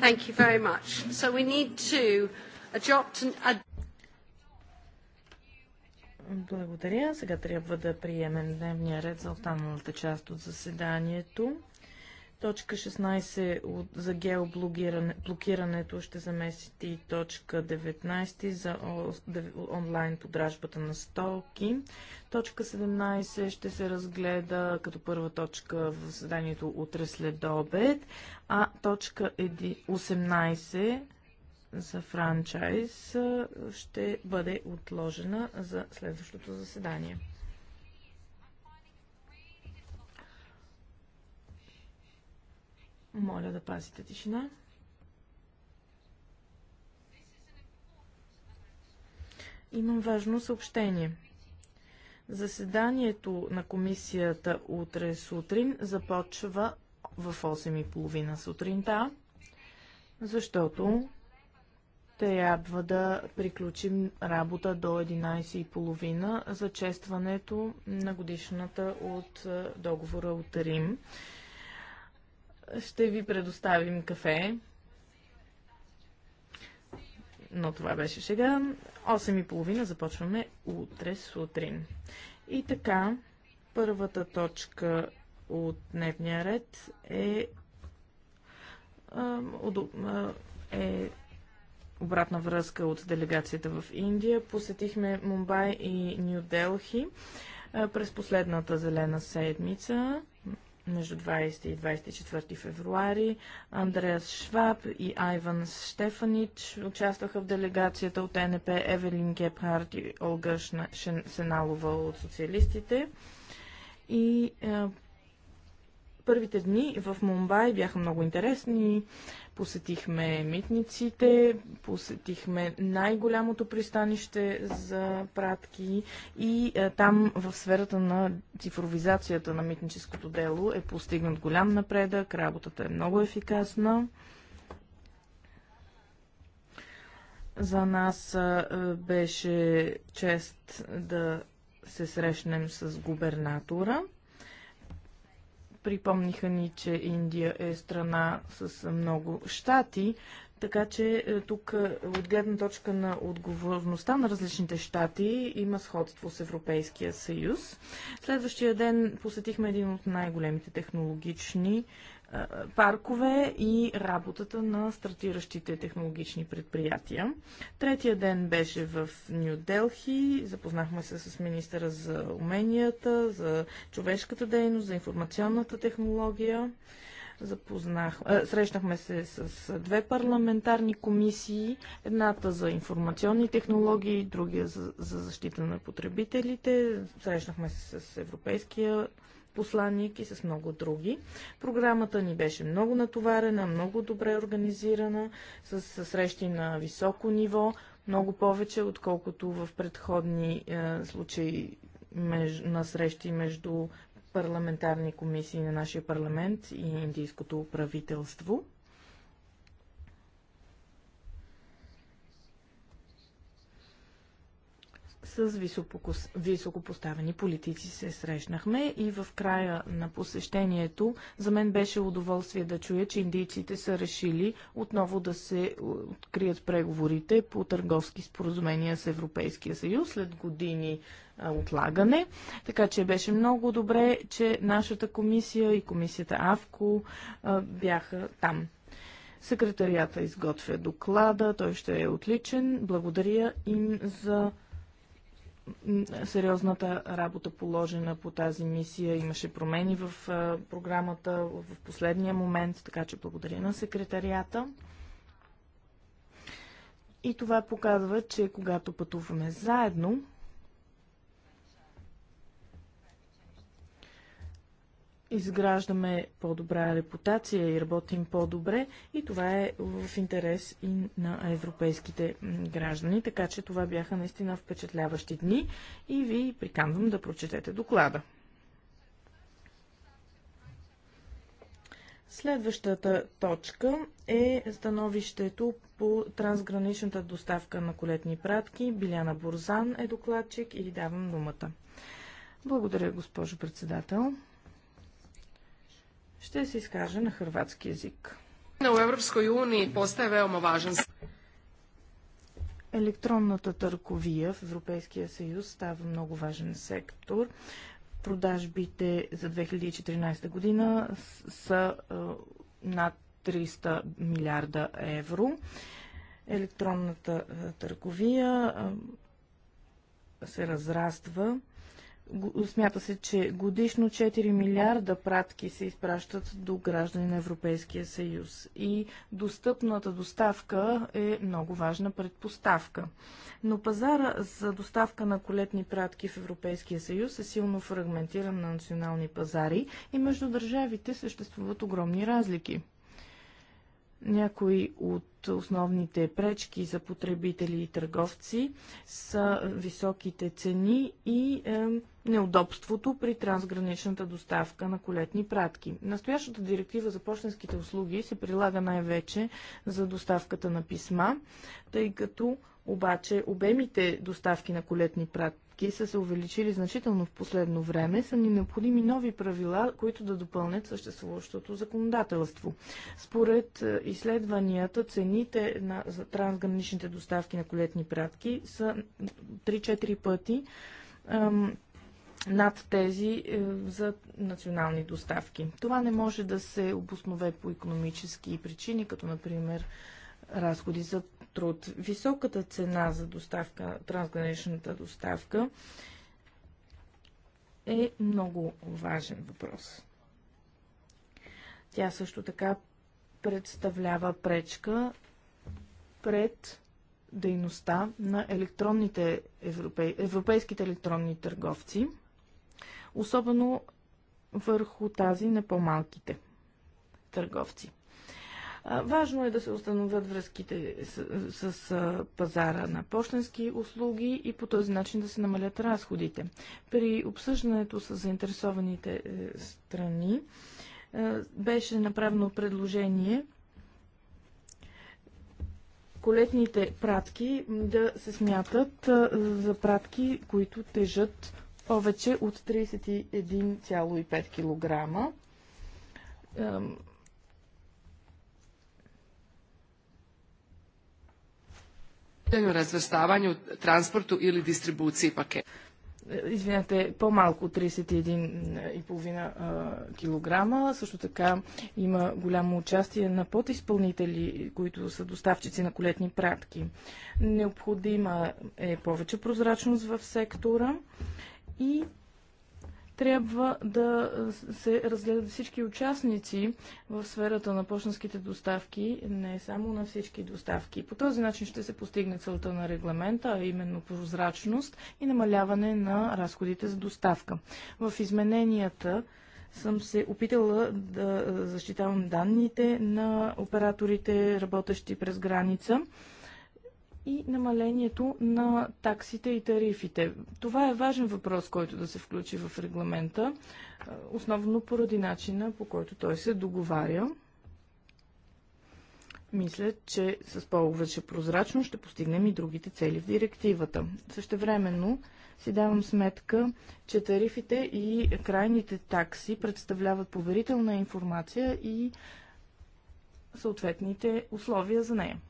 Thank you very much. So we need to adopt an... Благодаря. Сега трябва да приемем дневния ред за останалата част от заседанието. Точка 16 за геоблокирането ще замести точка 19 за онлайн подражбата на стоки. Точка 17 ще се разгледа като първа точка в заседанието утре след обед, а точка 18 за франчайз ще бъде отложена за следващото заседание. Моля да пазите тишина. Имам важно съобщение. Заседанието на комисията утре сутрин започва в 8.30 сутринта, защото трябва да приключим работа до 11.30 за честването на годишната от договора от Рим ще ви предоставим кафе. Но това беше шега. 8.30 започваме утре сутрин. И така, първата точка от дневния ред е, е обратна връзка от делегацията в Индия. Посетихме Мумбай и Нью Делхи през последната зелена седмица между 20 и 24 февруари. Андреас Шваб и Айван Штефанич участваха в делегацията от НП Евелин Гепхард и Олга Сеналова от социалистите. И е, първите дни в Мумбай бяха много интересни. Посетихме митниците, посетихме най-голямото пристанище за пратки и е, там в сферата на цифровизацията на митническото дело е постигнат голям напредък, работата е много ефикасна. За нас е, е, беше чест да се срещнем с губернатора. Припомниха ни, че Индия е страна с много щати, така че е, тук е, от гледна точка на отговорността на различните щати има сходство с Европейския съюз. Следващия ден посетихме един от най-големите технологични паркове и работата на стартиращите технологични предприятия. Третия ден беше в Нью Делхи. Запознахме се с министъра за уменията, за човешката дейност, за информационната технология. Запознах, е, срещнахме се с две парламентарни комисии, едната за информационни технологии, другия за, за защита на потребителите. Срещнахме се с Европейския посланник и с много други. Програмата ни беше много натоварена, много добре организирана, с срещи на високо ниво, много повече, отколкото в предходни е, случаи меж, на срещи между парламентарни комисии на нашия парламент и индийското правителство. с високопоставени политици се срещнахме и в края на посещението за мен беше удоволствие да чуя, че индийците са решили отново да се е, открият преговорите по търговски споразумения с Европейския съюз след години е, отлагане. Така че беше много добре, че нашата комисия и комисията АВКО е, бяха там. Секретарията изготвя доклада, той ще е отличен. Благодаря им за сериозната работа положена по тази мисия. Имаше промени в програмата в последния момент, така че благодаря на секретарията. И това показва, че когато пътуваме заедно, изграждаме по-добра репутация и работим по-добре и това е в интерес и на европейските граждани. Така че това бяха наистина впечатляващи дни и ви приканвам да прочетете доклада. Следващата точка е становището по трансграничната доставка на колетни пратки. Биляна Бурзан е докладчик и давам думата. Благодаря, госпожо председател. Ще се изкажа на хрватски язик. На Европейской унии постае веома важен. Електронната търговия в Европейския съюз става много важен сектор. Продажбите за 2014 година са над 300 милиарда евро. Електронната търговия се разраства Смята се, че годишно 4 милиарда пратки се изпращат до граждани на Европейския съюз и достъпната доставка е много важна предпоставка. Но пазара за доставка на колетни пратки в Европейския съюз е силно фрагментиран на национални пазари и между държавите съществуват огромни разлики. Някои от основните пречки за потребители и търговци са високите цени и е, неудобството при трансграничната доставка на колетни пратки. Настоящата директива за почтенските услуги се прилага най-вече за доставката на писма, тъй като обаче обемите доставки на колетни пратки доставки са се увеличили значително в последно време, са ни необходими нови правила, които да допълнят съществуващото законодателство. Според е, изследванията, цените на трансграничните доставки на колетни пратки са 3-4 пъти ам, над тези е, за национални доставки. Това не може да се обоснове по економически причини, като например разходи за труд. Високата цена за доставка, трансграничната доставка е много важен въпрос. Тя също така представлява пречка пред дейността на електронните европей... европейските електронни търговци, особено върху тази на по-малките търговци. Важно е да се установят връзките с, с, с пазара на почтенски услуги и по този начин да се намалят разходите. При обсъждането с заинтересованите е, страни е, беше направено предложение колетните пратки да се смятат е, за пратки, които тежат повече от 31,5 кг. razvrstavanju, transportu ili distribuciji paketa. Извинете, по-малко от 31,5 килограма. Също така има голямо участие на подизпълнители, които са доставчици на колетни пратки. Необходима е повече прозрачност в сектора и трябва да се разгледат всички участници в сферата на почтенските доставки, не само на всички доставки. По този начин ще се постигне целта на регламента, а именно прозрачност и намаляване на разходите за доставка. В измененията съм се опитала да защитавам данните на операторите, работещи през граница и намалението на таксите и тарифите. Това е важен въпрос, който да се включи в регламента, основно поради начина по който той се договаря. Мисля, че с повече прозрачно ще постигнем и другите цели в директивата. Същевременно си давам сметка, че тарифите и крайните такси представляват поверителна информация и съответните условия за нея.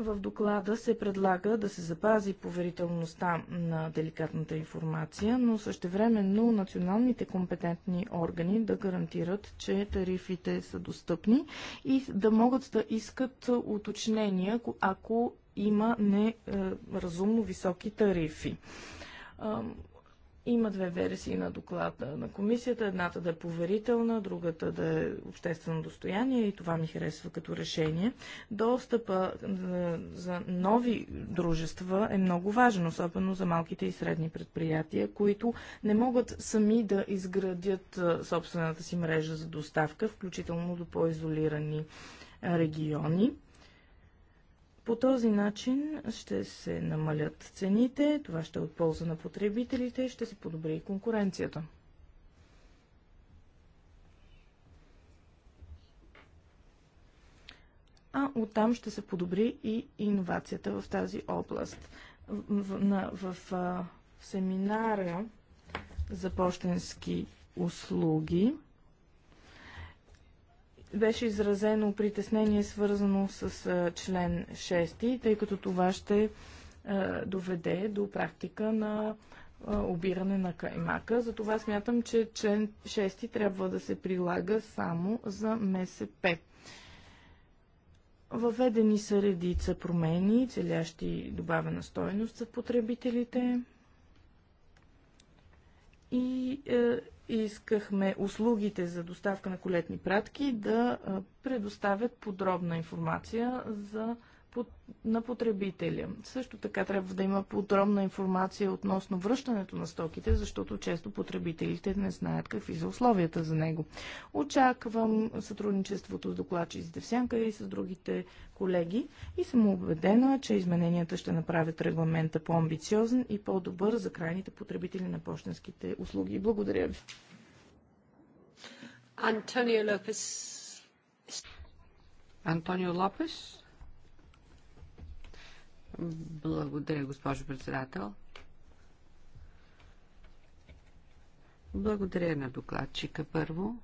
В доклада се предлага да се запази поверителността на деликатната информация, но същевременно националните компетентни органи да гарантират, че тарифите са достъпни и да могат да искат уточнения, ако има неразумно е, високи тарифи има две версии на доклада на комисията. Едната да е поверителна, другата да е обществено достояние и това ми харесва като решение. Достъпа е, за нови дружества е много важен, особено за малките и средни предприятия, които не могат сами да изградят е, собствената си мрежа за доставка, включително до по-изолирани региони. По този начин ще се намалят цените, това ще е от полза на потребителите, ще се подобри и конкуренцията. а оттам ще се подобри и иновацията в тази област. В, на, в, в семинара за почтенски услуги беше изразено притеснение, свързано с а, член 6, тъй като това ще а, доведе до практика на а, обиране на каймака. Затова смятам, че член 6 трябва да се прилага само за МСП. Въведени са редица промени, целящи добавена стойност за потребителите. И е, искахме услугите за доставка на колетни пратки да предоставят подробна информация за на потребителя. Също така трябва да има подробна информация относно връщането на стоките, защото често потребителите не знаят какви са условията за него. Очаквам сътрудничеството с докладчиците в Сянка и с другите колеги и съм убедена, че измененията ще направят регламента по-амбициозен и по-добър за крайните потребители на почтенските услуги. Благодаря ви. Антонио Лопес. Антонио Лопес. Благодаря, госпожо председател. Благодаря на докладчика първо.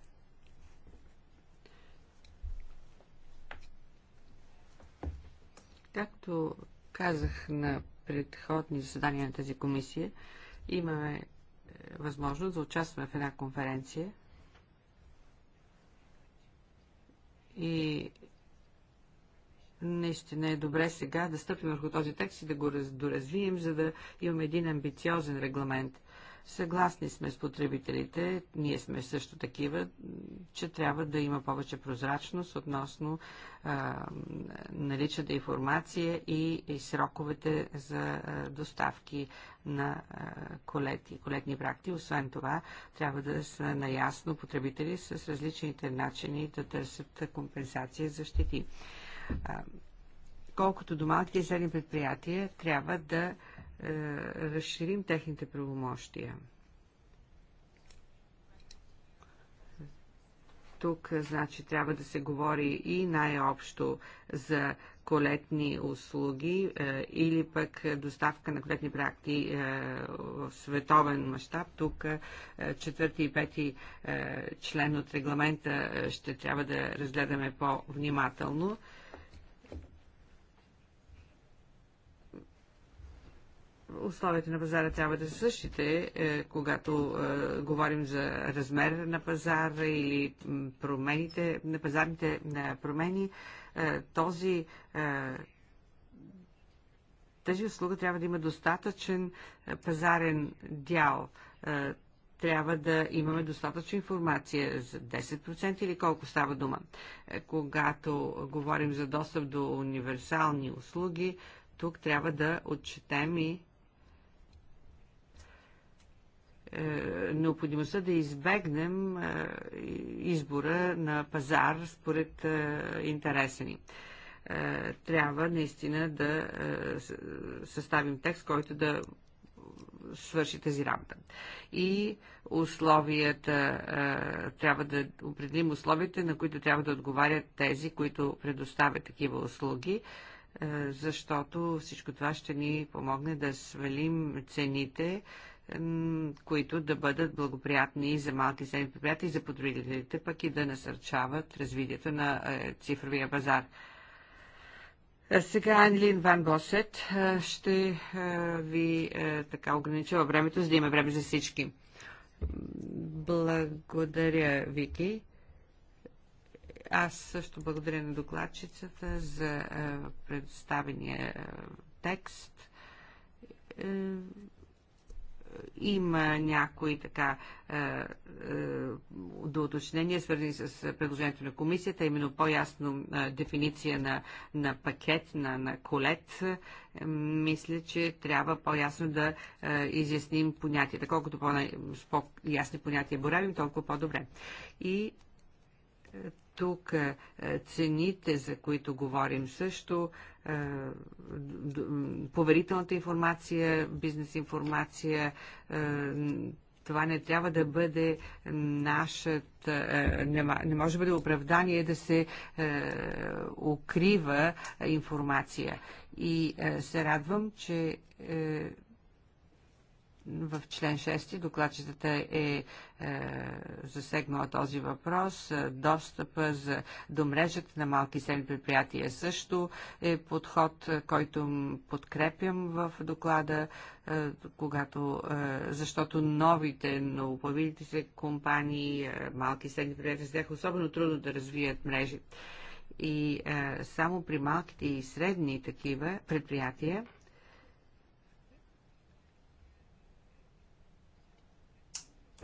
Както казах на предходни заседания на тази комисия, имаме е, възможност да участваме в една конференция и наистина е добре сега да стъпим върху този текст и да го доразвием, за да имаме един амбициозен регламент. Съгласни сме с потребителите, ние сме също такива, че трябва да има повече прозрачност относно а, наличната информация и, и сроковете за а, доставки на а, колети, колетни практи. Освен това, трябва да са наясно потребители с различните начини да търсят компенсация за щети. Колкото до малките и средни предприятия, трябва да е, разширим техните правомощия. тук, е, значи, трябва да се говори и най-общо за колетни услуги е, или пък доставка на колетни практи е, в световен мащаб. Тук е, четвърти и пети е, член от регламента ще трябва да разгледаме по-внимателно. Е, Условията на пазара трябва да са същите, е, когато е, говорим за размер на пазара или промените, на пазарните промени. Е, този тази услуга трябва да има достатъчен пазарен дял. Трябва да имаме достатъчно информация за 10% или колко става дума. Когато говорим за достъп до универсални услуги, тук трябва да отчетем и е, необходимостта да избегнем е, избора на пазар според е, интереса ни. Трябва наистина да съставим текст, който да свърши тази работа. И условията, трябва да определим условията, на които трябва да отговарят тези, които предоставят такива услуги, защото всичко това ще ни помогне да свалим цените, които да бъдат благоприятни и за малки и средни предприятия, и за потребителите, пък и да насърчават развитието на е, цифровия базар. Е, сега Анлин Ван Босет е, ще ви така ограничава времето, за да има време за всички. Благодаря, Вики. Аз също благодаря на докладчицата за представения текст има някои така е, е, доуточнения, свързани с предложението на комисията, именно по-ясно е, дефиниция на, на пакет, на, на колет. Мисля, че трябва по-ясно да изясним понятията. Колкото по-ясни понятия боравим, толкова по-добре. И тук е, е, цените, за които говорим също, е, поверителната информация, бизнес информация, това не трябва да бъде нашата, не може да бъде оправдание да се укрива информация. И се радвам, че в член 6 докладчетата е, е засегнала този въпрос. Е, достъпа за, до мрежата на малки и средни предприятия също е подход, е, който подкрепям в доклада, е, когато, е, защото новите, новоплавилите се компании, е, малки и средни предприятия, са особено трудно да развият мрежи. И е, само при малките и средни такива предприятия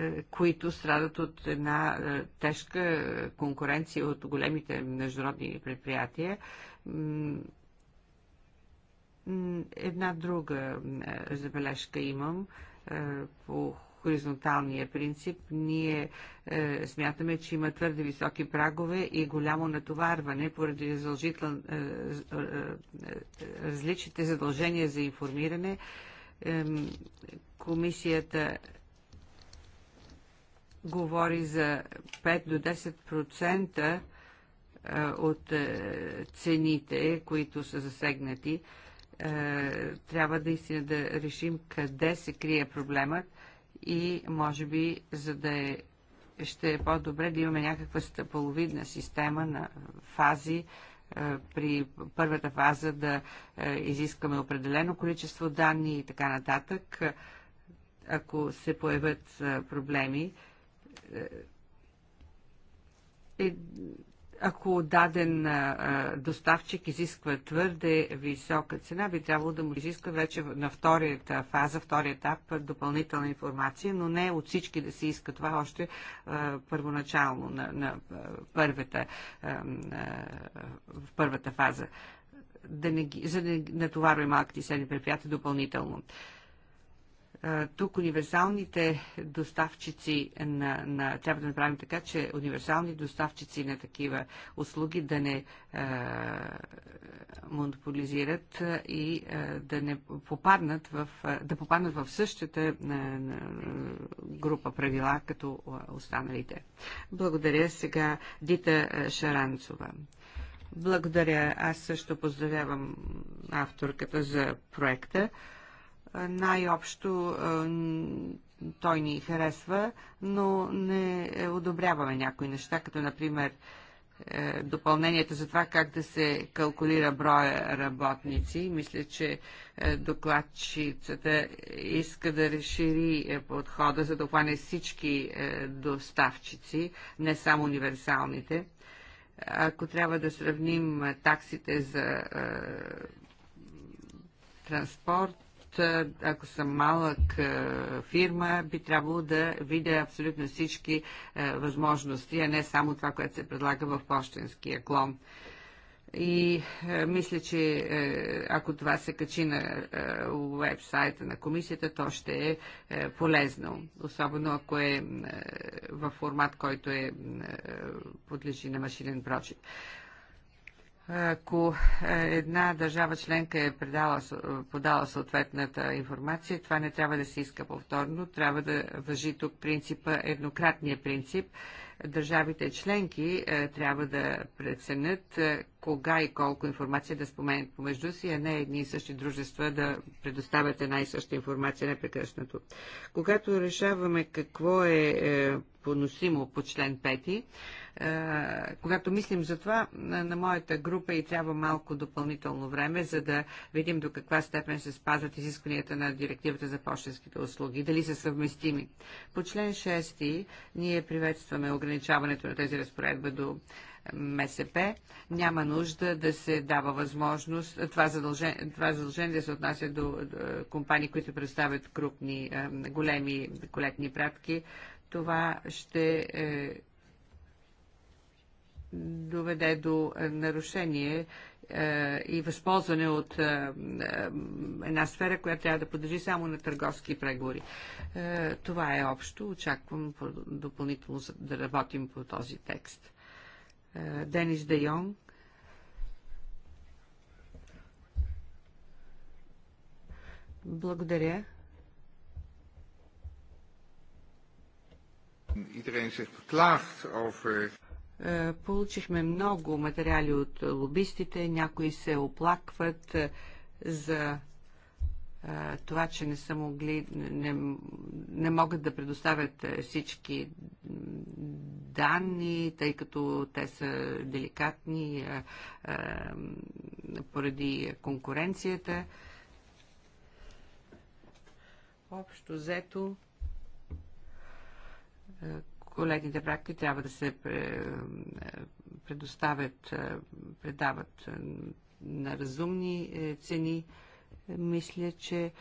Е, които страдат от една е, тежка конкуренция от големите международни предприятия. Една друга е, забележка имам по хоризонталния принцип. Ние смятаме, че има твърде високи прагове и голямо натоварване поради различните задължения за информиране. комисията говори за 5 до 10% е, от е, цените, които са засегнати. Е, трябва наистина да, да решим къде се крие проблемът и може би, за да е, ще е по-добре да имаме някаква стъпаловидна система на фази, при първата фаза да изискаме определено количество данни и така нататък. Ако се появят проблеми, е, ако даден а, доставчик изисква твърде висока цена, би трябвало да му изиска вече на вторията фаза, втория етап допълнителна информация, но не от всички да се иска това още а, първоначално на, на първата, а, в първата фаза. Да не, за да не натоварваме малките седни средни предприятия допълнително. А, тук универсалните доставчици на, на... Трябва да направим така, че универсални доставчици на такива услуги да не а, монополизират и а, да не попаднат в... да попаднат в същата а, група правила, като останалите. Благодаря сега Дита Шаранцова. Благодаря. Аз също поздравявам авторката за проекта най-общо е, той ни харесва, но не одобряваме някои неща, като например е, допълнението за това как да се калкулира броя работници. Мисля, че е, докладчицата иска да разшири подхода, за да хване всички доставчици, не само универсалните. Ако трябва да сравним таксите за транспорт, ако съм малък фирма, би трябвало да видя абсолютно всички възможности, а не само това, което се предлага в почтенския клон. И е, мисля, че е, ако това се качи на е, веб-сайта на комисията, то ще е, е полезно. Особено ако е, е в формат, който е, е подлежи на машинен прочит. Ако е, една държава членка е предала, подала съответната информация, това не трябва да се иска повторно. Трябва да въжи тук принципа, еднократния принцип. Държавите членки е, трябва да преценят е, кога и колко информация да споменят помежду си, а не едни и същи дружества да предоставят една и съща информация непрекъснато. Когато решаваме какво е, е поносимо по член 5, е, когато мислим за това, на моята група и трябва малко допълнително време, за да видим до каква степен се спазват изискванията на директивата за почтенските услуги, дали са съвместими. По член 6 ние приветстваме ограничаването на тези разпоредба до е, МСП, няма нужда да се дава възможност, това задължение, това задължение да се отнася до, е, компании, които представят крупни, големи колетни пратки. Това ще доведе до е, нарушение е, и възползване от е, една сфера, която трябва да подлежи само на търговски преговори. Това е общо. Очаквам допълнително да работим по този текст. Денис Де Йонг. Благодаря. Iedereen zich beklaagt over е, получихме много материали от лобистите, някои се оплакват е, за е, това, че не са могли, не, не могат да предоставят всички данни, тъй като те са деликатни поради конкуренцията. Общо взето Колегите практики трябва да се е, предоставят, е, предават е, на разумни цени. Мисля, че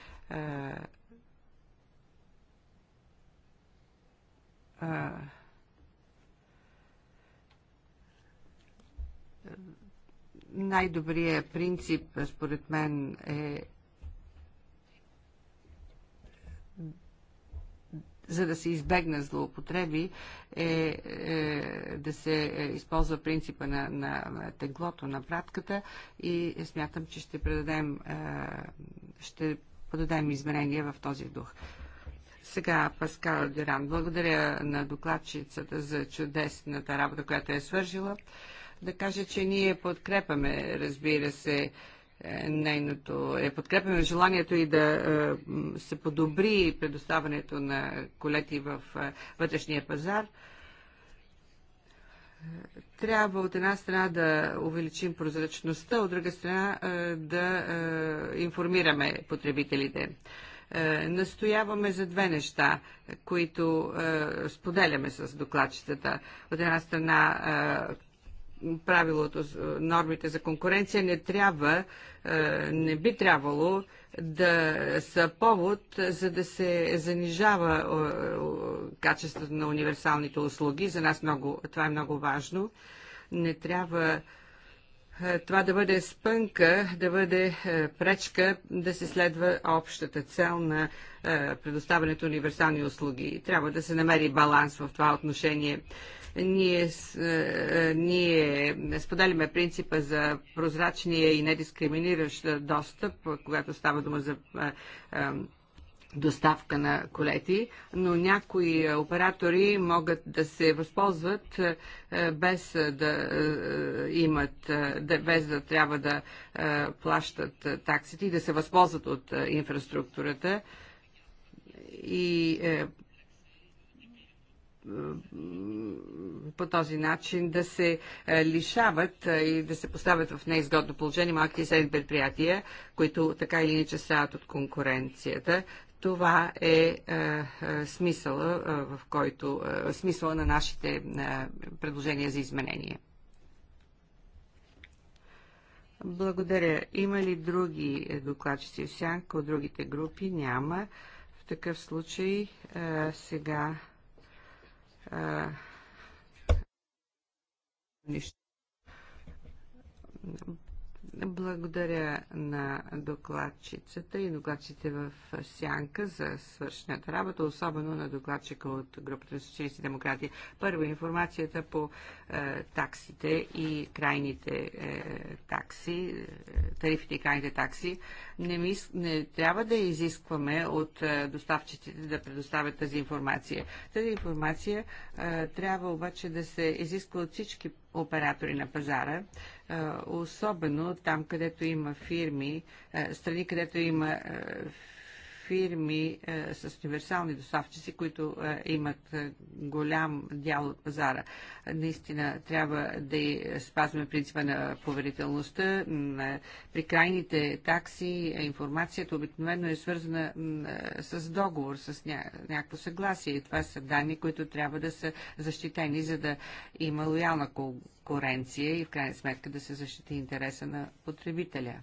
най-добрият принцип, според мен, е за да се избегнат злоупотреби, е, е да се използва принципа на, на, теглото, на пратката и смятам, че ще предадем, е, ще подадем измерения в този дух. Сега Паскал Деран. Благодаря на докладчицата за чудесната работа, която е свържила. Да кажа, че ние подкрепаме, разбира се, е, нейното, е, подкрепяме желанието и да е, се подобри предоставането на колети в е, вътрешния пазар. Трябва от една страна да увеличим прозрачността, от друга страна е, да е, информираме потребителите. Е, настояваме за две неща, които е, споделяме с докладчетата. От една страна е, правилото, нормите за конкуренция не трябва, е, не би трябвало да са повод, за да се занижава е, е, качеството на универсалните услуги. За нас много, това е много важно. Не трябва това да бъде спънка, да бъде пречка да се следва общата цел на предоставянето универсални услуги. Трябва да се намери баланс в това отношение. Ние, е, е, ние споделяме принципа за прозрачния и недискриминиращ е, достъп, когато става дума за доставка на колети, но някои оператори могат да се възползват без да имат, без да трябва да плащат таксите и да се възползват от инфраструктурата. И е, по този начин да се е, лишават е, и да се поставят в неизгодно положение малки и средни предприятия, които така или иначе стават от конкуренцията. Това е, е, смисъла, е, в който, е, смисъла на нашите е, предложения за изменение. Благодаря. Има ли други докладчици в сянка от другите групи? Няма. В такъв случай е, сега а, благодаря на докладчицата и докладчите в Сянка за свършената работа, особено на докладчика от групата на Съчинисти демократи. Първо, информацията по е, таксите и крайните е, такси, е, тарифите и крайните такси. Не, мис... не трябва да изискваме от е, доставчиците да предоставят тази информация. Тази информация е, трябва обаче да се изисква от всички оператори на пазара, е, особено там, където има фирми, е, страни, където има е, фирми а, е, с универсални доставчици, които а, е, имат е, голям дял от пазара. Наистина трябва да спазваме принципа на поверителността. При крайните такси информацията обикновено е свързана с договор, с ня... някакво съгласие. И това са данни, които трябва да са защитени, за да има лоялна конкуренция и в крайна сметка да се защити интереса на потребителя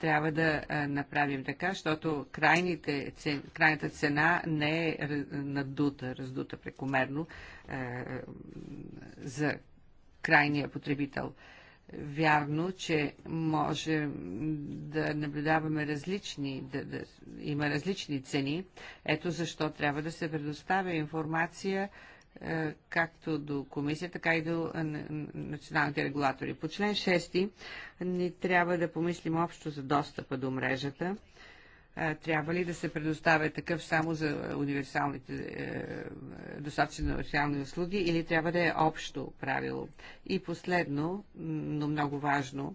трябва да направим така, защото крайните, крайната цена не е надута, раздута прекомерно за крайния потребител. Вярно, че може да наблюдаваме различни, да, да, има различни цени. Ето защо трябва да се предоставя информация е, както до комисията, така и до е, националните регулатори. По член 6 ни трябва да помислим общо за достъпа до мрежата. Е, трябва ли да се предоставя такъв само за универсалните е, доставчици на универсални услуги или трябва да е общо правило? И последно, но много важно,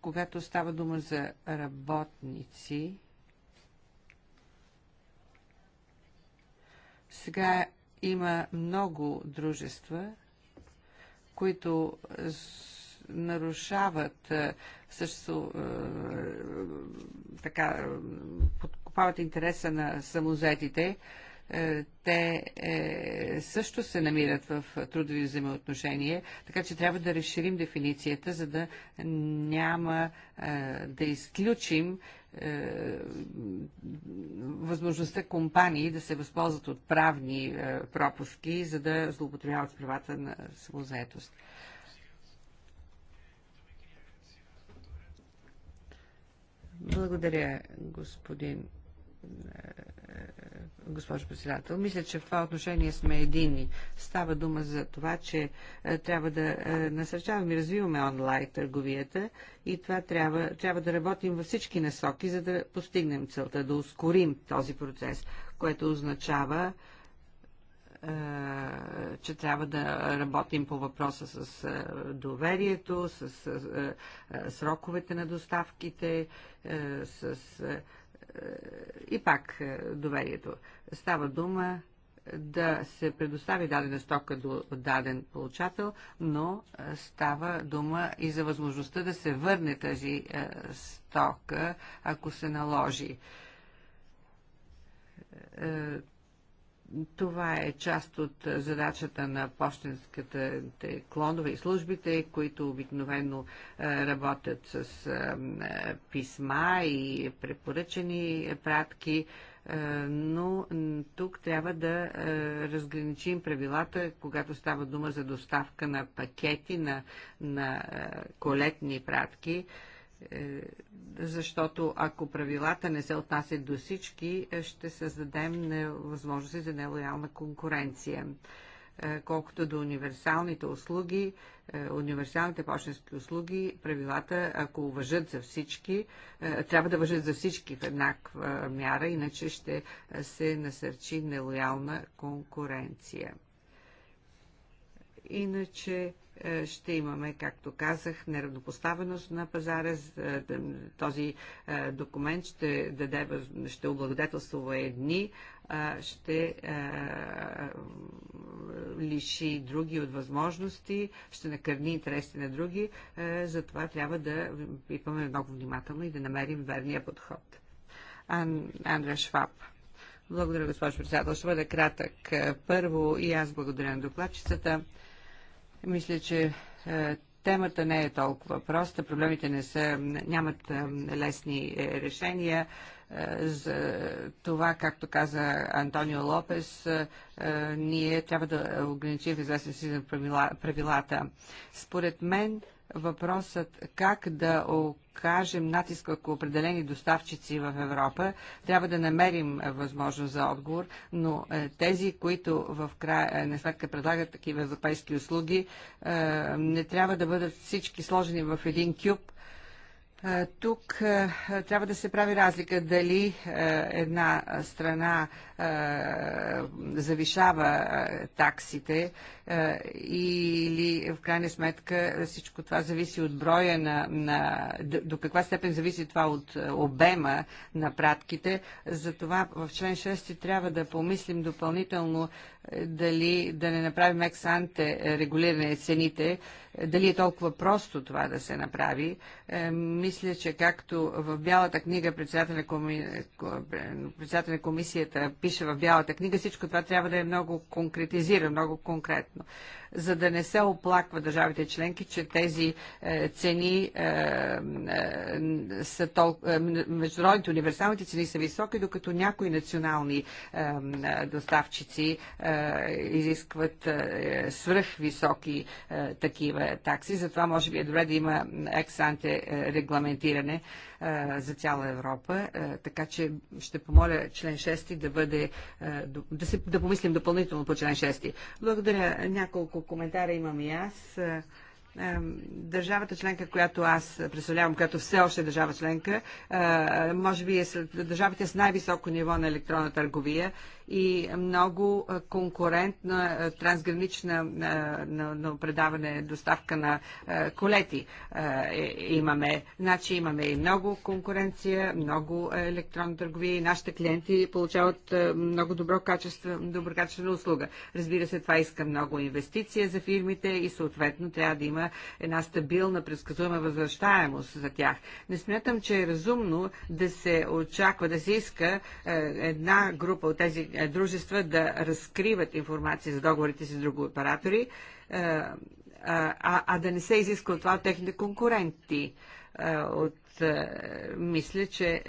когато става дума за работници, сега има много дружества, които нарушават е, също е, е, така подкопават интереса на самозетите е, те е, също се намират в трудови взаимоотношения, така че трябва да разширим дефиницията, за да няма е, да изключим възможността компании да се възползват от правни пропуски, за да злоупотребяват с правата на самозаетост. Благодаря, господин госпожо председател. Мисля, че в това отношение сме единни. Става дума за това, че е, трябва да е, насърчаваме и развиваме онлайн търговията и това трябва, трябва да работим във всички насоки, за да постигнем целта, да ускорим този процес, което означава е, че трябва да работим по въпроса с доверието, с сроковете на доставките, с и пак е, доверието. Става дума е, да се предостави дадена стока до даден получател, но е, става дума и за възможността да се върне тази стока, ако се наложи това е част от задачата на почтенската клонове и службите, които обикновено работят с писма и препоръчени пратки, но тук трябва да разграничим правилата, когато става дума за доставка на пакети, на, на колетни пратки е, защото ако правилата не се отнасят до всички, е, ще създадем възможности за нелоялна конкуренция. Е, колкото до универсалните услуги, универсалните почтенски услуги, правилата, ако въжат за всички, трябва да въжат за всички в еднаква мяра, иначе ще се насърчи нелоялна конкуренция. Иначе е, ще имаме, както казах, неравнопоставеност на пазара. Е, този е, документ ще, даде, ще облагодетелствува едни, ще лиши други от възможности, ще накърни интересите на други. Затова трябва да пипаме много внимателно и да намерим верния подход. Ан, Андра Шваб. Благодаря, госпожо председател. Ще бъда кратък. Първо и аз благодаря на докладчицата. Мисля, че е, темата не е толкова проста, проблемите не са, нямат е, лесни е, решения. За това, както каза Антонио Лопес, ние трябва да ограничим в известен си правилата. Според мен въпросът как да окажем натиск върху определени доставчици в Европа, трябва да намерим е, възможност за отговор, но е, тези, които в е, на сметка предлагат такива европейски услуги, не трябва да бъдат всички сложени в един кюб тук трябва да се прави разлика дали една страна завишава таксите или в крайна сметка всичко това зависи от броя на, на до каква степен зависи това от обема на пратките. Затова в член 6 трябва да помислим допълнително дали да не направим ексанте е, регулиране цените, е, дали е толкова просто това да се направи. Е, мисля, че както в Бялата книга председател на, комисията пише в Бялата книга, всичко това трябва да е много конкретизирано, много конкретно за да не се оплаква държавите членки, че тези е, цени е, е, са толкова... Международните универсалните цени са високи, докато някои национални доставчици изискват свръхвисоки такива такси. Затова може би е добре да има ексанте регламентиране. Е, за цяла Европа, е, така че ще помоля член 6 да бъде, е, да, се, да помислим допълнително по член 6. Благодаря. Няколко коментара имам и аз. Държавата членка, която аз представлявам, която все още е държава членка, може би е държавата държавите с най-високо ниво на електронна търговия и много конкурентна трансгранична на, на, на предаване, доставка на колети е, имаме. Значи имаме и много конкуренция, много електронна търговия и нашите клиенти получават много добро качество, добро на услуга. Разбира се, това иска много инвестиция за фирмите и съответно трябва да има една стабилна, предсказуема възвръщаемост за тях. Не смятам, че е разумно да се очаква, да се иска една група от тези е, дружества да разкриват информация за договорите си с други оператори, е, а, а, а да не се изисква от това от техните конкуренти. Е, от, мисля, че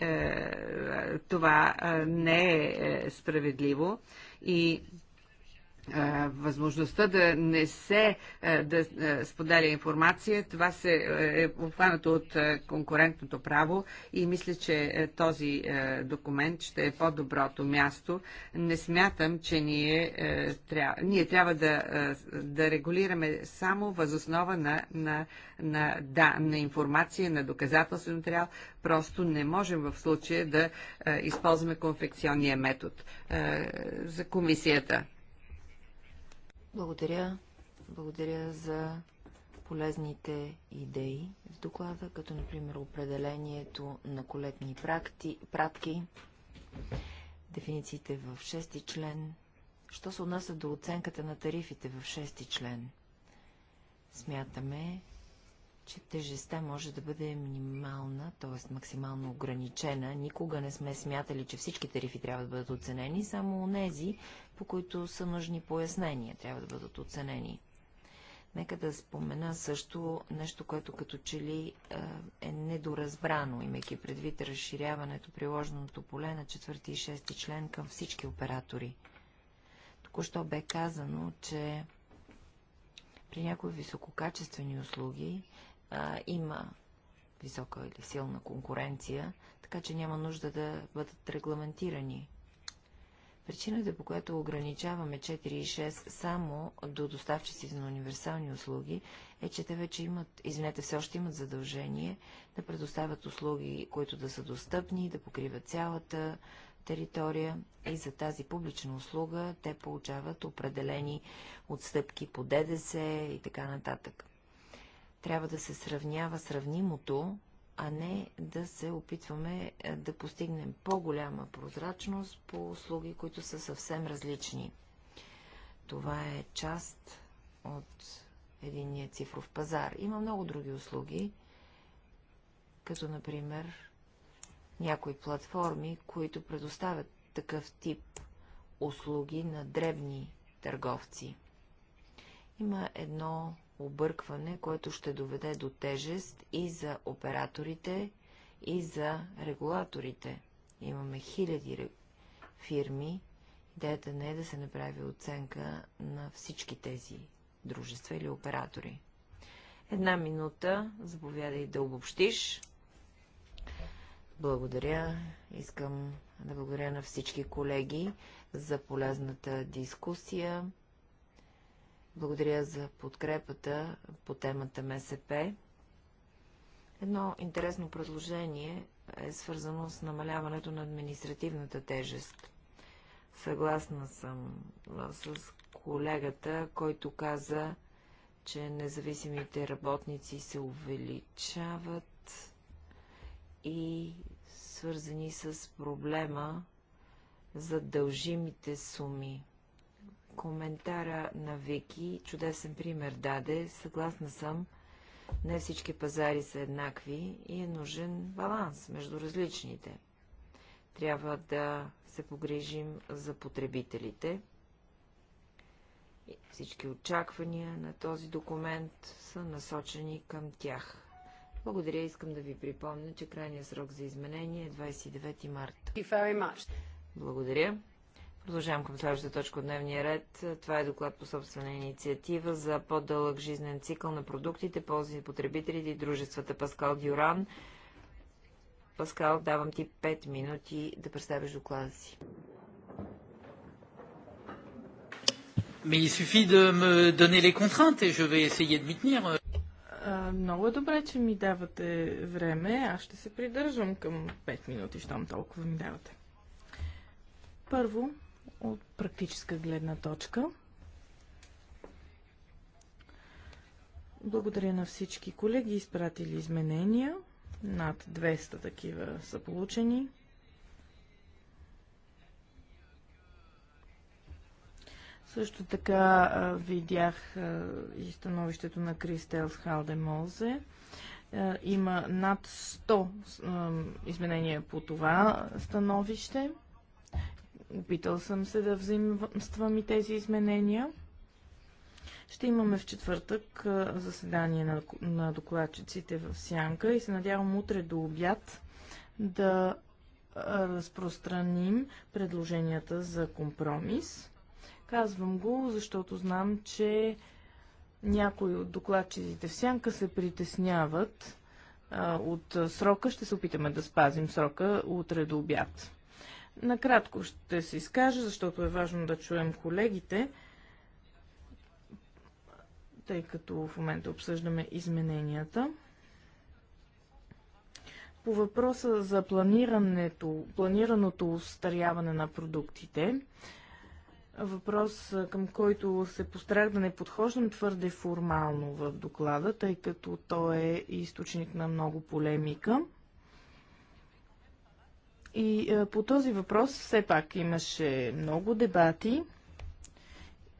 това не е справедливо и възможността да не се да споделя информация. Това се е, е обхванато от конкурентното право и мисля, че е, този е, документ ще е по-доброто място. Не смятам, че ние, трябва, ние трябва да, да регулираме само възоснова на, на, на, да, на информация, на доказателствен материал. Просто не можем в случая да използваме конфекционния метод за комисията. Благодаря. Благодаря за полезните идеи в доклада, като например определението на колетни практи, пратки, дефинициите в 6-ти член. Що се отнася до оценката на тарифите в 6-ти член? Смятаме, че тежестта може да бъде минимална, т.е. максимално ограничена. Никога не сме смятали, че всички тарифи трябва да бъдат оценени, само онези, по които са нужни пояснения, трябва да бъдат оценени. Нека да спомена също нещо, което като че ли е недоразбрано, имайки предвид разширяването приложеното поле на 4 и 6 член към всички оператори. Току-що бе казано, че при някои висококачествени услуги а, има висока или силна конкуренция, така че няма нужда да бъдат регламентирани. Причината, по която ограничаваме 4 и 6 само до доставчиците на универсални услуги, е, че те вече имат, извинете, все още имат задължение да предоставят услуги, които да са достъпни, да покриват цялата територия и за тази публична услуга те получават определени отстъпки по ДДС и така нататък. Трябва да се сравнява сравнимото, а не да се опитваме е, да постигнем по-голяма прозрачност по услуги, които са съвсем различни. Това е част от единния цифров пазар. Има много други услуги, като например някои платформи, които предоставят такъв тип услуги на дребни търговци. Има едно объркване, което ще доведе до тежест и за операторите, и за регулаторите. Имаме хиляди фирми. Идеята не е да се направи оценка на всички тези дружества или оператори. Една минута, заповядай да обобщиш. Благодаря. Искам да благодаря на всички колеги за полезната дискусия. Благодаря за подкрепата по темата МСП. Едно интересно предложение е свързано с намаляването на административната тежест. Съгласна съм с колегата, който каза, че независимите работници се увеличават и свързани с проблема за дължимите суми коментара на Вики. Чудесен пример даде. Съгласна съм. Не всички пазари са еднакви и е нужен баланс между различните. Трябва да се погрижим за потребителите. Всички очаквания на този документ са насочени към тях. Благодаря. Искам да ви припомня, че крайният срок за изменение е 29 марта. Благодаря. Продължавам към следващата точка от дневния ред. Това е доклад по собствена инициатива за по-дълъг жизнен цикъл на продуктите, ползи потребителите и дружествата Паскал Дюран. Паскал, давам ти 5 минути да представиш доклада си. Много е добре, че ми давате време. Аз ще се придържам към 5 минути, щом толкова ми давате. Първо, от практическа гледна точка. Благодаря на всички колеги, изпратили изменения. Над 200 такива са получени. Също така а, видях а, и становището на Кристелс Халдемолзе. Молзе. има над 100 изменения по това становище. Опитал съм се да взаимствам и тези изменения. Ще имаме в четвъртък заседание на, на докладчиците в Сянка и се надявам утре до обяд да разпространим предложенията за компромис. Казвам го, защото знам, че някои от докладчиците в Сянка се притесняват от срока. Ще се опитаме да спазим срока утре до обяд. Накратко ще се изкажа, защото е важно да чуем колегите, тъй като в момента обсъждаме измененията. По въпроса за планирането, планираното устаряване на продуктите, въпрос към който се постарах да не подхождам твърде формално в доклада, тъй като той е източник на много полемика – и е, по този въпрос все пак имаше много дебати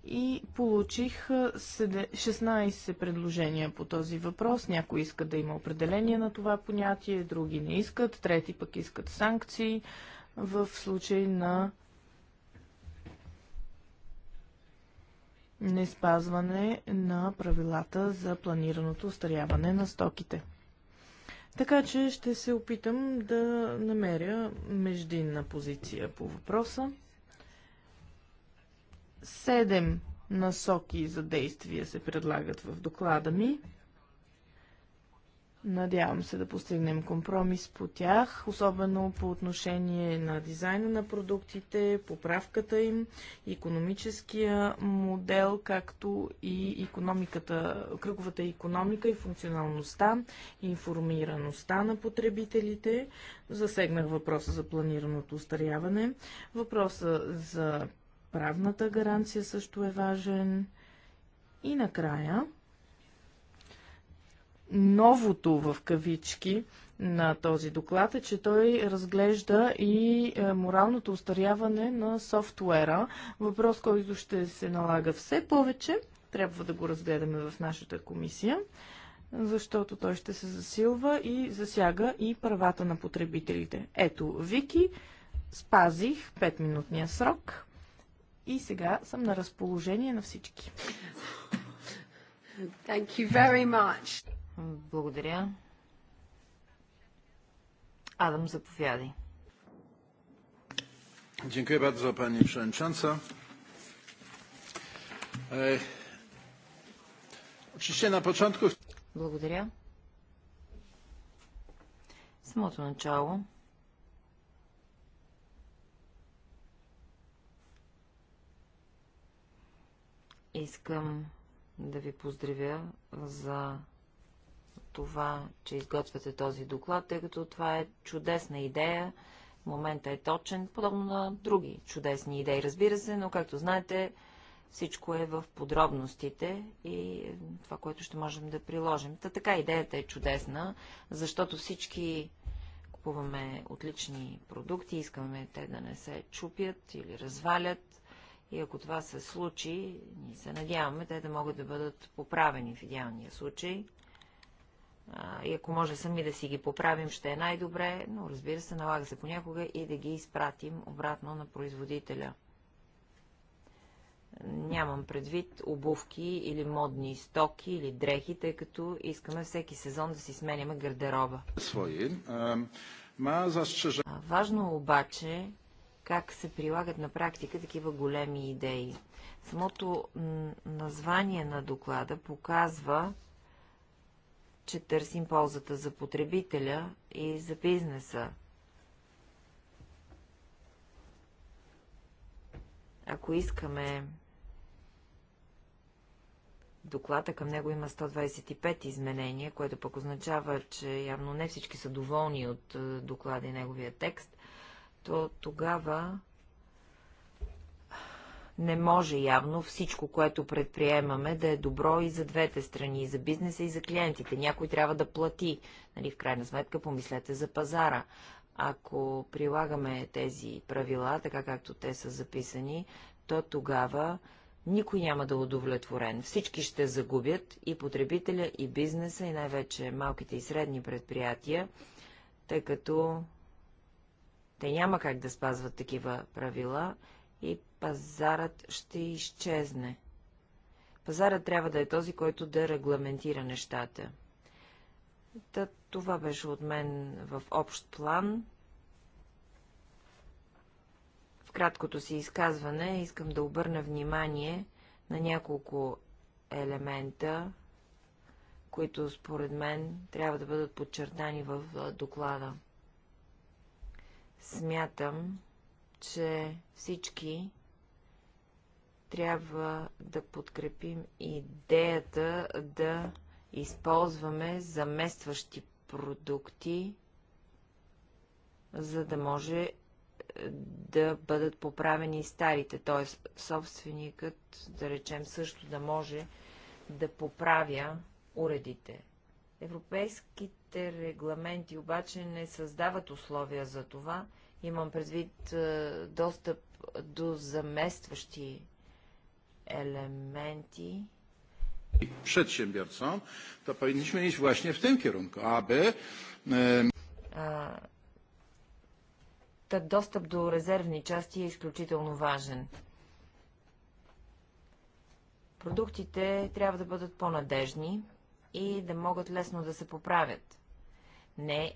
и получих 16 е, предложения по този въпрос. Някои искат да има определение на това понятие, други не искат, трети пък искат санкции в случай на неспазване на правилата за планираното устаряване на стоките. Така че ще се опитам да намеря междинна позиция по въпроса. Седем насоки за действие се предлагат в доклада ми. Надявам се да постигнем компромис по тях, особено по отношение на дизайна на продуктите, поправката им, економическия модел, както и економиката, кръговата економика и функционалността, информираността на потребителите. Засегнах въпроса за планираното устаряване. Въпроса за правната гаранция също е важен. И накрая, новото в кавички на този доклад е, че той разглежда и е, моралното устаряване на софтуера. Въпрос, който ще се налага все повече. Трябва да го разгледаме в нашата комисия, защото той ще се засилва и засяга и правата на потребителите. Ето, Вики, спазих 5-минутния срок и сега съм на разположение на всички. Thank you very much. Благодаря. Адам, заповядай. Dziękuję за пани Przewodnicząca. Очище на початку. Благодаря. Самото начало. Искам да ви поздравя за това, че изготвяте този доклад, тъй като това е чудесна идея. В момента е точен, подобно на други чудесни идеи, разбира се, но както знаете, всичко е в подробностите и това, което ще можем да приложим. Та така идеята е чудесна, защото всички купуваме отлични продукти, искаме те да не се чупят или развалят. И ако това се случи, ние се надяваме те да могат да бъдат поправени в идеалния случай и ако може сами да си ги поправим, ще е най-добре, но разбира се, налага се понякога и да ги изпратим обратно на производителя. Нямам предвид обувки или модни стоки или дрехи, тъй като искаме всеки сезон да си сменяме гардероба. Свои. Важно е обаче как се прилагат на практика такива големи идеи. Самото название на доклада показва, че търсим ползата за потребителя и за бизнеса. Ако искаме доклада, към него има 125 изменения, което пък означава, че явно не всички са доволни от е, доклада и неговия текст, то тогава не може явно всичко, което предприемаме, да е добро и за двете страни, и за бизнеса, и за клиентите. Някой трябва да плати. Нали, в крайна сметка помислете за пазара. Ако прилагаме тези правила, така както те са записани, то тогава никой няма да е удовлетворен. Всички ще загубят и потребителя, и бизнеса, и най-вече малките и средни предприятия, тъй като те няма как да спазват такива правила и пазарът ще изчезне. Пазарът трябва да е този, който да регламентира нещата. Та, това беше от мен в общ план. В краткото си изказване искам да обърна внимание на няколко елемента, които според мен трябва да бъдат подчертани в доклада. Смятам, че всички трябва да подкрепим идеята да използваме заместващи продукти, за да може е, да бъдат поправени старите, т.е. собственикът, да речем също, да може да поправя уредите. Европейските регламенти обаче не създават условия за това. Имам предвид е, достъп до заместващи elementy przedsiębiorcom, to powinniśmy iść właśnie w tym kierunku, aby Та достъп до резервни части е изключително важен. Продуктите трябва да бъдат по-надежни и да могат лесно да се поправят. Не,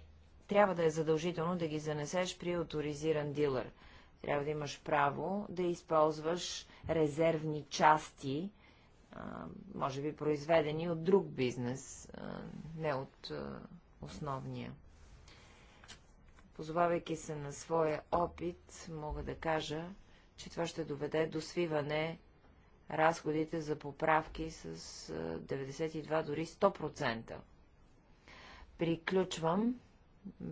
трябва да е задължително да ги занесеш при авторизиран дилър. Трябва да имаш право да използваш резервни части, може би произведени от друг бизнес, не от основния. Позовавайки се на своя опит, мога да кажа, че това ще доведе до свиване разходите за поправки с 92 дори 100%. Приключвам,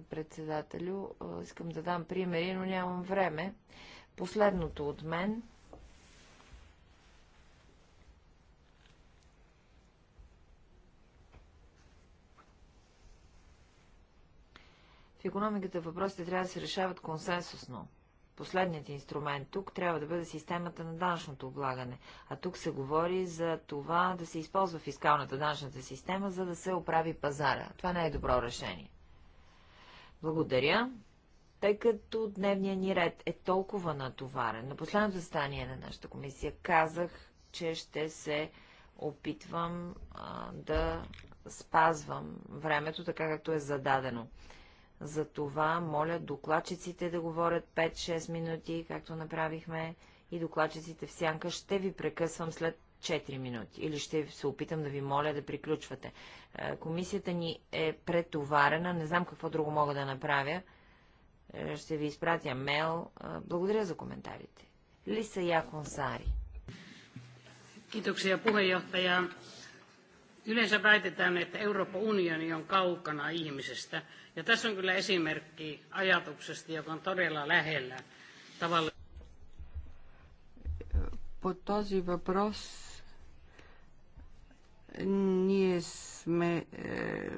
председателю. Искам да дам примери, но нямам време. Последното от мен – економиката въпросите трябва да се решават консенсусно. Последният инструмент тук трябва да бъде системата на данъчното облагане, а тук се говори за това да се използва фискалната данъчната система, за да се оправи пазара. Това не е добро решение. Благодаря. Тъй като дневният ни ред е толкова натоварен, на последното състояние на нашата комисия казах, че ще се опитвам а, да спазвам времето така, както е зададено. За това моля докладчиците да говорят 5-6 минути, както направихме, и докладчиците в сянка ще ви прекъсвам след 4 минути или ще се опитам да ви моля да приключвате. Е, комисията ни е претоварена, не знам какво друго мога да направя. Е, ще ви изпратя мейл. Е, благодаря за коментарите. Лиса Яконсари. Kiitoksia puheenjohtaja. Yleensä väitetään, että Euroopan unioni on kaukana ihmisestä. Ja tässä on kyllä esimerkki ajatuksesta, joka on todella lähellä tavalla. По този въпрос ние сме е,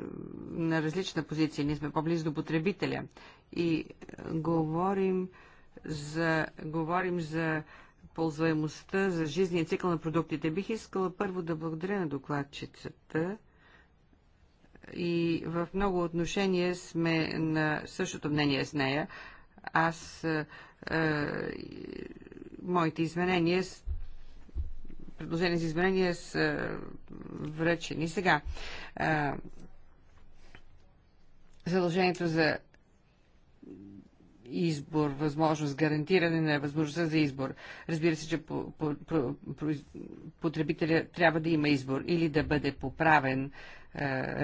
на различна позиция, ние сме по-близо до потребителя и говорим за, говорим за е, ползваемостта за жизния цикъл на продуктите. Бих искала първо да благодаря на докладчицата и в много отношения сме на същото мнение с нея. Аз е, е моите изменения, предложения за изменения са връчени сега. Е, задължението за избор, възможност, гарантиране на възможността за избор. Разбира се, че потребителя трябва да има избор или да бъде поправен, е,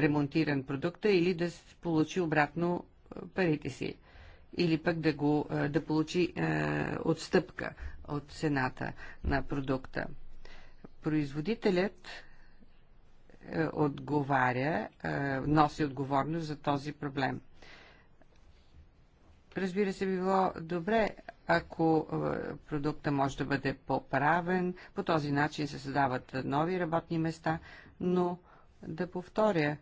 ремонтиран продукта, или да получи обратно е, парите си, или пък да, го, е, да получи отстъпка от цената на продукта. Производителят отговаря, носи отговорност за този проблем. Разбира се, било добре, ако е, продукта може да бъде поправен, по този начин се създават нови работни места, но да повторя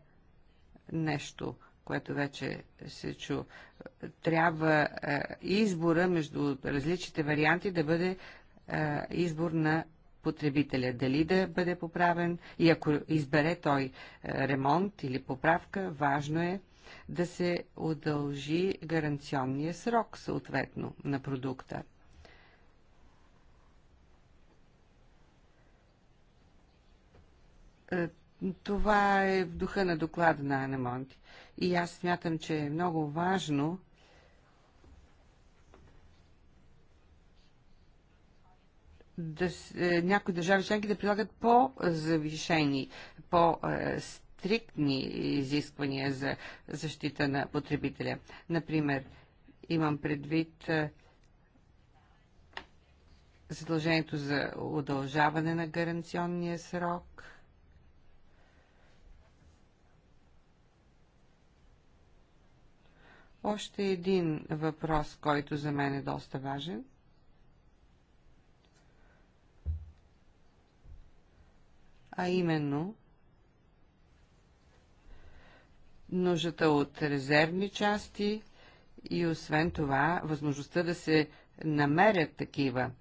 нещо, което вече се чу. Трябва е, избора между различните варианти да бъде е, избор на потребителя, дали да бъде поправен и ако избере той ремонт или поправка, важно е да се удължи гаранционния срок съответно на продукта. Е, това е в духа на доклада на Анемонти. И аз смятам, че е много важно да, е, някои държави членки да прилагат по-завишени, по е, стъпни стриктни изисквания за защита на потребителя. Например, имам предвид задължението за удължаване на гаранционния срок. Още един въпрос, който за мен е доста важен. А именно нуждата от резервни части и освен това възможността да се намерят такива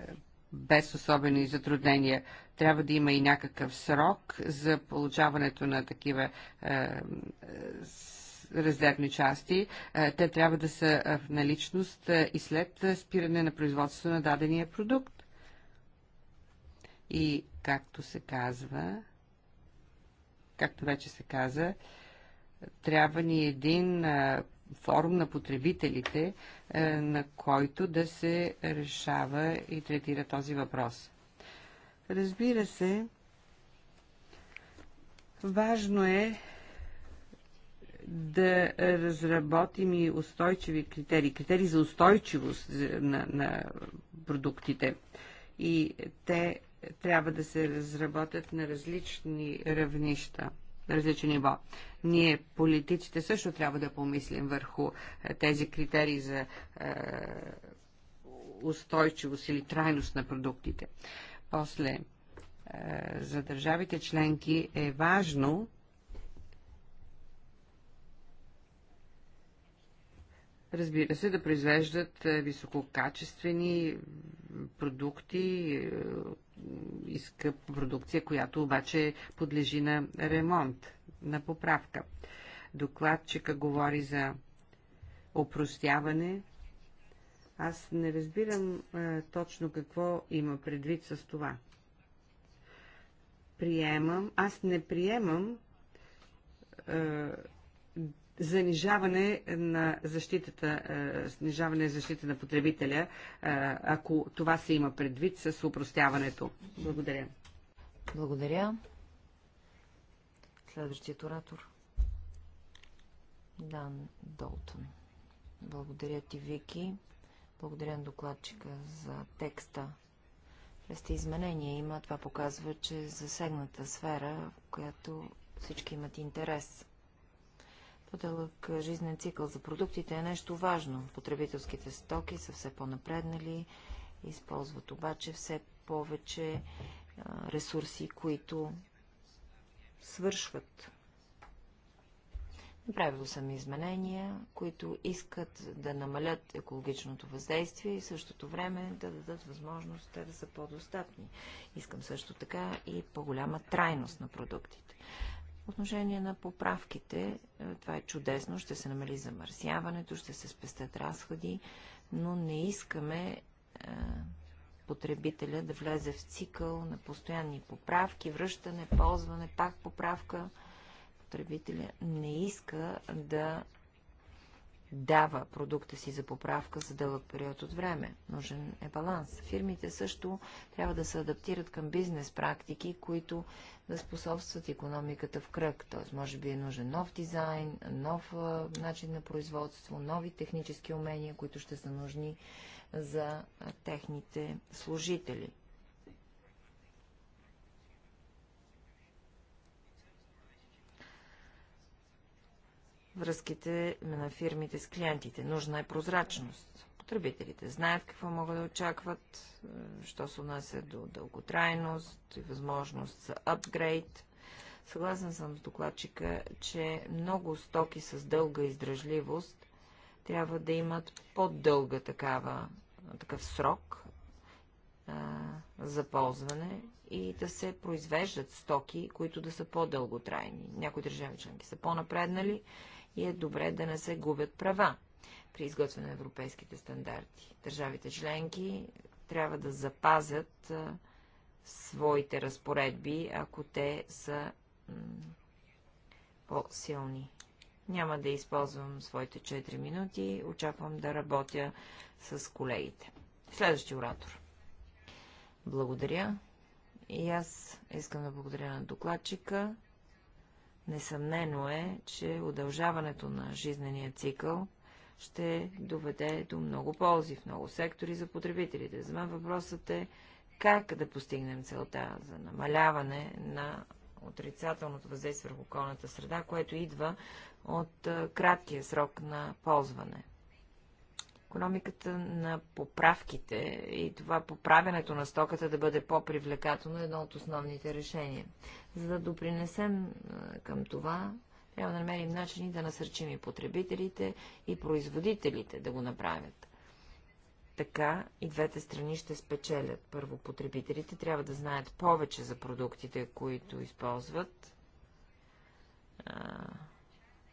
е, без особени затруднения. Трябва да има и някакъв срок за получаването на такива е, резервни части. Е, те трябва да са е, в наличност и след спиране на производството на дадения продукт. И, както се казва, както вече се каза, е, трябва ни един форум на потребителите, на който да се решава и третира този въпрос. Разбира се, важно е да разработим и устойчиви критерии, критерии за устойчивост на, на продуктите. И те трябва да се разработят на различни равнища – различни ниво. Ние, политиците, също трябва да помислим върху е, тези критерии за е, устойчивост или трайност на продуктите. После, е, за държавите членки е важно разбира се, да произвеждат висококачествени продукти, иска продукция, която обаче подлежи на ремонт, на поправка. Докладчика говори за опростяване. Аз не разбирам а, точно какво има предвид с това. Приемам, аз не приемам занижаване на защитата, снижаване е, на защита на потребителя, е, ако това се има предвид с упростяването. Благодаря. Благодаря. Следващият оратор. Дан Долтон. Благодаря ти, Вики. Благодаря на докладчика за текста. Прести изменения има. Това показва, че е засегната сфера, в която всички имат интерес. По-дълъг жизнен цикъл за продуктите е нещо важно. Потребителските стоки са все по-напреднали, използват обаче все повече ресурси, които свършват. Направило съм изменения, които искат да намалят екологичното въздействие и в същото време да дадат възможност те да са по достатни Искам също така и по-голяма трайност на продуктите отношение на поправките, е, това е чудесно, ще се намали замърсяването, ще се спестят разходи, но не искаме е, потребителя да влезе в цикъл на постоянни поправки, връщане, ползване, пак поправка. Потребителя не иска да дава продукта си за поправка за дълъг период от време. Нужен е баланс. Фирмите също трябва да се адаптират към бизнес практики, които да способстват економиката в кръг. Т.е. може би е нужен нов дизайн, нов а, начин на производство, нови технически умения, които ще са нужни за а, техните служители. връзките на фирмите с клиентите. Нужна е прозрачност. Потребителите знаят какво могат да очакват, е, що се отнася до дълготрайност и възможност за апгрейд. Съгласен съм с докладчика, че много стоки с дълга издръжливост трябва да имат по-дълга такава, такъв срок а, е, за ползване и да се произвеждат стоки, които да са по-дълготрайни. Някои държави членки са по-напреднали и е добре да не се губят права при изготвяне на европейските стандарти. Държавите членки трябва да запазят своите разпоредби, ако те са по-силни. Няма да използвам своите 4 минути. Очаквам да работя с колегите. Следващи оратор. Благодаря. И аз искам да благодаря на докладчика Несъмнено е, че удължаването на жизнения цикъл ще доведе до много ползи в много сектори за потребителите. За мен въпросът е как да постигнем целта за намаляване на отрицателното въздействие върху околната среда, което идва от краткия срок на ползване економиката на поправките и това поправянето на стоката да бъде по-привлекателно е едно от основните решения. За да допринесем към това, трябва да намерим начини да насърчим и потребителите, и производителите да го направят. Така и двете страни ще спечелят. Първо, потребителите трябва да знаят повече за продуктите, които използват.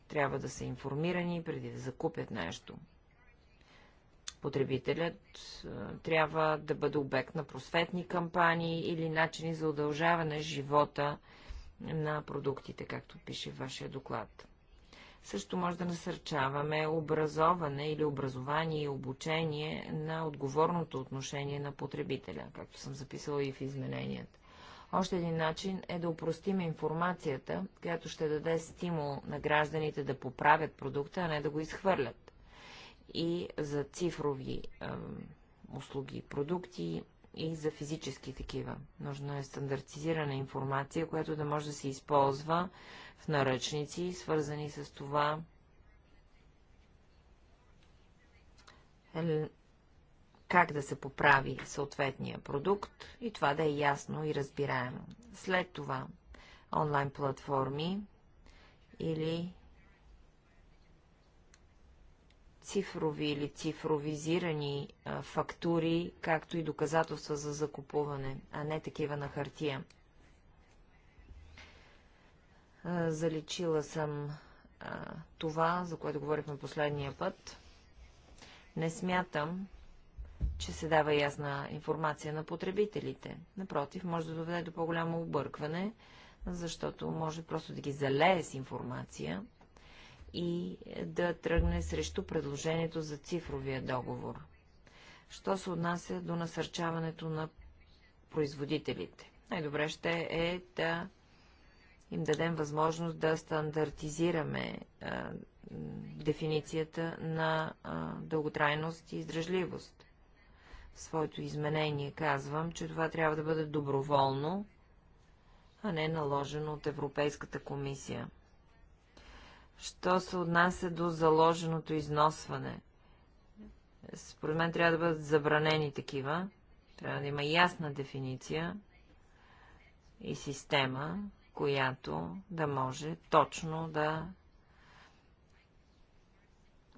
Трябва да са информирани преди да закупят нещо. Потребителят е, трябва да бъде обект на просветни кампании или начини за удължаване живота на продуктите, както пише в вашия доклад. Също може да насърчаваме образоване или образование и обучение на отговорното отношение на потребителя, както съм записала и в измененията. Още един начин е да упростим информацията, която ще даде стимул на гражданите да поправят продукта, а не да го изхвърлят и за цифрови е, услуги и продукти, и за физически такива. Нужна е стандартизирана информация, която да може да се използва в наръчници, свързани с това как да се поправи съответния продукт и това да е ясно и разбираемо. След това онлайн платформи или цифрови или цифровизирани а, фактури, както и доказателства за закупуване, а не такива на хартия. А, заличила съм а, това, за което говорихме последния път. Не смятам, че се дава ясна информация на потребителите. Напротив, може да доведе до по-голямо объркване, защото може просто да ги залее с информация – и да тръгне срещу предложението за цифровия договор. Що се отнася до насърчаването на производителите? Най-добре ще е да им дадем възможност да стандартизираме а, дефиницията на а, дълготрайност и издръжливост. В своето изменение казвам, че това трябва да бъде доброволно, а не наложено от Европейската комисия що се отнася до заложеното износване. Според мен трябва да бъдат забранени такива. Трябва да има ясна дефиниция и система, която да може точно да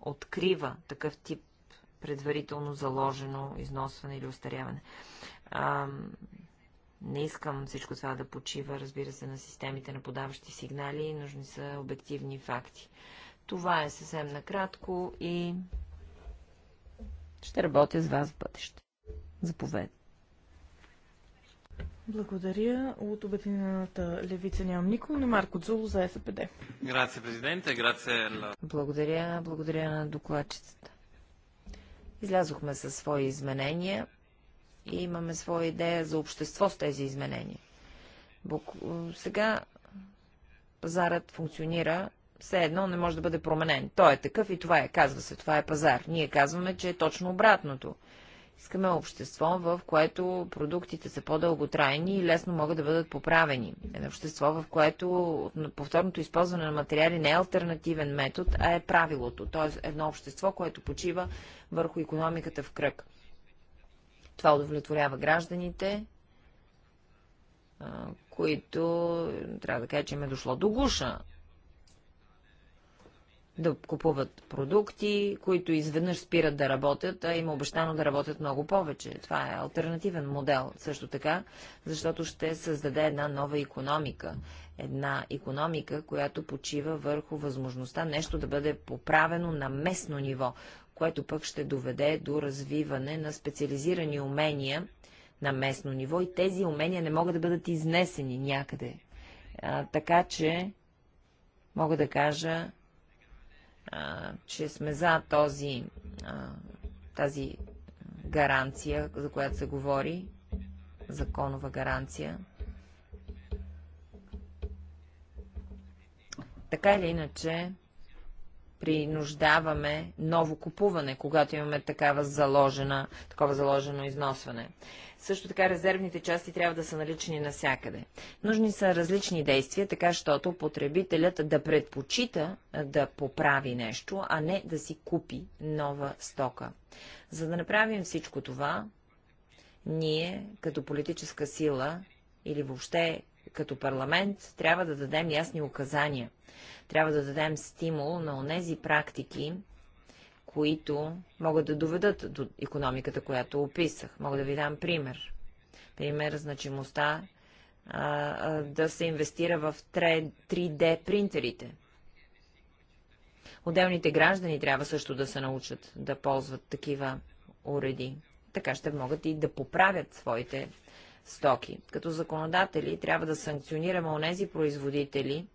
открива такъв тип предварително заложено износване или устаряване. Не искам всичко това да почива, разбира се, на системите на подаващи сигнали. Нужни са обективни факти. Това е съвсем накратко и ще работя с вас в бъдеще. Заповед. Благодаря. От обединената левица нямам никой, но Марко Цуло за СПД. Грация, президенте. Грация. Благодаря. Благодаря на докладчицата. Излязохме със свои изменения и имаме своя идея за общество с тези изменения. Бук... Е, сега пазарът функционира все едно не може да бъде променен. Той е такъв и това е, казва се, това е пазар. Ние казваме, че е точно обратното. Искаме общество, в което продуктите са по-дълготрайни и лесно могат да бъдат поправени. Едно общество, в което повторното използване на материали не е альтернативен метод, а е правилото. Тоест едно общество, което почива върху економиката в кръг. Това удовлетворява гражданите, които, трябва да кажа, че им е дошло до гуша да купуват продукти, които изведнъж спират да работят, а им е обещано да работят много повече. Това е альтернативен модел също така, защото ще създаде една нова економика. Една економика, която почива върху възможността нещо да бъде поправено на местно ниво което пък ще доведе до развиване на специализирани умения на местно ниво и тези умения не могат да бъдат изнесени някъде. А, така че мога да кажа, а, че сме за този, а, тази гаранция, за която се говори, законова гаранция. Така или иначе, принуждаваме ново купуване, когато имаме такава заложена, такова заложено износване. Също така резервните части трябва да са налични навсякъде. Нужни са различни действия, така щото потребителят да предпочита да поправи нещо, а не да си купи нова стока. За да направим всичко това, ние, като политическа сила или въобще като парламент трябва да дадем ясни указания. Трябва да дадем стимул на онези практики, които могат да доведат до економиката, която описах. Мога да ви дам пример. Пример значимостта а, а, да се инвестира в 3D принтерите. Отделните граждани трябва също да се научат да ползват такива уреди. Така ще могат и да поправят своите стоки. Като законодатели трябва да санкционираме онези производители,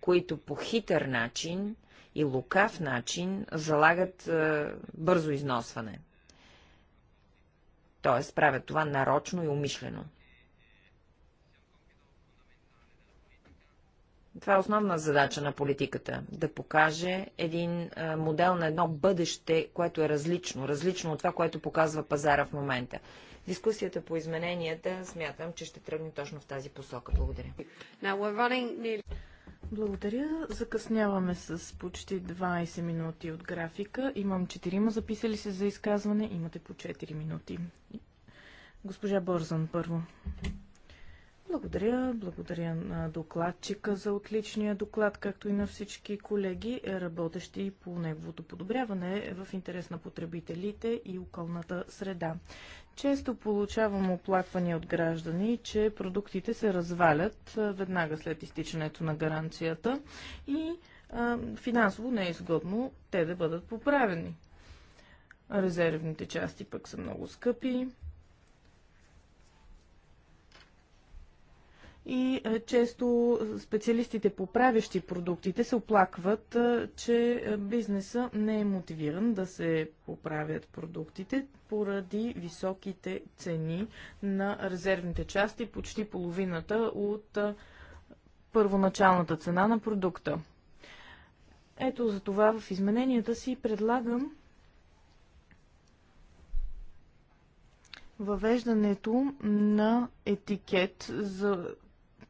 които по хитър начин и лукав начин залагат е, бързо износване. Тоест правят това нарочно и умишлено. Това е основна задача на политиката – да покаже един е, модел на едно бъдеще, което е различно, различно от това, което показва пазара в момента. Дискусията по измененията смятам, че ще тръгне точно в тази посока. Благодаря. Благодаря. Закъсняваме с почти 20 минути от графика. Имам 4 записали се за изказване. Имате по 4 минути. Госпожа Борзан първо. Благодаря. Благодаря на докладчика за отличния доклад, както и на всички колеги, работещи по неговото подобряване в интерес на потребителите и околната среда. Често получавам оплаквания от граждани, че продуктите се развалят веднага след изтичането на гаранцията и а, финансово не е изгодно те да бъдат поправени. Резервните части пък са много скъпи, и е, често специалистите по правещи продуктите се оплакват, е, че е, бизнеса не е мотивиран да се поправят продуктите поради високите цени на резервните части, почти половината от първоначалната цена на продукта. Ето за това в измененията си предлагам въвеждането на етикет за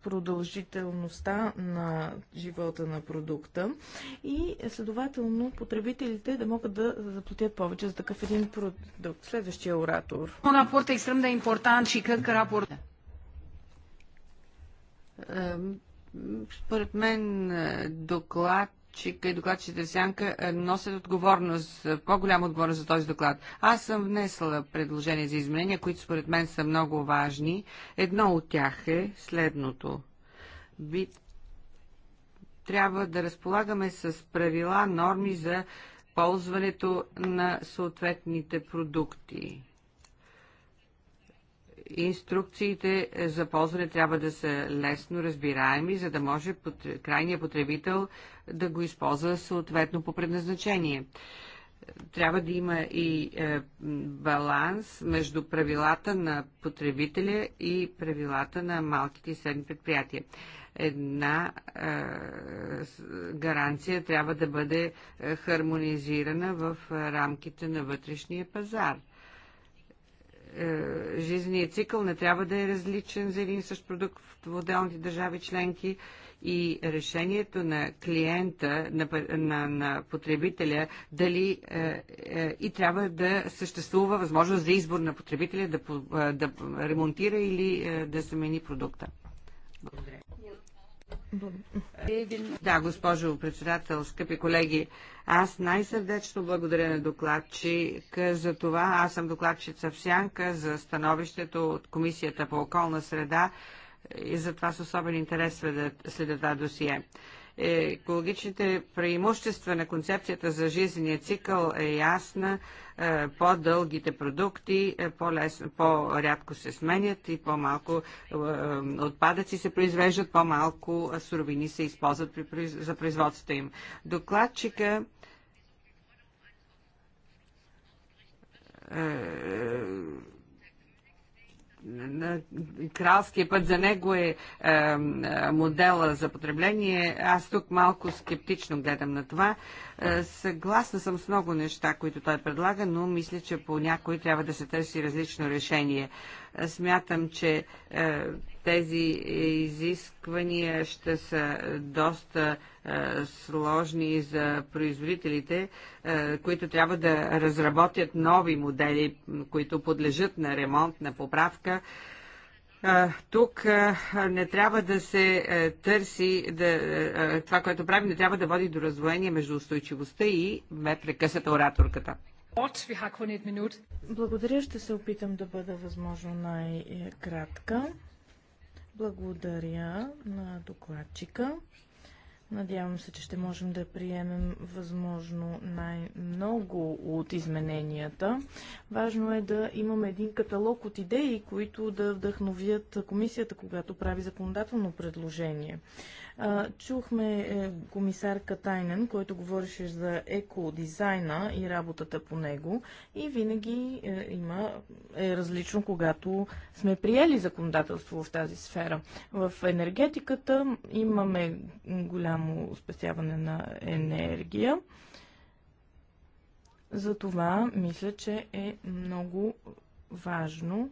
продължителността на живота на продукта и следователно потребителите да могат да заплатят повече за такъв един продукт. Следващия оратор. Рапорт е екстремно импортант и cred că е, според мен е, доклад докладчика и докладчите Сянка е, носят отговорност, е, по-голяма отговорност за този доклад. Аз съм внесла предложения за изменения, които според мен са много важни. Едно от тях е следното. Би... Трябва да разполагаме с правила, норми за ползването на съответните продукти инструкциите за ползване трябва да са лесно разбираеми, за да може крайният потребител да го използва съответно по предназначение трябва да има и е, баланс между правилата на потребителя и правилата на малките и средни предприятия. Една е, гаранция трябва да бъде е, хармонизирана в рамките на вътрешния пазар. Е, жизненият цикъл не трябва да е различен за един същ продукт в отделните държави членки и решението на клиента, на, на, на потребителя, дали е, е, и трябва да съществува възможност за избор на потребителя да, е, да ремонтира или е, да замени продукта. Благодаря. Да, госпожо председател, скъпи колеги, аз най-сърдечно благодаря на докладчика за това. Аз съм докладчица в Сянка за становището от Комисията по околна среда и затова с особен интерес следя това досие. Екологичните преимущества на концепцията за жизнения цикъл е ясна. Е, по-дългите продукти е, по-рядко по се сменят и по-малко е, отпадъци се произвеждат, по-малко суровини се използват за производството им. Докладчика е, на кралския път за него е, е модела за потребление. Аз тук малко скептично гледам на това. Е, съгласна съм с много неща, които той предлага, но мисля, че по някои трябва да се търси различно решение. Смятам, че е, тези изисквания ще са доста е, сложни за производителите, е, които трябва да разработят нови модели, които подлежат на ремонт, на поправка. Тук не трябва да се търси, да, това, което правим, не трябва да води до развоение между устойчивостта и ме прекъсата ораторката. Благодаря, ще се опитам да бъда възможно най-кратка. Благодаря на докладчика. Надявам се, че ще можем да приемем възможно най-много от измененията. Важно е да имаме един каталог от идеи, които да вдъхновят комисията, когато прави законодателно предложение. Чухме е, комисар Катайнен, който говореше за екодизайна и работата по него и винаги е, има, е различно, когато сме приели законодателство в тази сфера. В енергетиката имаме голямо спестяване на енергия. Затова мисля, че е много важно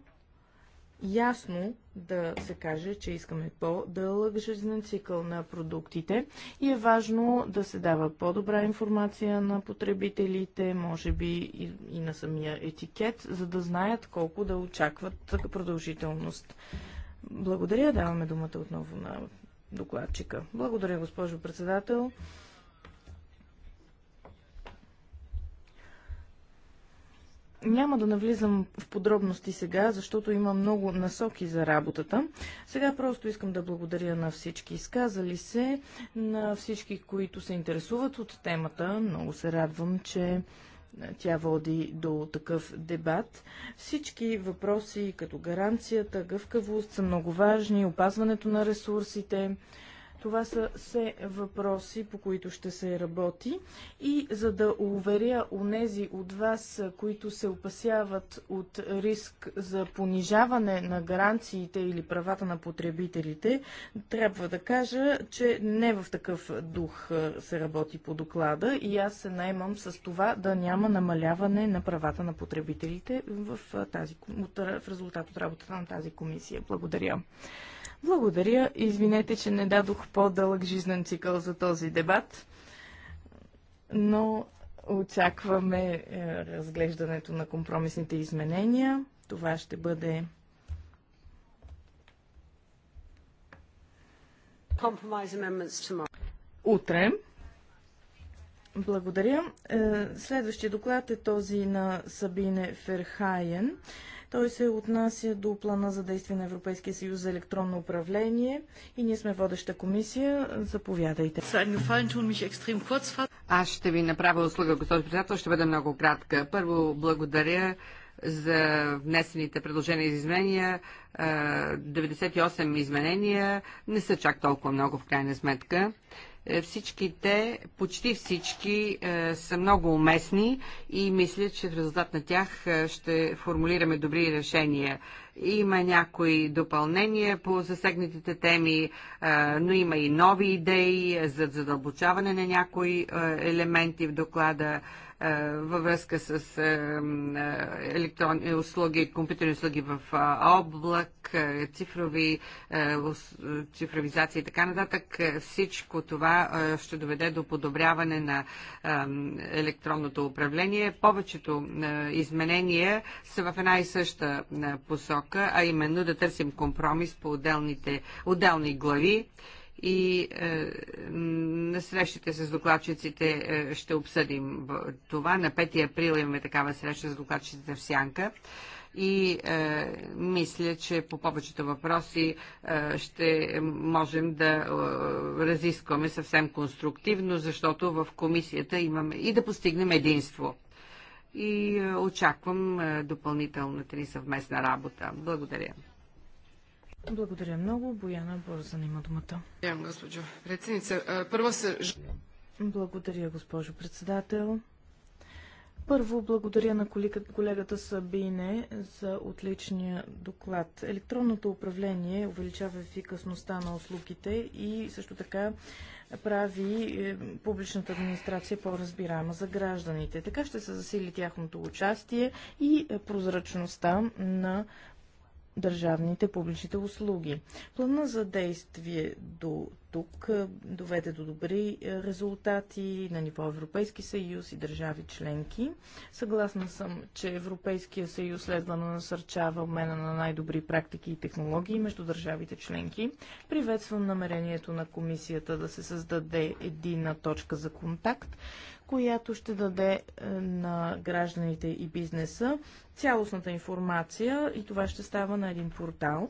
ясно да се каже, че искаме по-дълъг жизнен цикъл на продуктите и е важно да се дава по-добра информация на потребителите, може би и, и на самия етикет, за да знаят колко да очакват продължителност. Благодаря, даваме думата отново на докладчика. Благодаря, госпожо председател. Няма да навлизам в подробности сега, защото има много насоки за работата. Сега просто искам да благодаря на всички изказали се, на всички, които се интересуват от темата. Много се радвам, че тя води до такъв дебат. Всички въпроси, като гаранцията, гъвкавост, са много важни, опазването на ресурсите, това са все въпроси, по които ще се работи. И за да уверя нези от вас, които се опасяват от риск за понижаване на гаранциите или правата на потребителите, трябва да кажа, че не в такъв дух се работи по доклада и аз се наемам с това да няма намаляване на правата на потребителите в, тази, в резултат от работата на тази комисия. Благодаря. Благодаря. Извинете, че не дадох по-дълъг жизнен цикъл за този дебат, но очакваме е, разглеждането на компромисните изменения. Това ще бъде утре. Благодаря. Е, следващия доклад е този на Сабине Ферхайен. Той се отнася до плана за действие на Европейския съюз за електронно управление и ние сме водеща комисия. Заповядайте. Аз ще ви направя услуга, господин председател, ще бъда много кратка. Първо, благодаря за внесените предложения за изменения. Е, 98 изменения не са чак толкова много в крайна сметка. Е, всички те, почти всички, е, са много уместни и мисля, че в резултат на тях е, ще формулираме добри решения. Има някои допълнения по засегнатите теми, но има и нови идеи за задълбочаване на някои елементи в доклада във връзка с електронни услуги, компютърни услуги в облак, цифрови, цифровизация и така нататък. Всичко това ще доведе до подобряване на електронното управление. Повечето изменения са в една и съща посока, а именно да търсим компромис по отделните, отделни глави и е, на срещите с докладчиците е, ще обсъдим това. На 5 април имаме такава среща с докладчиците в Сянка и е, мисля, че по повечето въпроси е, ще можем да е, разискваме съвсем конструктивно, защото в комисията имаме и да постигнем единство. И е, очаквам е, допълнителната ни съвместна работа. Благодаря. Благодаря много. Бояна Борзан има думата. госпожо председница. Първо се... Благодаря, госпожо председател. Първо, благодаря на колегата Сабине за отличния доклад. Електронното управление увеличава ефикасността на услугите и също така прави е, публичната администрация по-разбираема за гражданите. Така ще се засили тяхното участие и е, прозрачността на държавните публичните услуги. Плана за действие до тук доведе до добри резултати на ниво Европейски съюз и държави членки. Съгласна съм, че Европейския съюз следва да насърчава обмена на най-добри практики и технологии между държавите членки. Приветствам намерението на комисията да се създаде едина точка за контакт, която ще даде е, на гражданите и бизнеса цялостната информация и това ще става на един портал.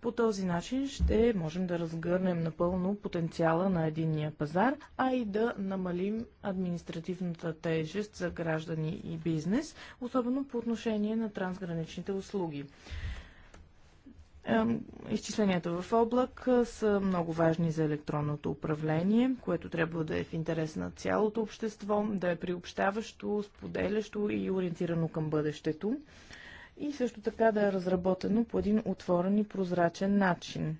По този начин ще можем да разгърнем напълно потенциала на единния пазар, а и да намалим административната тежест за граждани и бизнес, особено по отношение на трансграничните услуги. Изчисленията в облак е, са много важни за електронното управление, което трябва да е в интерес на цялото общество, да е приобщаващо, споделящо и ориентирано към бъдещето и също така да е разработено по един отворен и прозрачен начин.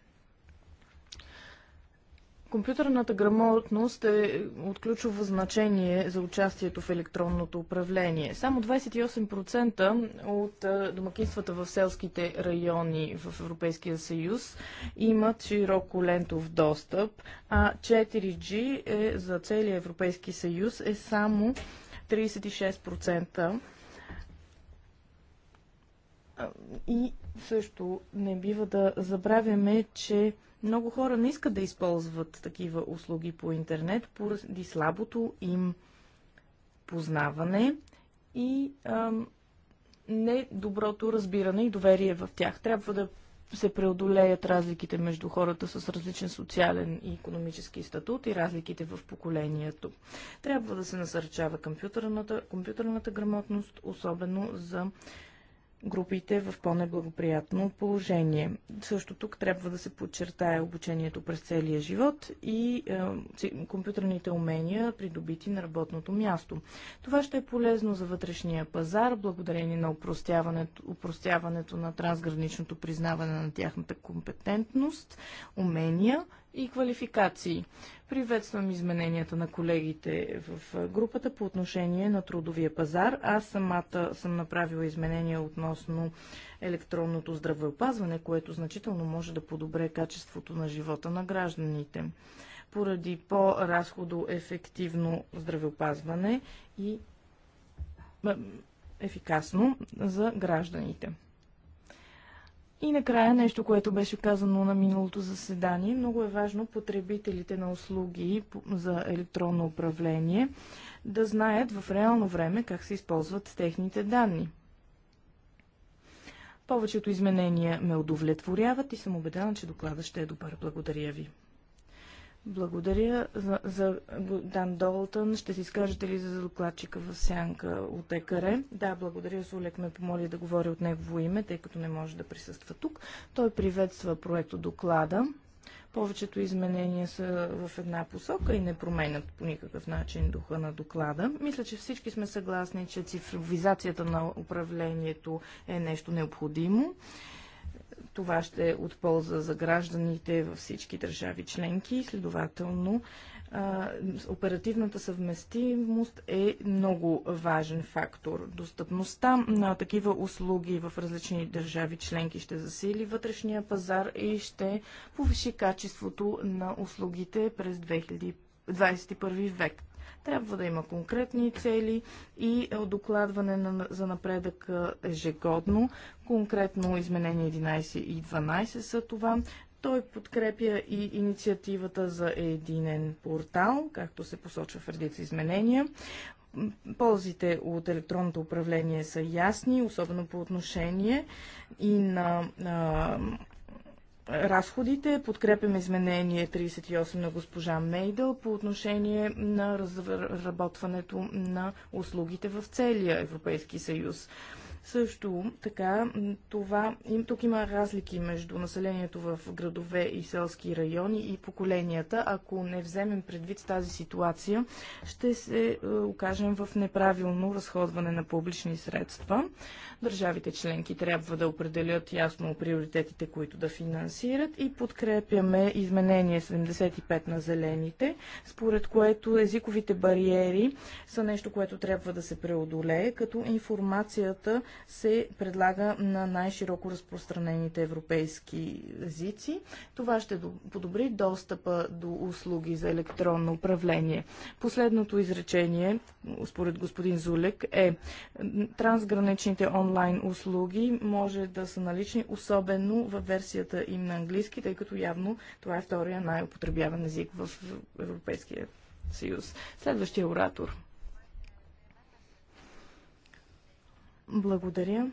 Компютърната грамотност е от ключово значение за участието в електронното управление. Само 28% от домакинствата в селските райони в Европейския съюз имат широко лентов достъп, а 4G е за целия Европейски съюз е само 36%. И също не бива да забравяме, че много хора не искат да използват такива услуги по интернет поради слабото им познаване и ам, недоброто разбиране и доверие в тях. Трябва да се преодолеят разликите между хората с различен социален и економически статут и разликите в поколението. Трябва да се насърчава компютърната, компютърната грамотност, особено за групите в по-неблагоприятно положение. Също тук трябва да се подчертае обучението през целия живот и е, компютърните умения, придобити на работното място. Това ще е полезно за вътрешния пазар, благодарение на упростяването, упростяването на трансграничното признаване на тяхната компетентност, умения – и квалификации. Приветствам измененията на колегите в групата по отношение на трудовия пазар. Аз самата съм направила изменения относно електронното здравеопазване, което значително може да подобре качеството на живота на гражданите поради по-разходоефективно здравеопазване и ефикасно за гражданите. И накрая нещо, което беше казано на миналото заседание. Много е важно потребителите на услуги за електронно управление да знаят в реално време как се използват техните данни. Повечето изменения ме удовлетворяват и съм убедена, че доклада ще е добър. Благодаря ви. Благодаря. За, за Дан Долтън, ще си изкажете ли за докладчика в сянка от ЕКР? Да, благодаря. Солек ме помоли да говори от негово име, тъй като не може да присъства тук. Той приветства проекто доклада. Повечето изменения са в една посока и не променят по никакъв начин духа на доклада. Мисля, че всички сме съгласни, че цифровизацията на управлението е нещо необходимо това ще е от полза за гражданите във всички държави членки. Следователно, оперативната съвместимост е много важен фактор. Достъпността на такива услуги в различни държави членки ще засили вътрешния пазар и ще повиши качеството на услугите през 2021 век. Трябва да има конкретни цели и докладване на, за напредък ежегодно. Конкретно изменения 11 и 12 са това. Той подкрепя и инициативата за единен портал, както се посочва в редица изменения. Ползите от електронното управление са ясни, особено по отношение и на а, разходите. Подкрепям изменение 38 на госпожа Мейдъл по отношение на разработването на услугите в целия Европейски съюз. Също така, това, им, тук има разлики между населението в градове и селски райони и поколенията. Ако не вземем предвид тази ситуация, ще се е, окажем в неправилно разходване на публични средства. Държавите членки трябва да определят ясно приоритетите, които да финансират и подкрепяме изменение 75 на зелените, според което езиковите бариери са нещо, което трябва да се преодолее, като информацията се предлага на най-широко разпространените европейски езици. Това ще подобри достъпа до услуги за електронно управление. Последното изречение, според господин Зулек, е трансграничните онлайн онлайн услуги може да са налични, особено в версията им на английски, тъй като явно това е втория най-употребяван език в Европейския съюз. Следващия оратор. Благодаря.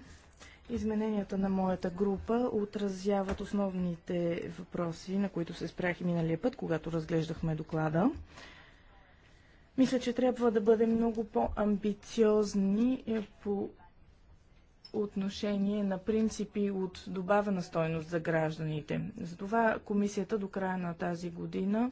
Измененията на моята група отразяват основните въпроси, на които се спрях и миналия път, когато разглеждахме доклада. Мисля, че трябва да бъдем много по-амбициозни е, по отношение на принципи от добавена стойност за гражданите. Затова комисията до края на тази година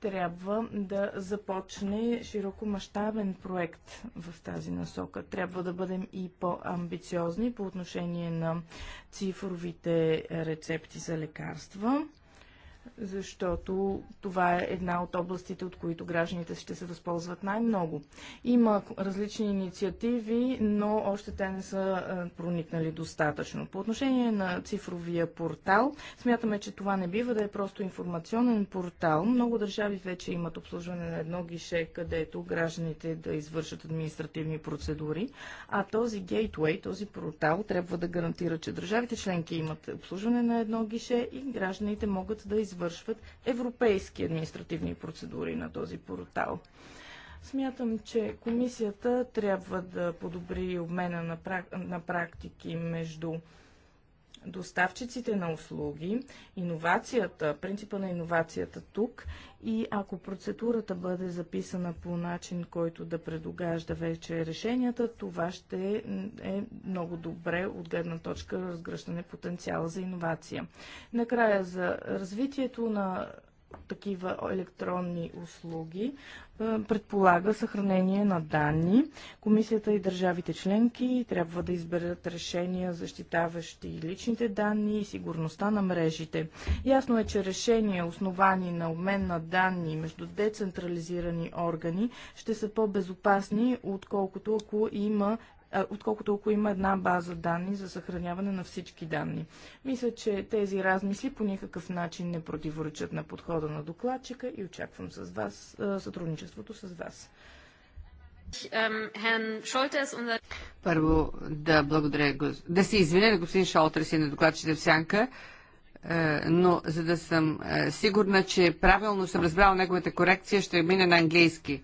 трябва да започне широкомащабен проект в тази насока. Трябва да бъдем и по-амбициозни по отношение на цифровите рецепти за лекарства защото това е една от областите, от които гражданите ще се възползват най-много. Има различни инициативи, но още те не са е, проникнали достатъчно. По отношение на цифровия портал, смятаме, че това не бива да е просто информационен портал. Много държави вече имат обслужване на едно гише, където гражданите да извършат административни процедури, а този гейтвей, този портал трябва да гарантира, че държавите членки имат обслужване на едно гише и гражданите могат да извършат извършват европейски административни процедури на този портал. Смятам, че комисията трябва да подобри обмена на, практики между доставчиците на услуги, иновацията, принципа на иновацията тук и ако процедурата бъде записана по начин, който да предогажда вече решенията, това ще е много добре от гледна точка разгръщане потенциала за иновация. Накрая за развитието на такива електронни услуги е, предполага съхранение на данни. Комисията и държавите членки трябва да изберат решения, защитаващи личните данни и сигурността на мрежите. Ясно е, че решения, основани на обмен на данни между децентрализирани органи, ще са по-безопасни, отколкото ако има отколкото ако има една база данни за съхраняване на всички данни. Мисля, че тези размисли по никакъв начин не противоречат на подхода на докладчика и очаквам с вас сътрудничеството с вас. Първо да благодаря, да се извиня на господин Шолтерс и на докладчите в Сянка, е, но за да съм е, сигурна, че правилно съм разбрала неговата корекция, ще мине на английски.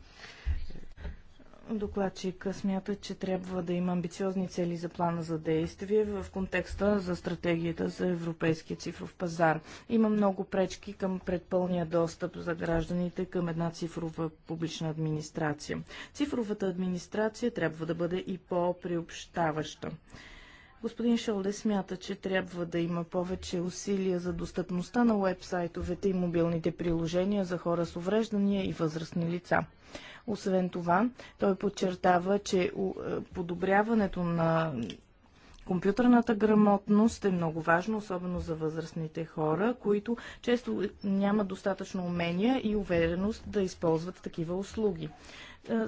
Докладчика смята, че трябва да има амбициозни цели за плана за действие в контекста за стратегията за европейския цифров пазар. Има много пречки към предпълния достъп за гражданите към една цифрова публична администрация. Цифровата администрация трябва да бъде и по-приобщаваща. Господин Шолде смята, че трябва да има повече усилия за достъпността на уебсайтовете и мобилните приложения за хора с увреждания и възрастни лица. Освен това, той подчертава, че е, подобряването на Компютърната грамотност е много важно, особено за възрастните хора, които често нямат достатъчно умения и увереност да използват такива услуги. Е,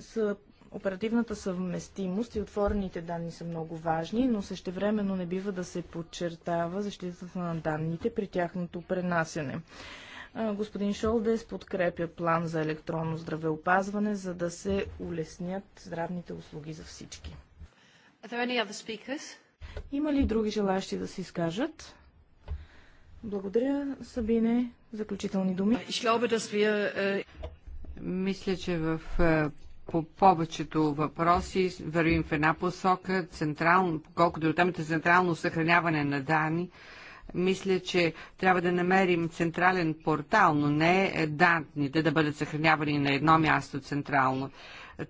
с оперативната съвместимост и отворените данни са много важни, но същевременно не бива да се подчертава защитата на данните при тяхното пренасене. Господин Шолдес подкрепя план за електронно здравеопазване, за да се улеснят здравните услуги за всички. Има ли други желащи да се изкажат? Благодаря, Сабине. Заключителни думи. Äh, Мисля, че в е, по повечето въпроси вървим в една посока, централно, колкото до темата централно съхраняване на данни, мисля, че трябва да намерим централен портал, но не данните да бъдат съхранявани на едно място централно.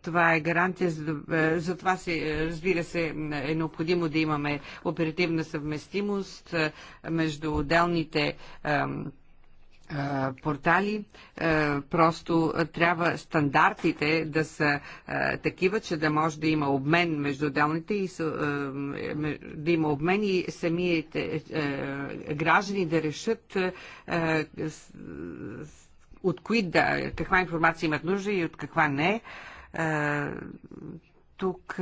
Това е гарантия, е, за това се, е, разбира се, е необходимо да имаме оперативна съвместимост е, между отделните портали. Просто трябва стандартите да са такива, че да може да има обмен между отделните и да има обмен и самите граждани да решат от кои да, каква информация имат нужда и от каква не тук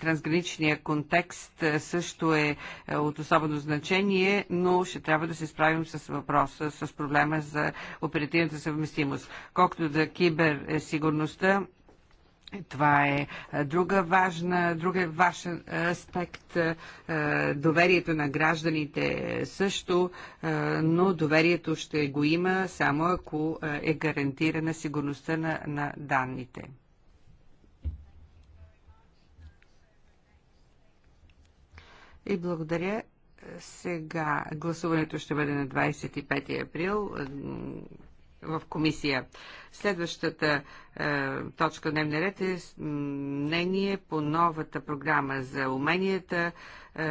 трансграничният контекст също е от особено значение, но ще трябва да се справим с въпроса, с проблема за оперативната съвместимост. Колкото за киберсигурността, е, това е друга важна, друга е важен аспект. Доверието на гражданите също, но доверието ще го има само ако е гарантирана сигурността на, на данните. И благодаря. Сега гласуването ще бъде на 25 април в комисия. Следващата е, точка дневния ред е мнение по новата програма за уменията. Е,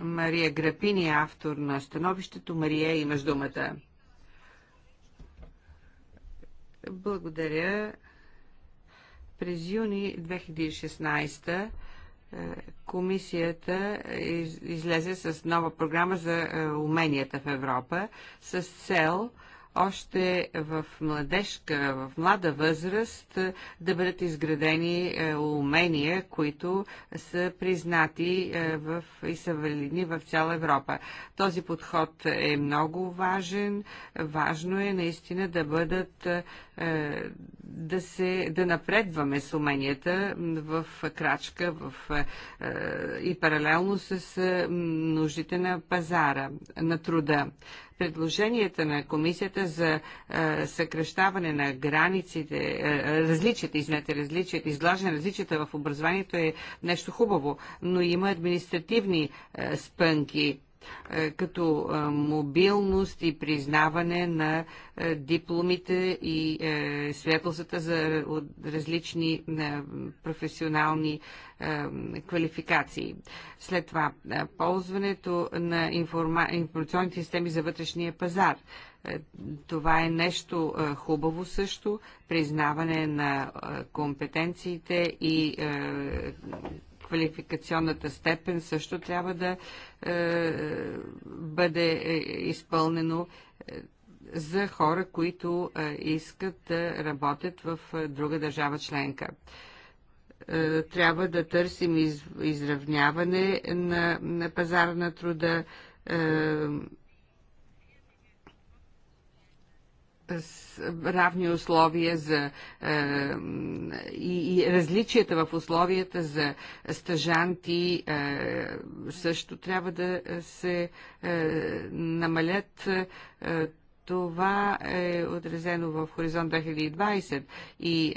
Мария Грапини е автор на становището. Мария, имаш думата. Благодаря. През юни 2016 е, комисията излезе с нова програма за е, уменията в Европа с цел – още в младежка, в млада възраст е, да бъдат изградени е, умения, които са признати е, в, и са валидни в цяла Европа. Този подход е много важен. Важно е наистина да бъдат да, се, да напредваме с уменията в крачка в, и паралелно с нуждите на пазара, на труда предложенията на комисията за а, съкрещаване на границите, а, различията, извинете, различията, изглаждане различията в образованието е нещо хубаво, но има административни а, спънки е, като е, мобилност и признаване на е, дипломите и свидетелствата за различни професионални квалификации. След това, ползването на информа... информационните системи за вътрешния пазар. Това е нещо хубаво също, признаване на компетенциите и квалификационната степен също трябва да е, бъде е, изпълнено е, за хора, които е, искат да работят в друга държава членка трябва да търсим из, изравняване на, на пазара на труда, е, равни условия за, е, и, и различията в условията за стъжанти е, също трябва да се е, намалят. това е отразено в Хоризонт 2020 и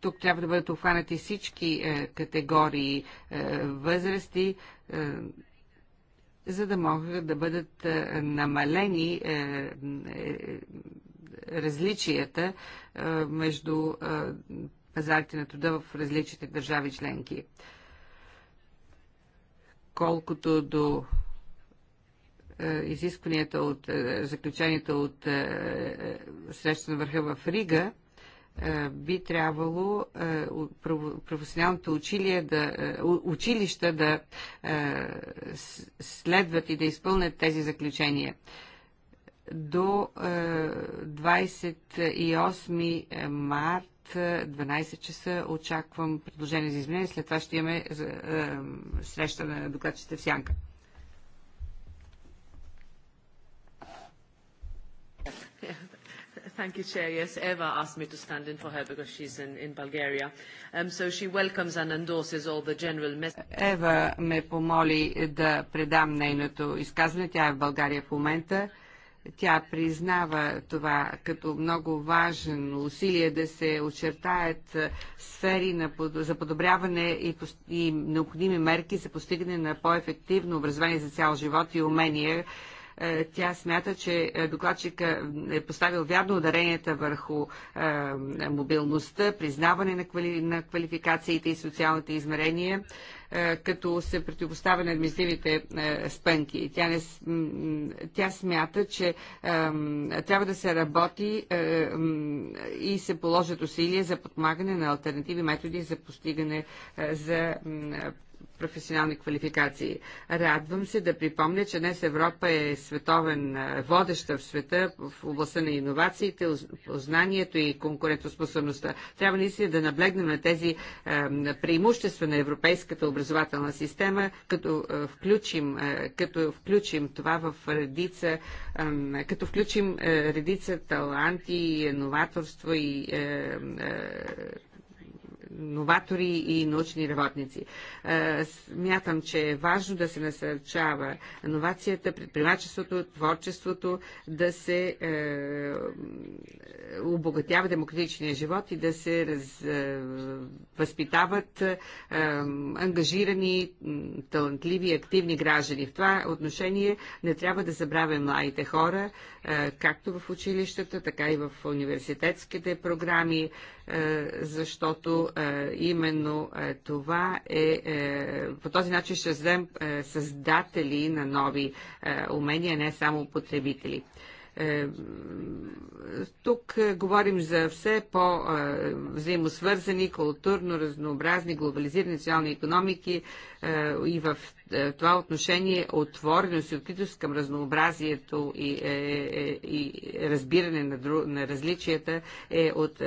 тук трябва да бъдат обхванати всички категории възрасти за да могат да бъдат е, намалени е, е, различията между пазарите на труда в различните държави членки. Колкото до изискванията от заключенията от среща на върха в Рига, би трябвало професионалните училия да, училища да следват и да изпълнят тези заключения. До 28 март 12 часа очаквам предложение за изменение. След това ще имаме среща на докладчите в Сянка. Thank you, Chair. Yes, Eva asked me to stand in for her because she's in, in Bulgaria. Um, so she welcomes and endorses all the general Ева ме помоли да предам нейното изказване. Тя е в България в момента. Тя признава това като много важен усилие да се очертаят сфери на, за подобряване и, и необходими мерки за постигане на по-ефективно образование за цял живот и умения е, тя смята, че е, докладчика е поставил вярно ударенията върху е, мобилността, признаване на, квали... на квалификациите и социалните измерения като се противопоставя на административните спънки. Тя, не, тя смята, че трябва да се работи и се положат усилия за подмагане на альтернативи методи за постигане за професионални квалификации. Радвам се да припомня, че днес Европа е световен е, водеща в света в областта на иновациите, познанието и конкурентоспособността. Трябва наистина да наблегнем на тези е, преимущества на европейската образователна система, като е, включим, като включим това в редица, като включим редица таланти, новаторство и новатори и научни работници. Смятам, че е важно да се насърчава новацията, предприемачеството, творчеството, да се е, обогатява демократичния живот и да се раз, е, възпитават е, ангажирани, талантливи, активни граждани. В това отношение не трябва да забравя младите хора, както в училищата, така и в университетските програми, защото именно това е, е, по този начин ще вземем е, създатели на нови е, умения, не само потребители. Е, тук е, говорим за все по-взаимосвързани, е, културно разнообразни, глобализирани социални економики и в това отношение отвореност и откритост към разнообразието и, и, и разбиране на, дру, на различията е от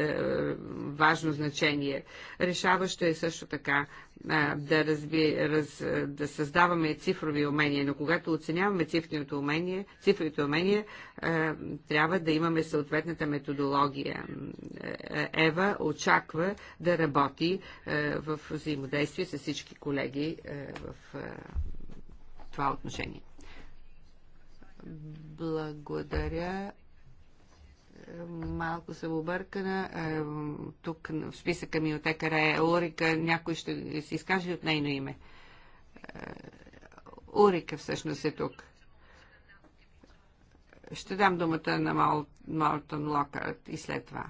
важно значение. Решаващо е също така а, да, разби, раз, да създаваме цифрови умения, но когато оценяваме цифровите умения, цифровите умения а, трябва да имаме съответната методология. Е, Ева очаква да работи а, в взаимодействие с всички колеги а, в а, това отношение. Благодаря малко съм объркана. Е, тук в списъка ми от ЕКР е Урика. Някой ще се изкаже от нейно име. Е, Урика всъщност е тук. Ще дам думата на Малтон Локарт и след това.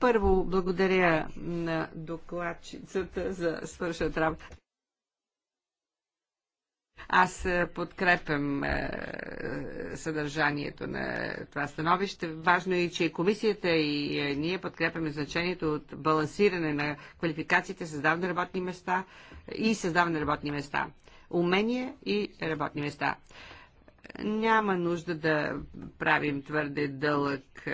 Първо, благодаря на докладчицата за свършат работа. Аз е, подкрепям е, съдържанието на това становище. Важно е, че и комисията и е, ние подкрепяме значението от балансиране на квалификациите, създаване на работни места и създаване на работни места. Умения и работни места. Няма нужда да правим твърде дълъг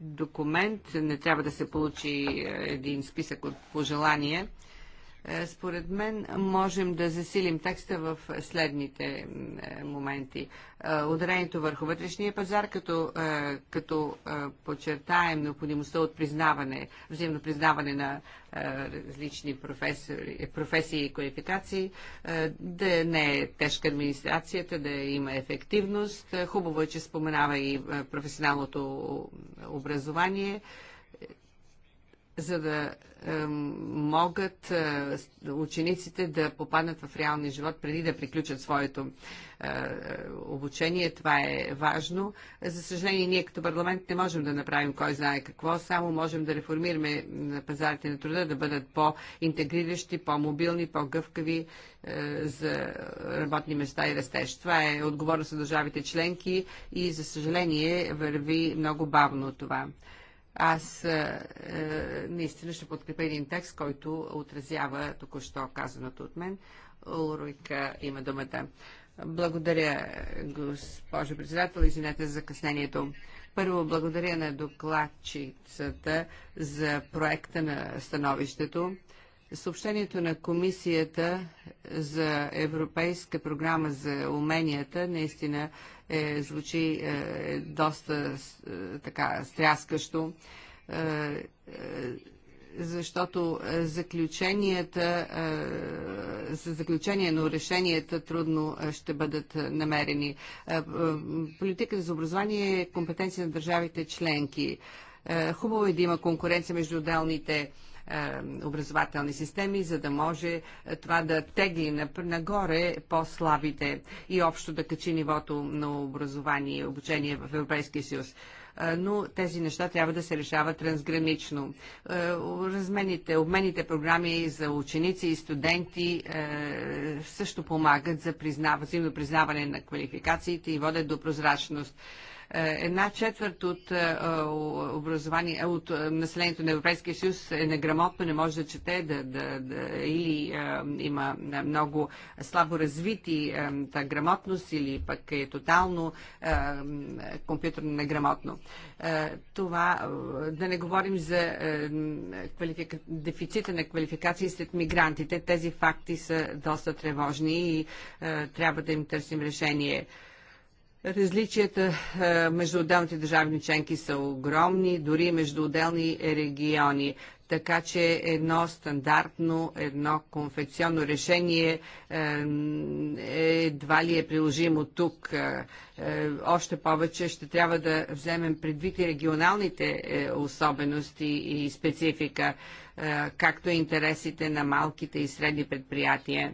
документ. Не трябва да се получи един списък от пожелания е, според мен можем да засилим текста в следните е, моменти. Е, ударението върху вътрешния пазар, като, като подчертаем необходимостта от признаване, взаимно признаване на различни професии и квалификации, да не е тежка администрацията, да има ефективност. Хубаво е, че споменава и професионалното образование за да е, могат е, учениците да попаднат в реалния живот преди да приключат своето е, е, обучение. Това е важно. За съжаление, ние като парламент не можем да направим кой знае какво, само можем да реформираме пазарите на труда, да бъдат по-интегриращи, по-мобилни, по-гъвкави е, за работни места и растеж. Това е отговорност на държавите членки и, за съжаление, върви много бавно това. Аз е, е, наистина ще подкрепя един текст, който отразява току-що казаното от мен. Лорика има думата. Благодаря, госпожо председател. Извинете за закъснението. Първо, благодаря на докладчицата за проекта на становището. Съобщението на Комисията за Европейска програма за уменията наистина е, звучи е, е доста е, така стряскащо, е, е, защото заключенията, е, за заключение на решенията трудно е, ще бъдат намерени. Е, е, политиката за образование е компетенция на държавите членки. Е, хубаво е да има конкуренция между отделните е, е, образователни системи, за да може е, това да тегли нагоре по-слабите и общо да качи нивото на образование и обучение в Европейския съюз е, но тези неща трябва да се решават трансгранично. Размените, обмените програми за ученици и студенти също помагат за признав... взаимно признаване на квалификациите и водят до прозрачност. Е, една четвърт от, е, образование, е, от населението на Европейския съюз е неграмотно, не може да чете да, да, да, или а, има много слабо развити а, грамотност или пък е тотално а, компютърно неграмотно. А, това, да не говорим за а, квалифика... дефицита на квалификации след мигрантите, тези факти са доста тревожни и а, трябва да им търсим решение. Различията е, между отделните държавни членки са огромни, дори между отделни региони. Така че едно стандартно, едно конфекционно решение е, е, едва ли е приложимо тук. Още повече ще трябва да вземем предвид и регионалните особености и специфика, както и интересите на малките и средни предприятия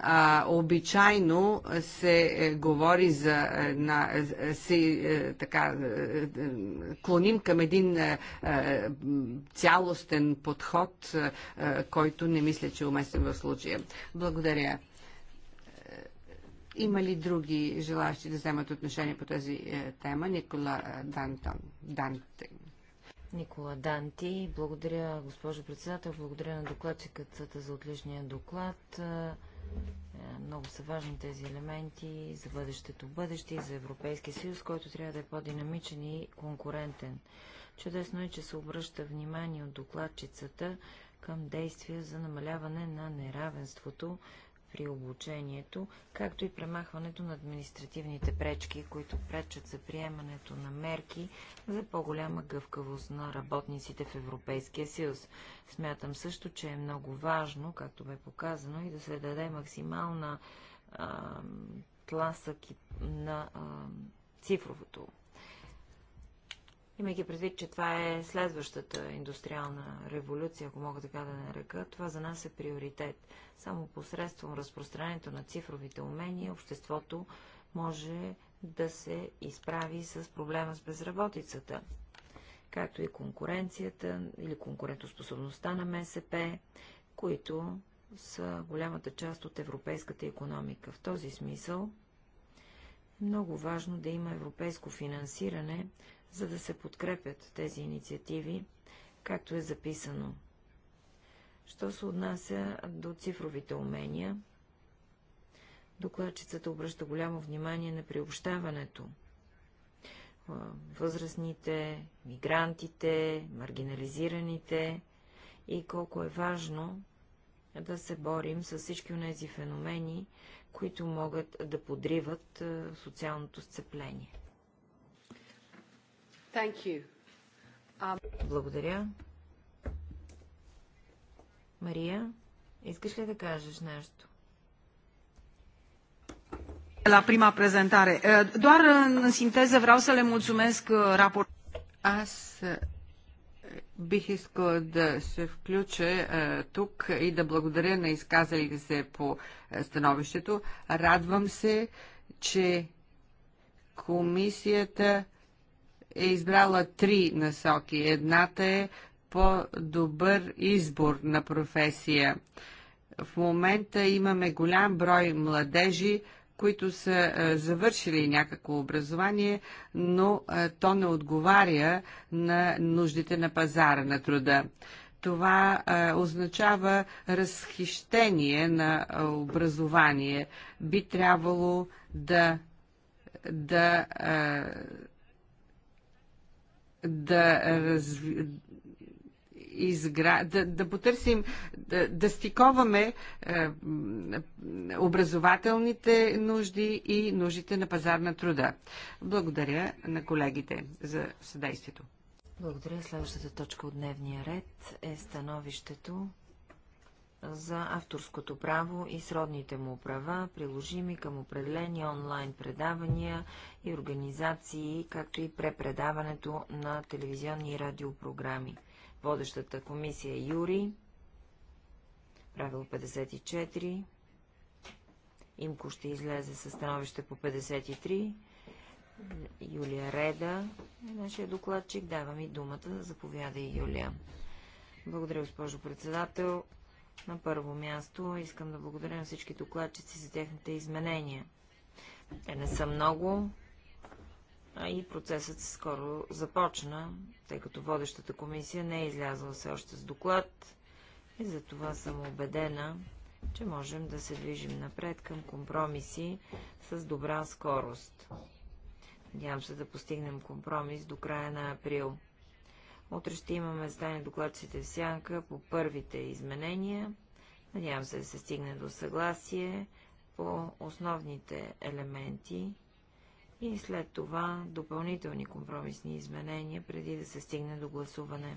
а обичайно се е, говори за е, на, е, се, така, клоним към един цялостен подход, който не мисля, че е уместен в случая. Благодаря. Има ли други желащи да вземат отношение по тази тема? Никола Дантон. Данте. Никола Данти. Благодаря, госпожо председател. Благодаря на докладчиката за отличния доклад. Е, много са важни тези елементи за бъдещето бъдеще и за Европейския съюз, който трябва да е по-динамичен и конкурентен. Чудесно е, че се обръща внимание от докладчицата към действия за намаляване на неравенството при обучението, както и премахването на административните пречки, които пречат за приемането на мерки за по-голяма гъвкавост на работниците в Европейския съюз. Смятам също, че е много важно, както бе показано, и да се даде максимална а, тласък на а, цифровото Имайки предвид, че това е следващата индустриална революция, ако мога така да нарека, това за нас е приоритет. Само посредством разпространението на цифровите умения, обществото може да се изправи с проблема с безработицата, както и конкуренцията или конкурентоспособността на МСП, които са голямата част от европейската економика. В този смисъл е много важно да има европейско финансиране за да се подкрепят тези инициативи, както е записано. Що се отнася до цифровите умения, докладчицата обръща голямо внимание на приобщаването. Възрастните, мигрантите, маргинализираните и колко е важно да се борим с всички от тези феномени, които могат да подриват социалното сцепление. Um... Благодаря. Мария, искаш ли да кажеш нещо? La prima prezentare. Uh, doar în sinteză vreau să le mulțumesc uh, raport. Аз uh, бих искала да се включа тук и да благодаря на изказалите се по становището. Радвам се, че комисията е избрала три насоки. Едната е по-добър избор на професия. В момента имаме голям брой младежи, които са е, завършили някакво образование, но е, то не отговаря на нуждите на пазара на труда. Това а, е, означава разхищение на а, образование. Би трябвало да, да а, да, раз, изгра... да, да потърсим, да, да стиковаме е, образователните нужди и нуждите на пазар на труда. Благодаря на колегите за съдействието. Благодаря. Следващата точка от дневния ред е становището за авторското право и сродните му права, приложими към определени онлайн предавания и организации, както и препредаването на телевизионни и радиопрограми. Водещата комисия е Юри, правило 54, Имко ще излезе със становище по 53, Юлия Реда е нашия докладчик. Давам и думата. Заповядай, Юлия. Благодаря, госпожо председател. На първо място искам да благодаря на всички докладчици за техните изменения. Те не са много, а и процесът скоро започна, тъй като водещата комисия не е излязла все още с доклад и за това съм убедена, че можем да се движим напред към компромиси с добра скорост. Надявам се да постигнем компромис до края на април. Утре ще имаме здание докладчите в сянка по първите изменения. Надявам се да се стигне до съгласие по основните елементи и след това допълнителни компромисни изменения, преди да се стигне до гласуване.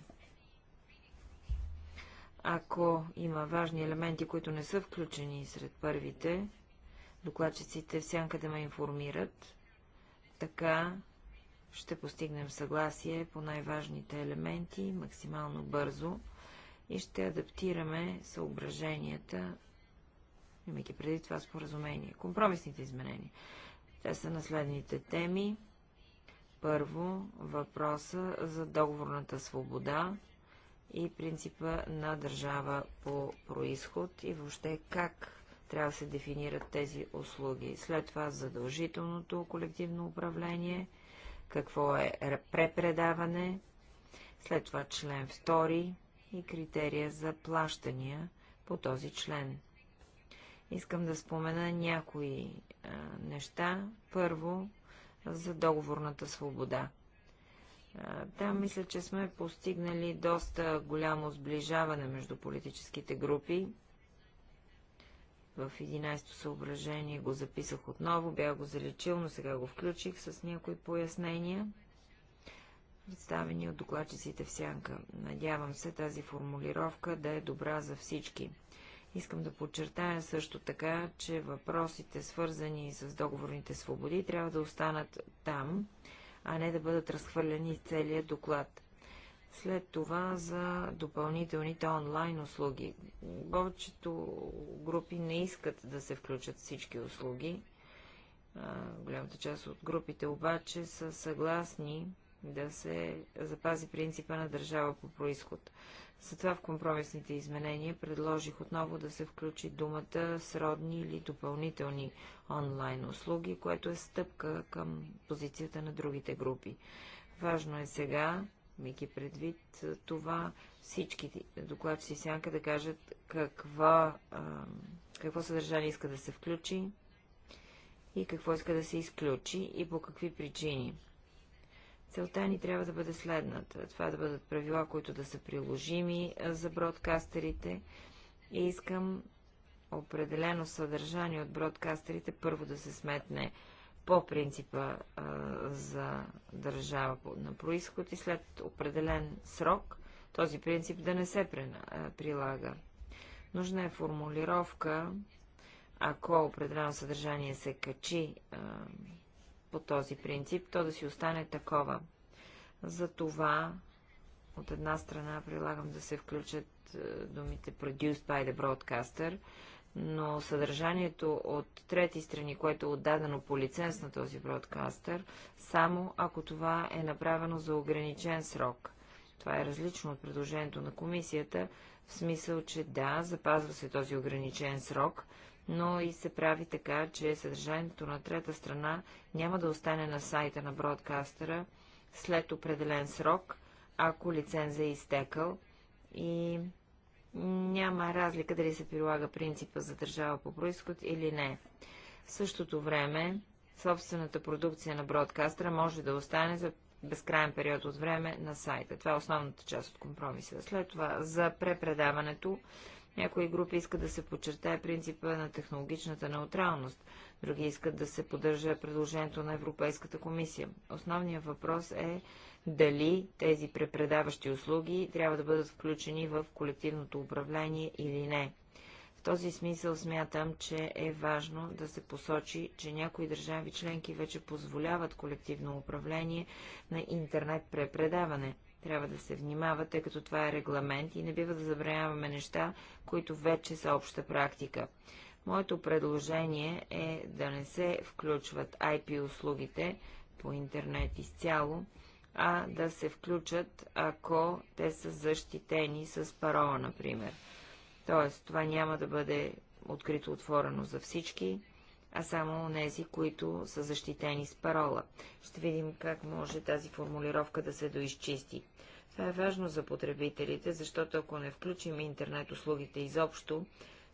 Ако има важни елементи, които не са включени сред първите, докладчиците в сянка да ме информират, така ще постигнем съгласие по най-важните елементи максимално бързо и ще адаптираме съображенията, имайки преди това споразумение. Компромисните изменения. Те са наследните теми. Първо, въпроса за договорната свобода и принципа на държава по происход и въобще как трябва да се дефинират тези услуги. След това задължителното колективно управление – какво е препредаване, след това член 2 и критерия за плащания по този член. Искам да спомена някои а, неща. Първо, за договорната свобода. А, там мисля, че сме постигнали доста голямо сближаване между политическите групи в 11-то съображение го записах отново, бях го заличил, но сега го включих с някои пояснения, представени от докладчиците в сянка. Надявам се тази формулировка да е добра за всички. Искам да подчертая също така, че въпросите, свързани с договорните свободи, трябва да останат там, а не да бъдат разхвърляни целият доклад. След това за допълнителните онлайн услуги. Повечето групи не искат да се включат всички услуги. голямата част от групите обаче са съгласни да се запази принципа на държава по происход. Затова в компромисните изменения предложих отново да се включи думата сродни или допълнителни онлайн услуги, което е стъпка към позицията на другите групи. Важно е сега имайки предвид това всички докладчици сянка да кажат каква, какво съдържание иска да се включи и какво иска да се изключи и по какви причини. Целта ни трябва да бъде следната. Това да бъдат правила, които да са приложими за бродкастерите и искам определено съдържание от бродкастерите първо да се сметне по принципа а, за държава на происход и след определен срок този принцип да не се прилага. Нужна е формулировка, ако определено съдържание се качи а, по този принцип, то да си остане такова. За това от една страна прилагам да се включат думите produced by the broadcaster, но съдържанието от трети страни, което е отдадено по лиценз на този бродкастър, само ако това е направено за ограничен срок. Това е различно от предложението на комисията, в смисъл, че да, запазва се този ограничен срок, но и се прави така, че съдържанието на трета страна няма да остане на сайта на бродкастера след определен срок, ако лиценза е изтекал и няма разлика дали се прилага принципа за държава по происход или не. В същото време, собствената продукция на бродкастера може да остане за безкрайен период от време на сайта. Това е основната част от компромиса. След това, за препредаването, някои групи искат да се подчертае принципа на технологичната неутралност, други искат да се поддържа предложението на Европейската комисия. Основният въпрос е дали тези препредаващи услуги трябва да бъдат включени в колективното управление или не. В този смисъл смятам, че е важно да се посочи, че някои държави членки вече позволяват колективно управление на интернет препредаване. Трябва да се внимава, тъй като това е регламент и не бива да забраняваме неща, които вече са обща практика. Моето предложение е да не се включват IP услугите по интернет изцяло, а да се включат, ако те са защитени с парола, например. Тоест, това няма да бъде открито отворено за всички, а само нези, които са защитени с парола. Ще видим как може тази формулировка да се доизчисти. Това е важно за потребителите, защото ако не включим интернет услугите изобщо,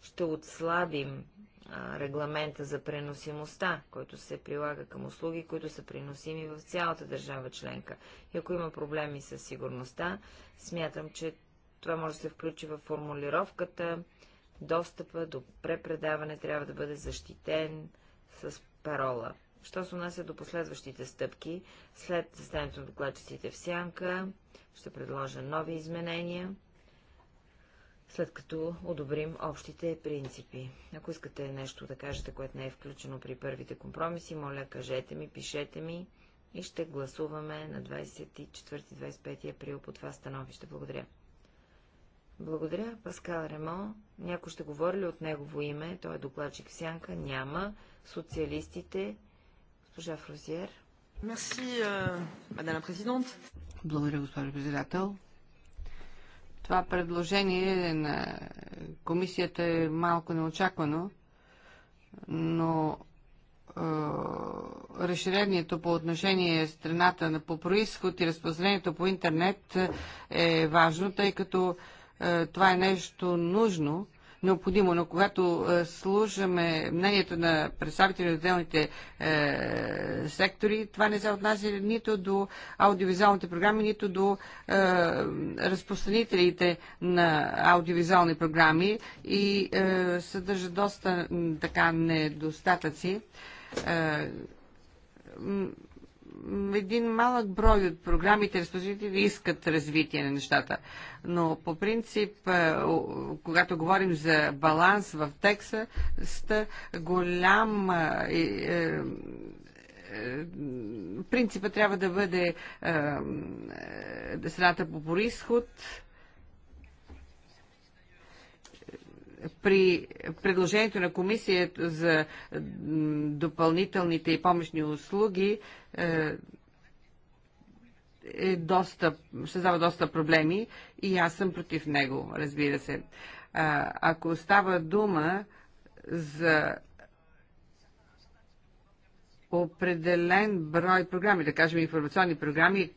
ще отслабим регламента за преносимостта, който се прилага към услуги, които са приносими в цялата държава членка. И ако има проблеми с сигурността, смятам, че това може да се включи в формулировката. Достъпа до препредаване трябва да бъде защитен с парола. Що се отнася до последващите стъпки, след състоянието на докладчиците в сянка, ще предложа нови изменения след като одобрим общите принципи. Ако искате нещо да кажете, което не е включено при първите компромиси, моля, кажете ми, пишете ми и ще гласуваме на 24-25 април по това становище. Благодаря. Благодаря, Паскал Ремо. Някой ще говори ли от негово име? Той е докладчик в сянка. Няма. Социалистите. Госпожа Фрозиер. Мерси, мадам президент. Благодаря, госпожо председател. Това предложение на комисията е малко неочаквано, но е, разширението по отношение страната на по происход и разпространението по интернет е важно, тъй като е, това е нещо нужно необходимо, но когато е, служаме мнението на представители на отделните е, сектори, това не се отнася нито до аудиовизуалните програми, нито до е, разпространителите на аудиовизуални програми и е, съдържа доста така недостатъци. Е, един малък брой от програмите разпознаватели искат развитие на нещата. Но по принцип, е, когато говорим за баланс в текста, голям е, е, принципа трябва да бъде е, страната по происход, при предложението на комисията за допълнителните и помощни услуги е, е доста, създава доста проблеми и аз съм против него, разбира се. А, ако става дума за определен брой програми, да кажем информационни програми,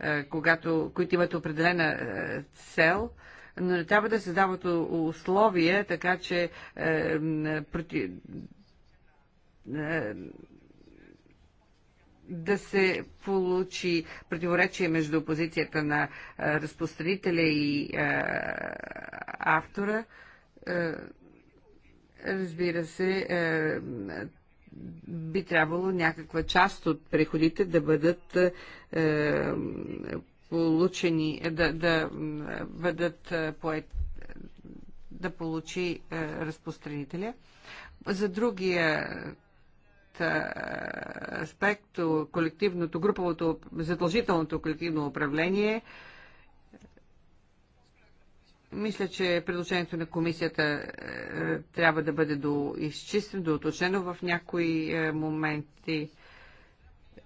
е, когато, които имат определена е, цел, но не трябва да се дават условия, така че е, проти, е, да се получи противоречие между позицията на е, разпространителя и е, автора. Е, разбира се, е, би трябвало някаква част от преходите да бъдат е, получени, да, да бъдат поет, да получи разпространителя. За другия аспект, колективното, груповото, задължителното колективно управление, мисля, че предложението на комисията трябва да бъде доизчистено, доуточнено в някои моменти.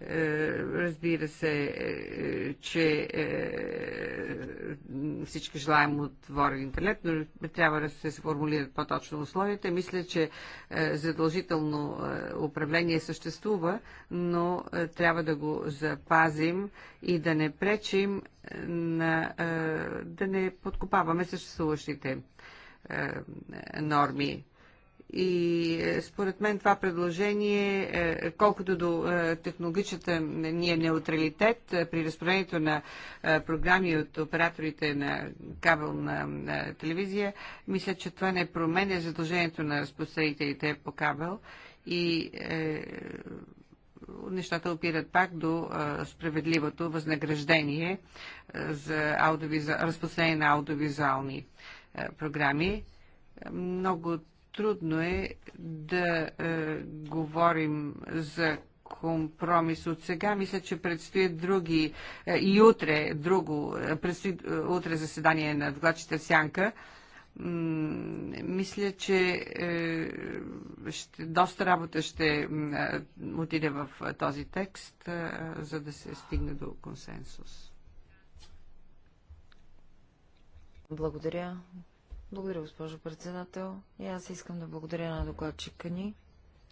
Е, разбира се, е, че е, всички желаем отворен интернет, но трябва да се сформулират по-точно условията. Мисля, че задължително управление съществува, но трябва да го запазим и да не пречим на, да не подкопаваме съществуващите норми и е, според мен това предложение, е, колкото до е, технологичната ни е неутралитет при разпределението на програми от операторите на кабелна телевизия, мисля, че това не променя задължението на разпространителите по кабел и нещата опират пак до справедливото възнаграждение за аудиовизу... разпространение на аудиовизуални програми. Много трудно е да е, говорим за компромис от сега. Мисля, че предстои други е, и утре друго, е, предстои е, утре заседание на докладчите Сянка. Мисля, че е, ще, доста работа ще е, отиде в е, този текст, е, за да се стигне до консенсус. Благодаря. Благодаря, госпожо председател. И аз искам да благодаря на докладчика ни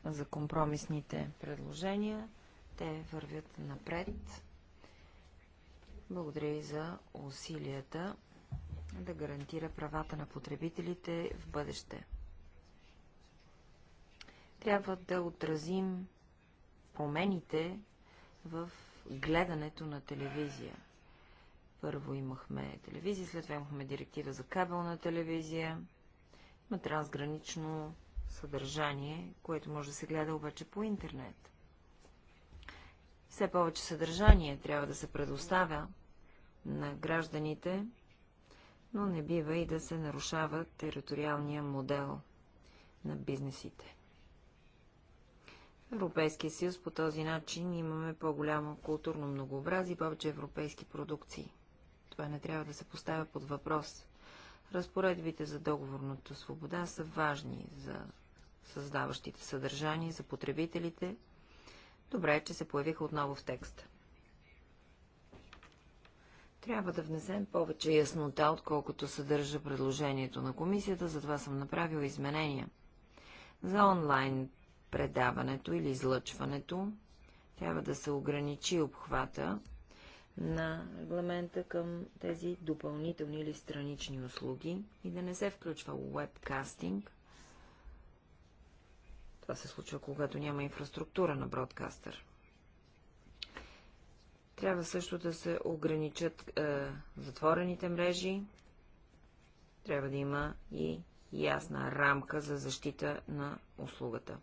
за компромисните предложения. Те вървят напред. Благодаря и за усилията да гарантира правата на потребителите в бъдеще. Трябва да отразим промените в гледането на телевизия – първо имахме телевизия, след това имахме директива за кабелна телевизия. Има трансгранично съдържание, което може да се гледа обаче по интернет. Все повече съдържание трябва да се предоставя на гражданите, но не бива и да се нарушава териториалния модел на бизнесите. В Европейския съюз по този начин имаме по-голямо културно многообразие и повече европейски продукции. Това не трябва да се поставя под въпрос. Разпоредбите за договорната свобода са важни за създаващите съдържание, за потребителите. Добре е, че се появиха отново в текста. Трябва да внесем повече яснота, отколкото съдържа предложението на комисията, затова съм направил изменения. За онлайн предаването или излъчването трябва да се ограничи обхвата на регламента към тези допълнителни или странични услуги и да не се включва уебкастинг. Това се случва, когато няма инфраструктура на бродкастър. Трябва също да се ограничат е, затворените мрежи. Трябва да има и ясна рамка за защита на услугата.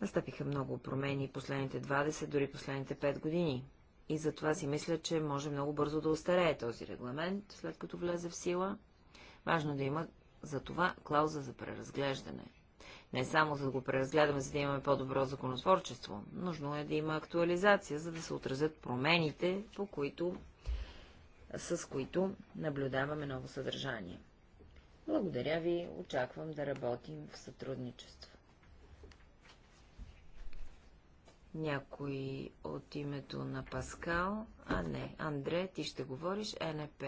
Настъпиха много промени последните 20, дори последните 5 години. И затова си мисля, че може много бързо да остарее този регламент, след като влезе в сила. Важно да има за това клауза за преразглеждане. Не само за да го преразгледаме, за да имаме по-добро законотворчество. Нужно е да има актуализация, за да се отразят промените, по които, с които наблюдаваме ново съдържание. Благодаря ви, очаквам да работим в сътрудничество. Някой от името на Паскал, а не, Андре, ти ще говориш е, НП.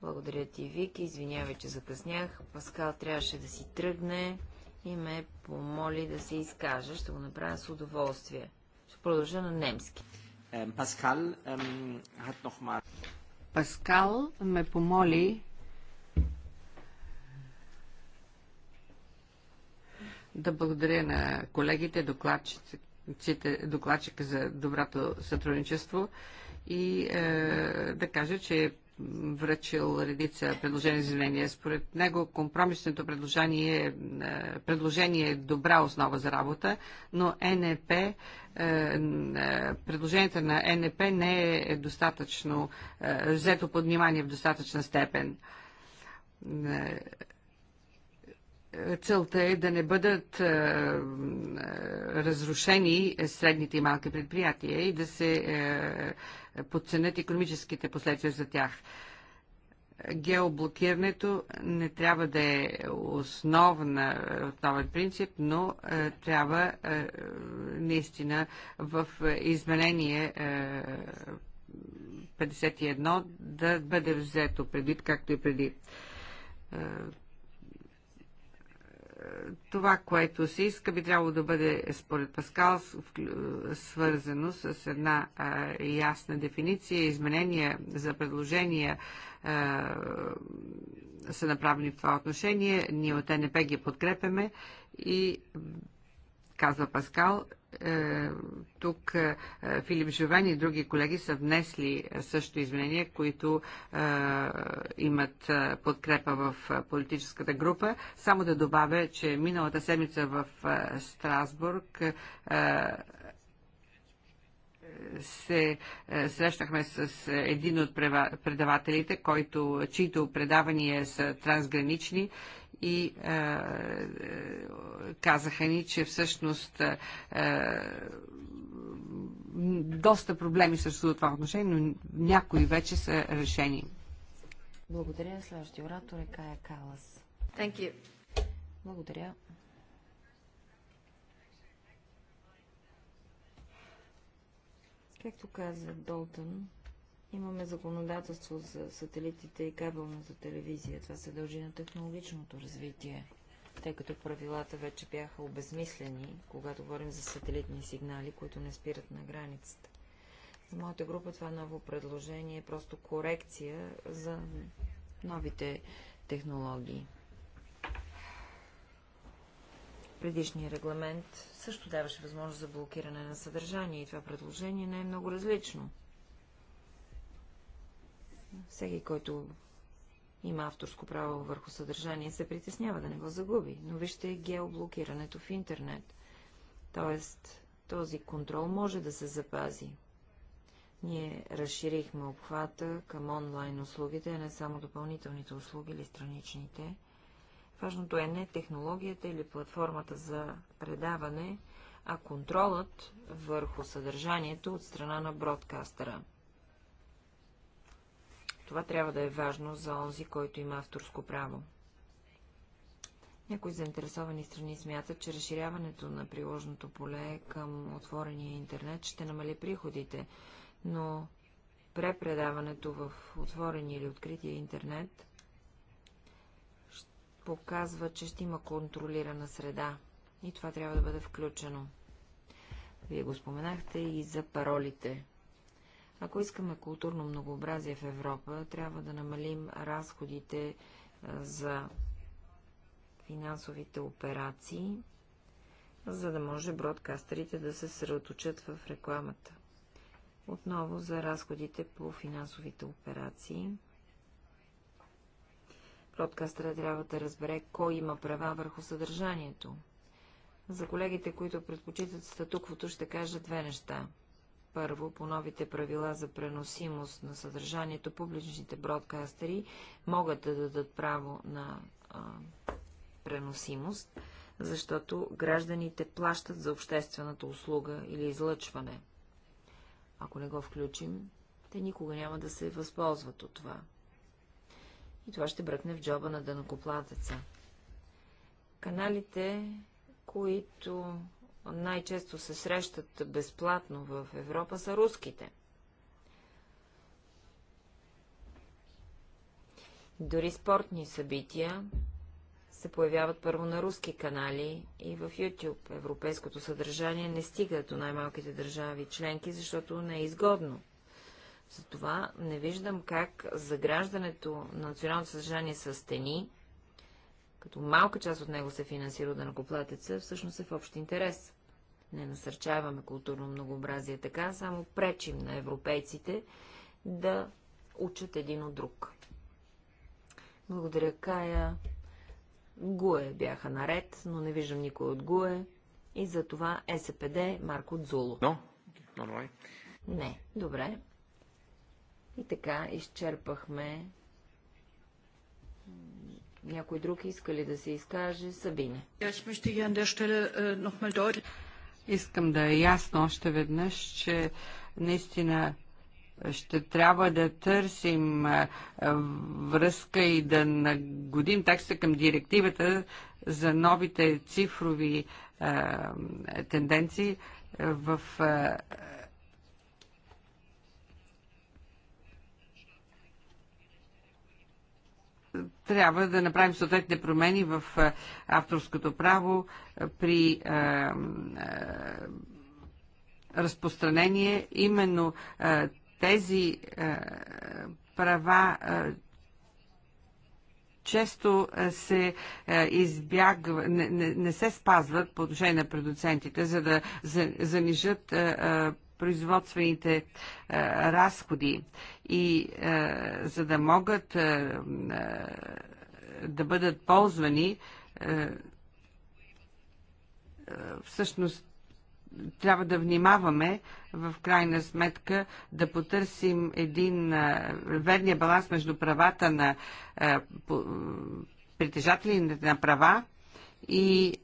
Благодаря ти, Вики, извинявай, че закъснях. Паскал трябваше да си тръгне и ме помоли да се изкажа. Ще го направя с удоволствие. Ще продължа на немски. Паскал, Паскал ме помоли да благодаря на колегите, докладчиците докладчика за доброто сътрудничество и е, да кажа, че е връчил редица предложения за изменения. Според него компромисното предложение, е, предложение е добра основа за работа, но НЕП, е, предложението на НЕП не е достатъчно е, взето под внимание в достатъчна степен. Е, целта е да не бъдат е, е, разрушени средните и малки предприятия и да се е, подценят економическите последствия за тях геоблокирането не трябва да е основна, основен принцип, но е, трябва е, наистина в изменение е, 51 да бъде взето предвид, както и преди. Е, това, което се иска, би трябвало да бъде, според Паскал, свързано с една ясна дефиниция. Изменения за предложения са направени в това отношение. Ние от НП ги подкрепяме и, казва Паскал, е, тук е, Филип Жовен и други колеги са внесли също изменения, които е, имат подкрепа в политическата група. Само да добавя, че миналата седмица в Страсбург се срещнахме с един от предавателите, който, чието предавания са трансгранични и а, е, казаха ни, че всъщност а, е, доста проблеми съществуват в това отношение, но някои вече са решени. Благодаря. Следващия оратор е Кая Калас. Thank you. Благодаря. Както каза Долтън, Имаме законодателство за сателитите и кабелната телевизия. Това се дължи на технологичното развитие, тъй като правилата вече бяха обезмислени, когато говорим за сателитни сигнали, които не спират на границата. За моята група това ново предложение е просто корекция за новите технологии. Предишният регламент също даваше възможност за блокиране на съдържание и това предложение не е много различно. Всеки, който има авторско право върху съдържание, се притеснява да не го загуби. Но вижте геоблокирането в интернет. Тоест, този контрол може да се запази. Ние разширихме обхвата към онлайн услугите, а не само допълнителните услуги или страничните. Важното е не технологията или платформата за предаване, а контролът върху съдържанието от страна на бродкастера. Това трябва да е важно за онзи, който има авторско право. Някои заинтересовани страни смятат, че разширяването на приложното поле към отворения интернет ще намали приходите, но препредаването в отворения или открития интернет показва, че ще има контролирана среда и това трябва да бъде включено. Вие го споменахте и за паролите. Ако искаме културно многообразие в Европа, трябва да намалим разходите за финансовите операции, за да може бродкастерите да се съсредоточат в рекламата. Отново за разходите по финансовите операции. Бродкастера трябва да разбере кой има права върху съдържанието. За колегите, които предпочитат статуквото, ще кажа две неща – първо, по новите правила за преносимост на съдържанието, публичните бродкастери могат да дадат право на а, преносимост, защото гражданите плащат за обществената услуга или излъчване. Ако не го включим, те никога няма да се възползват от това. И това ще бръкне в джоба на дънакоплатеца. Каналите, които най-често се срещат безплатно в Европа, са руските. Дори спортни събития се появяват първо на руски канали и в YouTube. Европейското съдържание не стига до най-малките държави членки, защото не е изгодно. Затова не виждам как заграждането на националното съдържание с стени, като малка част от него се финансира от да накоплатеца, всъщност е в общ интерес не насърчаваме културно многообразие така, само пречим на европейците да учат един от друг. Благодаря, Кая. Гуе бяха наред, но не виждам никой от Гуе. И за това СПД Марко Дзуло. Но? No? Okay. Не, добре. И така, изчерпахме някой друг иска ли да се изкаже? Сабине. Искам да е ясно още веднъж, че наистина ще трябва да търсим връзка и да нагодим текста към директивата за новите цифрови тенденции в трябва да направим съответните промени в авторското право при разпространение. Именно тези права често се избягва, не, не, не се спазват по отношение на продуцентите, за да занижат производствените разходи и за да могат да бъдат ползвани, е, е, всъщност трябва да внимаваме в крайна сметка да потърсим един е, верния баланс между правата на притежатели на права и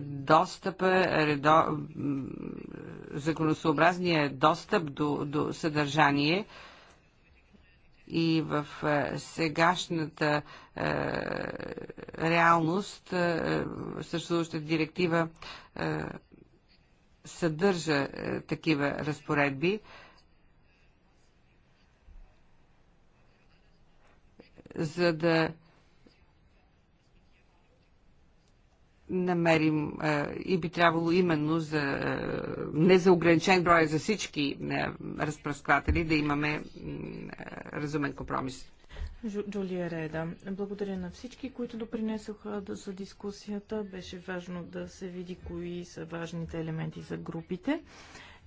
достъпа, редо, законосъобразния достъп до, до съдържание, и в е, сегашната е, реалност е, съществуващата директива съдържа такива разпоредби. за да намерим е, и би трябвало именно за, е, не за ограничен брой, за всички е, разпръскватели да имаме разумен компромис. Джулия Реда. Благодаря на всички, които допринесоха за дискусията. Беше важно да се види кои са важните елементи за групите.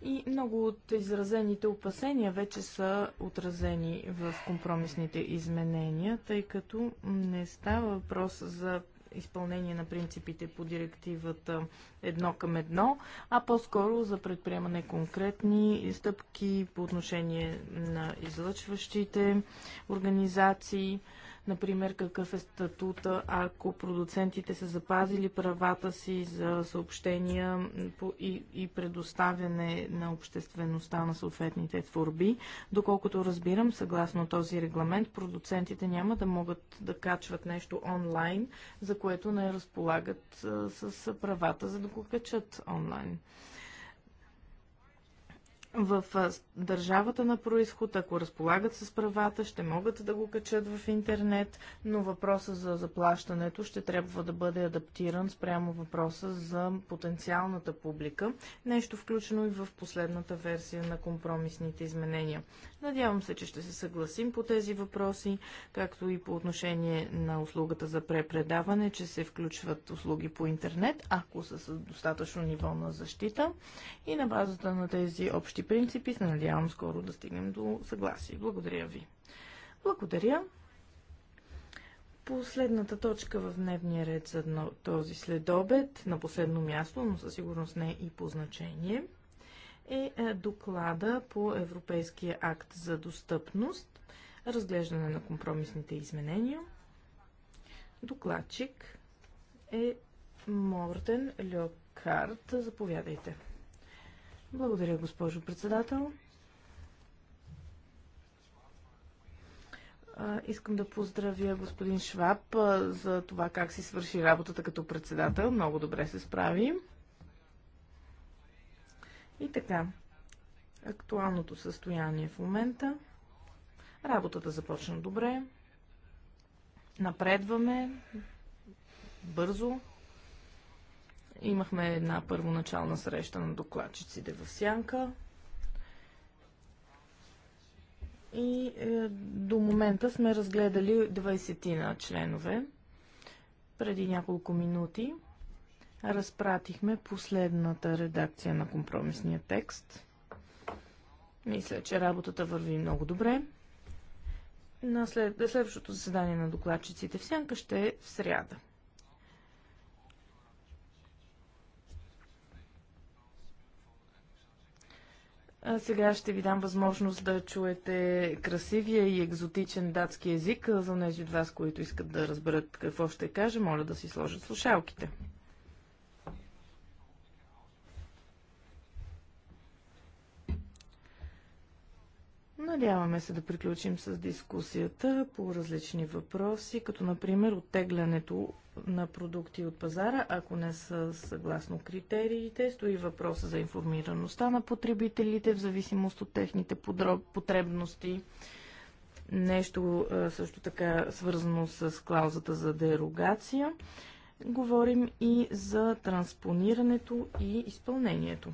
И много от изразените опасения вече са отразени в компромисните изменения, тъй като не става въпрос за изпълнение на принципите по директивата едно към едно, а по-скоро за предприемане конкретни стъпки по отношение на излъчващите организации, Например, какъв е статута, ако продуцентите са запазили правата си за съобщения и, и предоставяне на обществеността на съответните творби. Доколкото разбирам, съгласно този регламент, продуцентите няма да могат да качват нещо онлайн, за което не разполагат а, с правата за да го качат онлайн в държавата на происход, ако разполагат с правата, ще могат да го качат в интернет, но въпроса за заплащането ще трябва да бъде адаптиран спрямо въпроса за потенциалната публика, нещо включено и в последната версия на компромисните изменения. Надявам се, че ще се съгласим по тези въпроси, както и по отношение на услугата за препредаване, че се включват услуги по интернет, ако са с достатъчно ниво на защита и на базата на тези общи общи принципи. Се надявам скоро да стигнем до съгласие. Благодаря ви. Благодаря. Последната точка в дневния ред за този следобед, на последно място, но със сигурност не и по значение, е, е доклада по Европейския акт за достъпност, разглеждане на компромисните изменения. Докладчик е Мортен Льокарт. Заповядайте. Благодаря, госпожо председател. Искам да поздравя господин Шваб за това как си свърши работата като председател. Много добре се справи. И така, актуалното състояние в момента. Работата започна добре. Напредваме бързо. Имахме една първоначална среща на докладчиците в Сянка. И е, до момента сме разгледали 20 на членове. Преди няколко минути разпратихме последната редакция на компромисния текст. Мисля, че работата върви много добре. На след... следващото заседание на докладчиците в Сянка ще е в сряда. А сега ще ви дам възможност да чуете красивия и екзотичен датски език за тези от вас, които искат да разберат какво ще кажа. Моля да си сложат слушалките. Надяваме се да приключим с дискусията по различни въпроси, като например оттеглянето на продукти от пазара, ако не са съгласно критериите. Стои въпроса за информираността на потребителите в зависимост от техните потребности. Нещо също така свързано с клаузата за дерогация. Говорим и за транспонирането и изпълнението.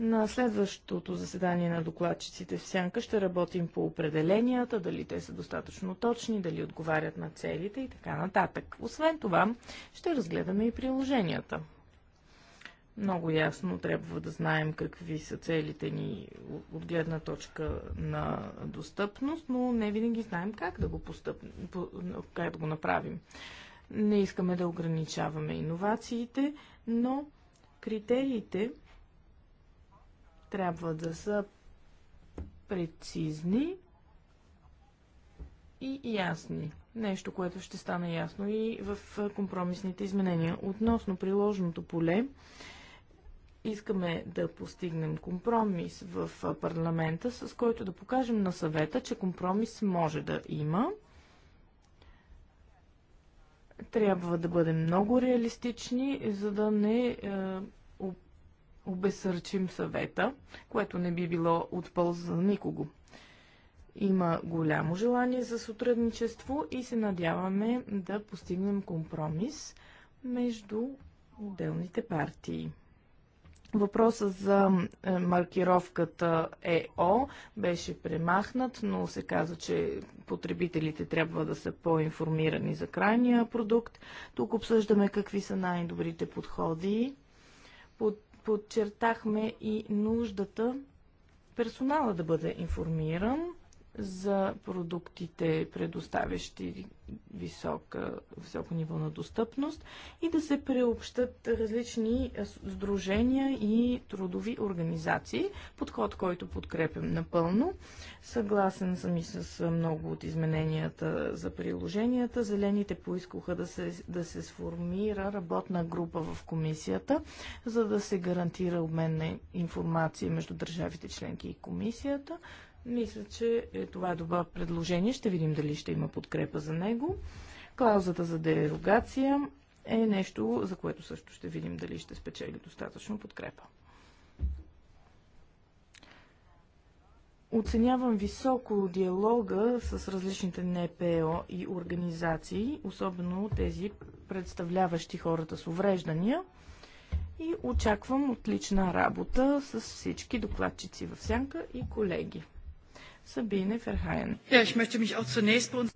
На следващото заседание на докладчиците в Сянка ще работим по определенията, дали те са достатъчно точни, дали отговарят на целите и така нататък. Освен това, ще разгледаме и приложенията. Много ясно трябва да знаем какви са целите ни от гледна точка на достъпност, но не винаги знаем как да го, постъп... как да го направим. Не искаме да ограничаваме иновациите, но критериите трябва да са прецизни и ясни. Нещо, което ще стане ясно и в компромисните изменения. Относно приложеното поле, искаме да постигнем компромис в парламента, с който да покажем на съвета, че компромис може да има. Трябва да бъдем много реалистични, за да не е, обесърчим съвета, което не би било от полза за никого. Има голямо желание за сътрудничество и се надяваме да постигнем компромис между отделните партии. Въпросът за е, маркировката ЕО беше премахнат, но се каза, че потребителите трябва да са по-информирани за крайния продукт. Тук обсъждаме какви са най-добрите подходи. Под подчертахме и нуждата персонала да бъде информиран за продуктите, предоставящи висока, високо ниво на достъпност и да се преобщат различни сдружения и трудови организации. Подход, който подкрепям напълно. Съгласен съм и с много от измененията за приложенията. Зелените поискаха да се, да се сформира работна група в комисията, за да се гарантира обмен на информация между държавите членки и комисията. Мисля, че е това е добро предложение. Ще видим дали ще има подкрепа за него. Клаузата за дерогация е нещо, за което също ще видим дали ще спечели достатъчно подкрепа. Оценявам високо диалога с различните НПО и организации, особено тези представляващи хората с увреждания и очаквам отлична работа с всички докладчици в сянка и колеги. Sabine Verheyen. Ja, ich möchte mich auch zunächst bei uns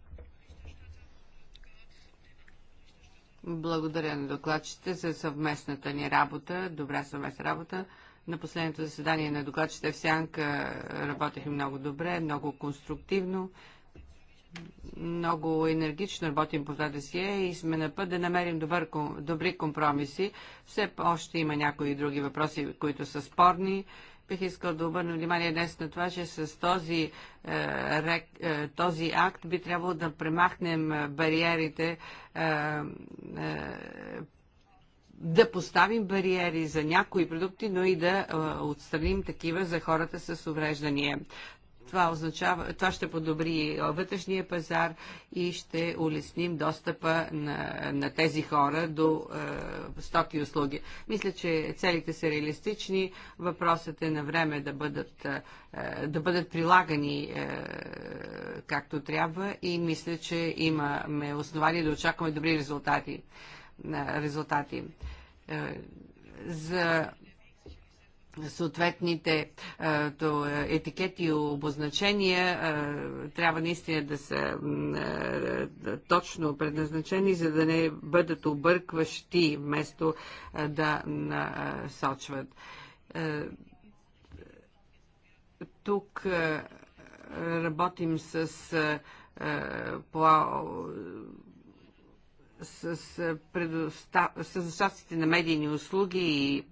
Благодаря на докладчите за съвместната ни работа, добра съвместна работа. На последното заседание на докладчите в Сянка е, работихме много добре, много конструктивно, много енергично работим по това досие и сме на път да намерим добър, добри компромиси. Все още има някои други въпроси, които са спорни Бих искал да обърна внимание днес на това, че с този, е, е, този акт би трябвало да премахнем е, бариерите да поставим бариери за някои продукти, но и да отстраним такива за хората с увреждания. Това, означава, това ще подобри вътрешния пазар и ще улесним достъпа на, на тези хора до е, стоки и услуги. Мисля, че целите са реалистични. Въпросът е на време да бъдат, е, да бъдат прилагани е, както трябва и мисля, че имаме основания да очакваме добри резултати. Е, резултати. Е, за съответните е, етикети и обозначения трябва наистина да са точно предназначени, за да не бъдат объркващи, вместо да насочват. Тук работим с с, предостав... с доставците на медийни услуги и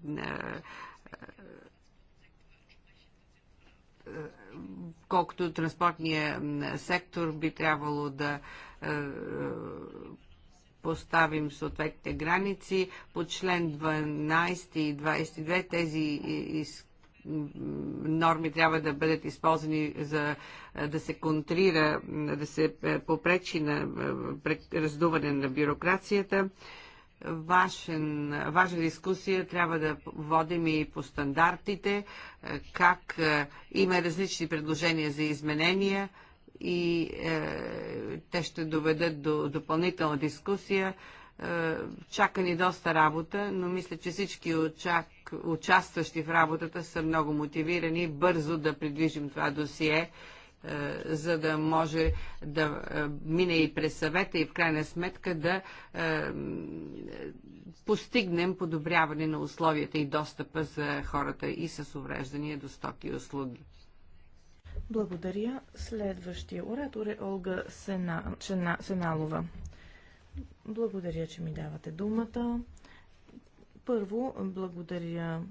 колкото транспортния сектор би трябвало да е, поставим съответните граници. По член 12 и 22 тези норми трябва да бъдат използвани за е, да се контрира, да се е, попречи на раздуване на бюрокрацията. Вашен, ваша дискусия трябва да водим и по стандартите, е, как е, има различни предложения за изменения и е, те ще доведат до допълнителна дискусия. чака ни доста работа, но мисля, че всички очак, участващи в работата са много мотивирани бързо да придвижим това досие. Е, за да може да е, мине и през съвета и в крайна сметка да е, постигнем подобряване на условията и достъпа за хората и с увреждания до стоки и услуги. Благодаря. Следващия оратор е Олга Сена... Чена... Сеналова. Благодаря, че ми давате думата. Първо, благодаря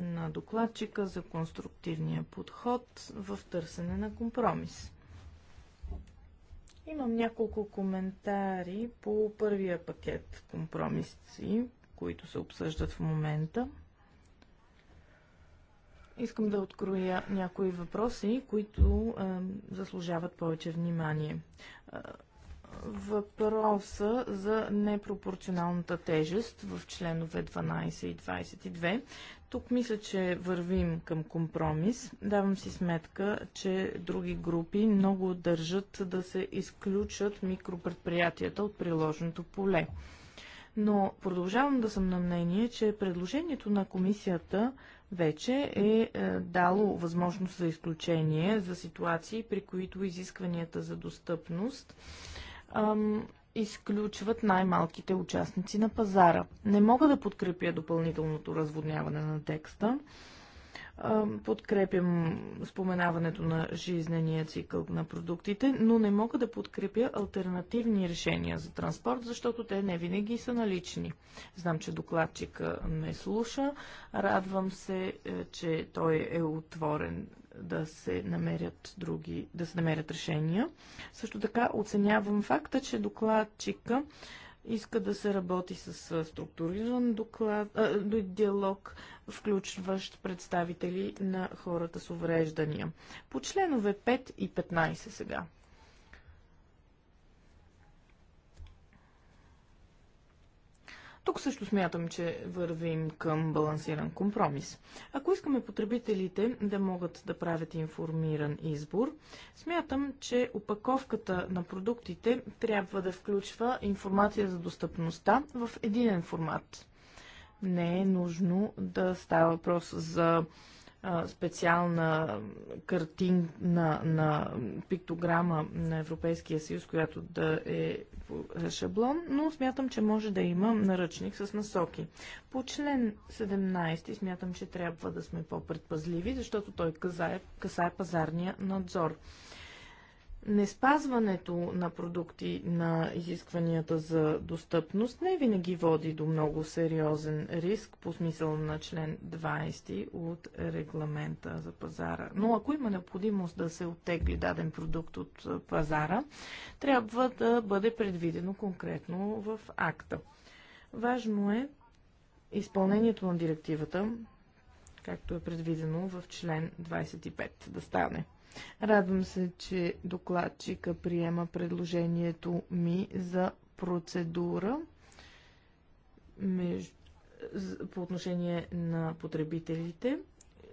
на докладчика за конструктивния подход в търсене на компромис. Имам няколко коментари по първия пакет компромиси, които се обсъждат в момента. Искам да откроя някои въпроси, които е, заслужават повече внимание. Е, въпроса за непропорционалната тежест в членове 12 и 22. Тук мисля, че вървим към компромис. Давам си сметка, че други групи много държат да се изключат микропредприятията от приложеното поле. Но продължавам да съм на мнение, че предложението на комисията вече е, е дало възможност за изключение за ситуации, при които изискванията за достъпност изключват най-малките участници на пазара. Не мога да подкрепя допълнителното разводняване на текста. Подкрепям споменаването на жизнения цикъл на продуктите, но не мога да подкрепя альтернативни решения за транспорт, защото те не винаги са налични. Знам, че докладчика ме слуша. Радвам се, е, че той е отворен да се намерят други, да се намерят решения. Също така оценявам факта, че докладчика иска да се работи с структуриран доклад, а, диалог, включващ представители на хората с увреждания. По членове 5 и 15 сега. Тук също смятам, че вървим към балансиран компромис. Ако искаме потребителите да могат да правят информиран избор, смятам, че опаковката на продуктите трябва да включва информация за достъпността в единен формат. Не е нужно да става въпрос за специална картин на, на пиктограма на Европейския съюз, която да е шаблон, но смятам, че може да има наръчник с насоки. По член 17 смятам, че трябва да сме по-предпазливи, защото той касае, касае пазарния надзор неспазването на продукти на изискванията за достъпност не винаги води до много сериозен риск по смисъл на член 20 от регламента за пазара. Но ако има необходимост да се оттегли даден продукт от пазара, трябва да бъде предвидено конкретно в акта. Важно е изпълнението на директивата, както е предвидено в член 25 да стане. Радвам се, че докладчика приема предложението ми за процедура по отношение на потребителите,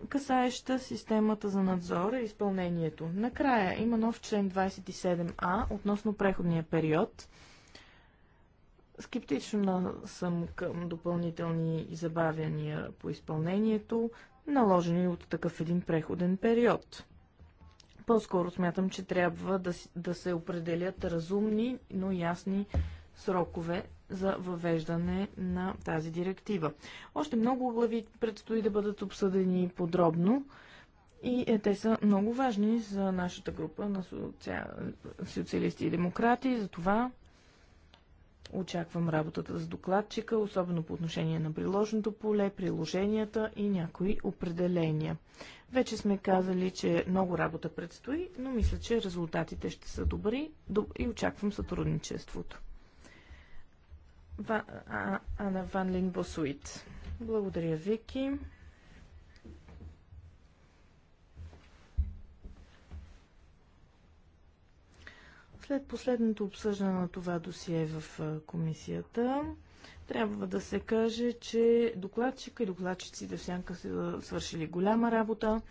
касаеща системата за надзор и изпълнението. Накрая има нов член 27а относно преходния период. Скептична съм към допълнителни забавяния по изпълнението, наложени от такъв един преходен период. По-скоро смятам, че трябва да, да се определят разумни, но ясни срокове за въвеждане на тази директива. Още много глави предстои да бъдат обсъдени подробно и е, те са много важни за нашата група на социалисти и демократи. Затова Очаквам работата с докладчика, особено по отношение на приложното поле, приложенията и някои определения. Вече сме казали, че много работа предстои, но мисля, че резултатите ще са добри и очаквам сътрудничеството. Ана Ван Лин Босуит. Благодаря, Вики. След последното обсъждане на това досие в комисията, трябва да се каже, че докладчика и докладчиците да сянка са свършили голяма работа,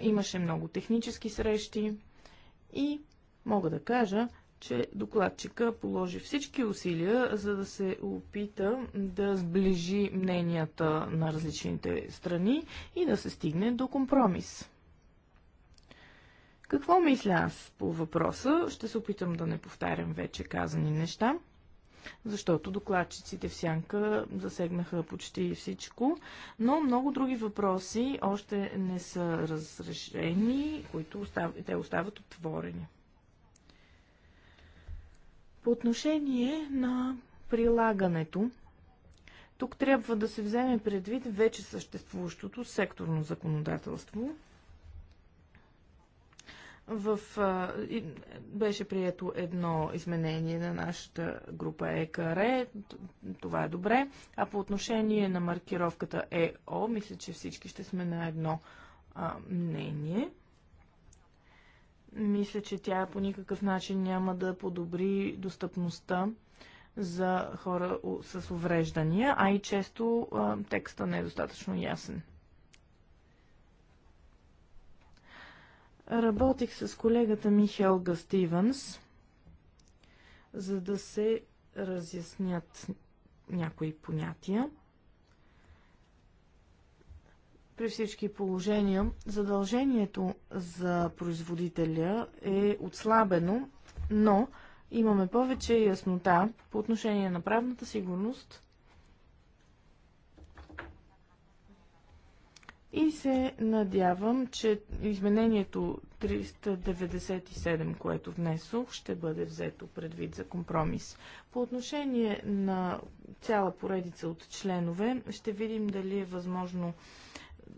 имаше много технически срещи и мога да кажа, че докладчика положи всички усилия, за да се опита да сближи мненията на различните страни и да се стигне до компромис. Какво мисля аз по въпроса? Ще се опитам да не повтарям вече казани неща, защото докладчиците в сянка засегнаха почти всичко, но много други въпроси още не са разрешени, които остав... те остават отворени. По отношение на прилагането, тук трябва да се вземе предвид вече съществуващото секторно законодателство – в, а, беше прието едно изменение на нашата група ЕКР. Това е добре. А по отношение на маркировката ЕО, мисля, че всички ще сме на едно а, мнение. Мисля, че тя по никакъв начин няма да подобри достъпността за хора с увреждания, а и често а, текста не е достатъчно ясен. Работих с колегата Михел Стивенс, за да се разяснят някои понятия. При всички положения задължението за производителя е отслабено, но имаме повече яснота по отношение на правната сигурност И се надявам, че изменението 397, което внесох, ще бъде взето предвид за компромис. По отношение на цяла поредица от членове, ще видим дали е възможно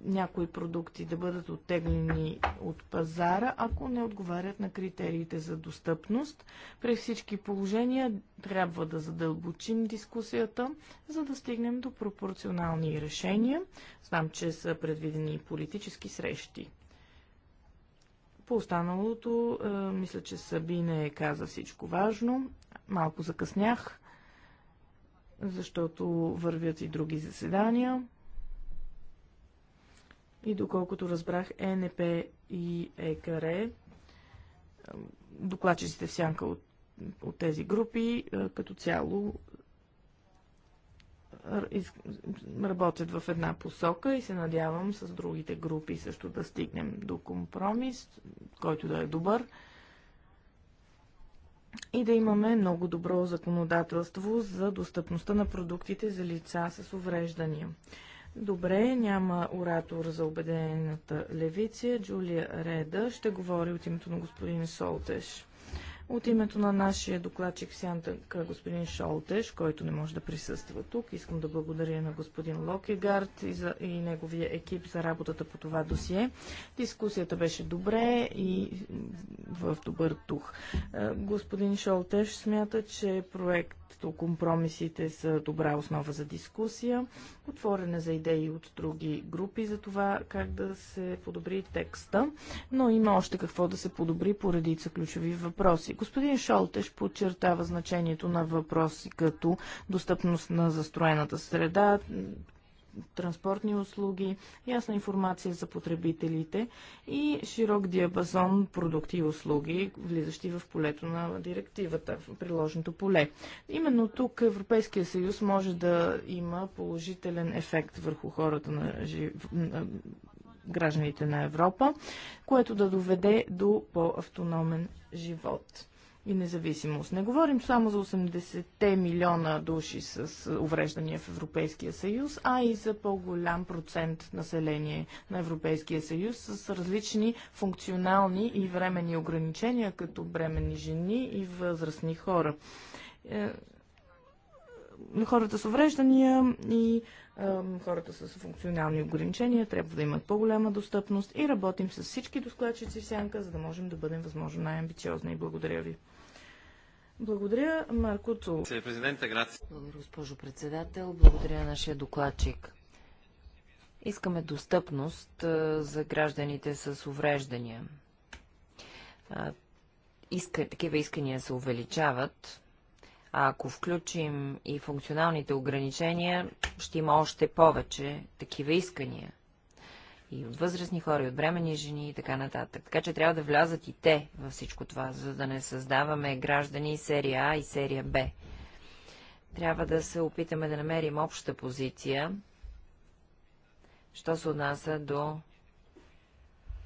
някои продукти да бъдат оттеглени от пазара, ако не отговарят на критериите за достъпност. При всички положения трябва да задълбочим дискусията, за да стигнем до пропорционални решения. Знам, че са предвидени и политически срещи. По останалото, е, мисля, че е каза всичко важно. Малко закъснях, защото вървят и други заседания. И доколкото разбрах, ЕНП и ЕКР, е, докладчиците в сянка от, от тези групи, като цяло работят в една посока и се надявам с другите групи също да стигнем до компромис, който да е добър и да имаме много добро законодателство за достъпността на продуктите за лица с увреждания. Добре, няма оратор за обедената левиция. Джулия Реда ще говори от името на господин Солтеш. От името на нашия докладчик сянтък господин Шолтеш, който не може да присъства тук, искам да благодаря на господин Локегард и, за, и неговия екип за работата по това досие. Дискусията беше добре и в добър дух. Е, господин Шолтеш смята, че проект компромисите са добра основа за дискусия. Отворена за идеи от други групи за това как да се подобри текста, но има още какво да се подобри по редица ключови въпроси. Господин Шолтеш подчертава значението на въпроси като достъпност на застроената среда, транспортни услуги, ясна информация за потребителите и широк диапазон продукти и услуги, влизащи в полето на директивата, в приложното поле. Именно тук Европейския съюз може да има положителен ефект върху хората на жив гражданите на Европа, което да доведе до по-автономен живот и независимост. Не говорим само за 80-те милиона души с увреждания в Европейския съюз, а и за по-голям процент население на Европейския съюз с различни функционални и временни ограничения, като бремени жени и възрастни хора. Е, хората с увреждания и хората с функционални ограничения трябва да имат по-голяма достъпност и работим с всички доскладчици в сянка, за да можем да бъдем възможно най-амбициозни. Благодаря ви. Благодаря, Марко Цул. Благодаря, госпожо председател. Благодаря нашия докладчик. Искаме достъпност за гражданите с увреждания. Иска, такива искания се увеличават, а ако включим и функционалните ограничения, ще има още повече такива искания и от възрастни хора, и от бремени жени и така нататък. Така че трябва да влязат и те във всичко това, за да не създаваме граждани серия А и серия Б. Трябва да се опитаме да намерим обща позиция, що се отнася до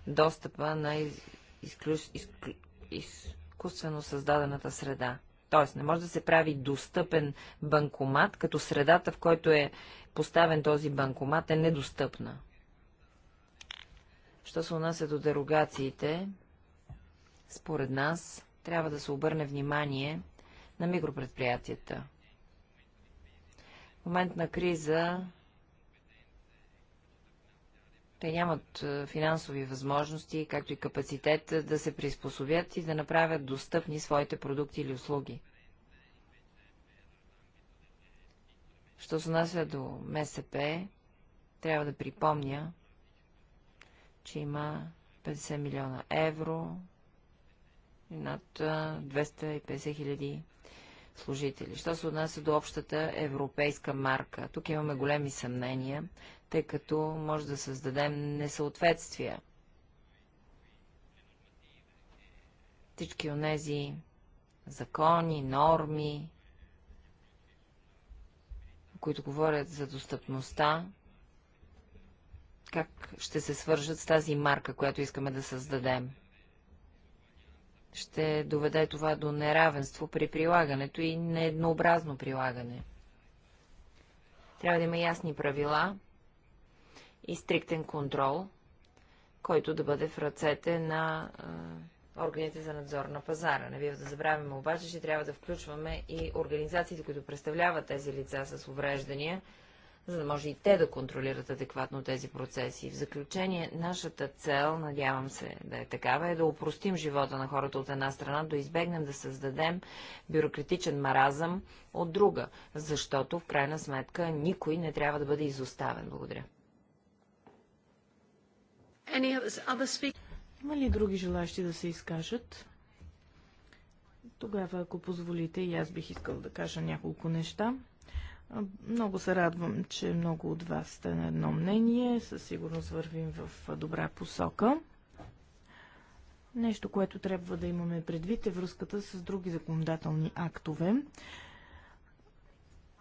достъпа на из... изклю... изклю... изкуствено създадената среда. Тоест, не може да се прави достъпен банкомат, като средата, в който е поставен този банкомат, е недостъпна. Що се унася до дерогациите, според нас трябва да се обърне внимание на микропредприятията. В момент на криза те нямат е, финансови възможности, както и капацитет е, да се приспособят и да направят достъпни своите продукти или услуги. Що се унася до МСП, трябва да припомня, че има 50 милиона евро и над 250 хиляди служители. Що се отнася до общата европейска марка? Тук имаме големи съмнения, тъй като може да създадем несъответствия. Всички тези закони, норми, които говорят за достъпността, как ще се свържат с тази марка, която искаме да създадем. Ще доведе това до неравенство при прилагането и нееднообразно прилагане. Трябва да има ясни правила и стриктен контрол, който да бъде в ръцете на органите за надзор на пазара. Не бива да забравяме обаче, че трябва да включваме и организациите, които представляват тези лица с увреждания, за да може и те да контролират адекватно тези процеси. В заключение, нашата цел, надявам се да е такава, е да упростим живота на хората от една страна, да избегнем да създадем бюрократичен маразъм от друга, защото в крайна сметка никой не трябва да бъде изоставен. Благодаря. Има ли други желащи да се изкажат? Тогава, ако позволите, и аз бих искал да кажа няколко неща. Много се радвам, че много от вас сте на едно мнение. Със сигурност вървим в добра посока. Нещо, което трябва да имаме предвид е връзката с други законодателни актове.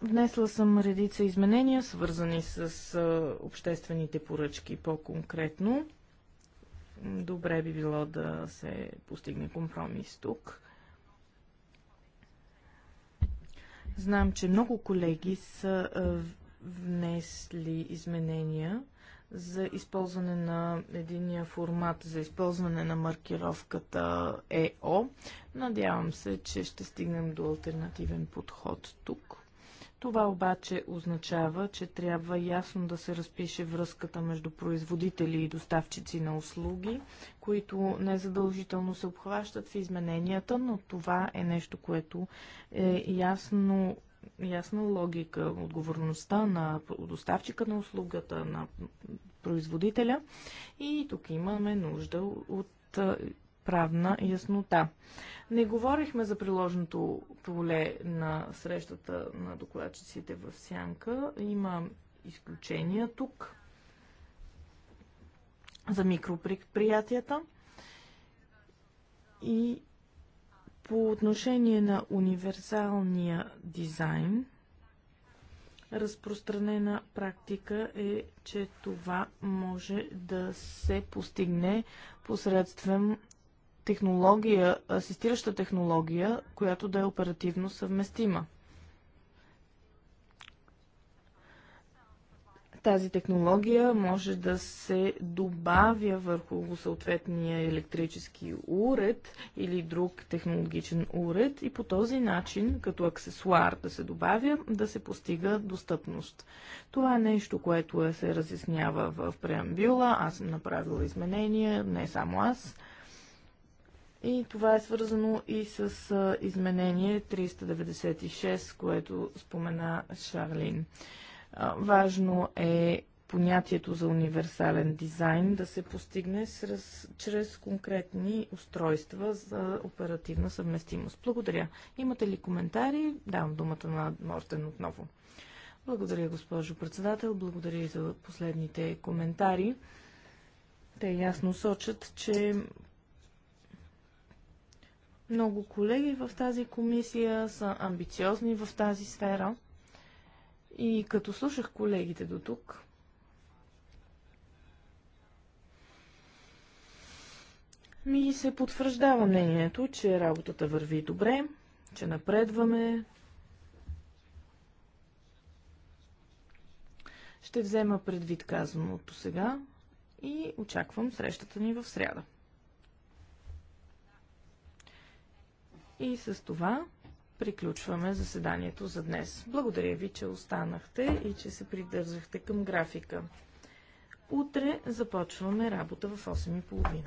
Внесла съм редица изменения, свързани с обществените поръчки по-конкретно. Добре би било да се постигне компромис тук. Знам, че много колеги са внесли изменения за използване на единия формат за използване на маркировката ЕО. Надявам се, че ще стигнем до альтернативен подход тук. Това обаче означава, че трябва ясно да се разпише връзката между производители и доставчици на услуги, които незадължително се обхващат в измененията, но това е нещо, което е ясно ясна логика, отговорността на доставчика на услугата, на производителя. И тук имаме нужда от правна яснота. Не говорихме за приложеното поле на срещата на докладчиците в Сянка. Има изключения тук за микропредприятията. И по отношение на универсалния дизайн, разпространена практика е, че това може да се постигне посредством технология, асистираща технология, която да е оперативно съвместима. Тази технология може да се добавя върху съответния електрически уред или друг технологичен уред и по този начин, като аксесуар да се добавя, да се постига достъпност. Това е нещо, което е, се разяснява в преамбюла. Аз съм направила изменения, не само аз. И това е свързано и с изменение 396, което спомена Шарлин. Важно е понятието за универсален дизайн да се постигне срез, чрез конкретни устройства за оперативна съвместимост. Благодаря. Имате ли коментари? Давам думата на Мортен отново. Благодаря, госпожо председател. Благодаря и за последните коментари. Те ясно сочат, че много колеги в тази комисия са амбициозни в тази сфера. И като слушах колегите до тук, ми се потвърждава мнението, че работата върви добре, че напредваме. Ще взема предвид казаното сега и очаквам срещата ни в сряда. И с това приключваме заседанието за днес. Благодаря ви, че останахте и че се придържахте към графика. Утре започваме работа в 8.30.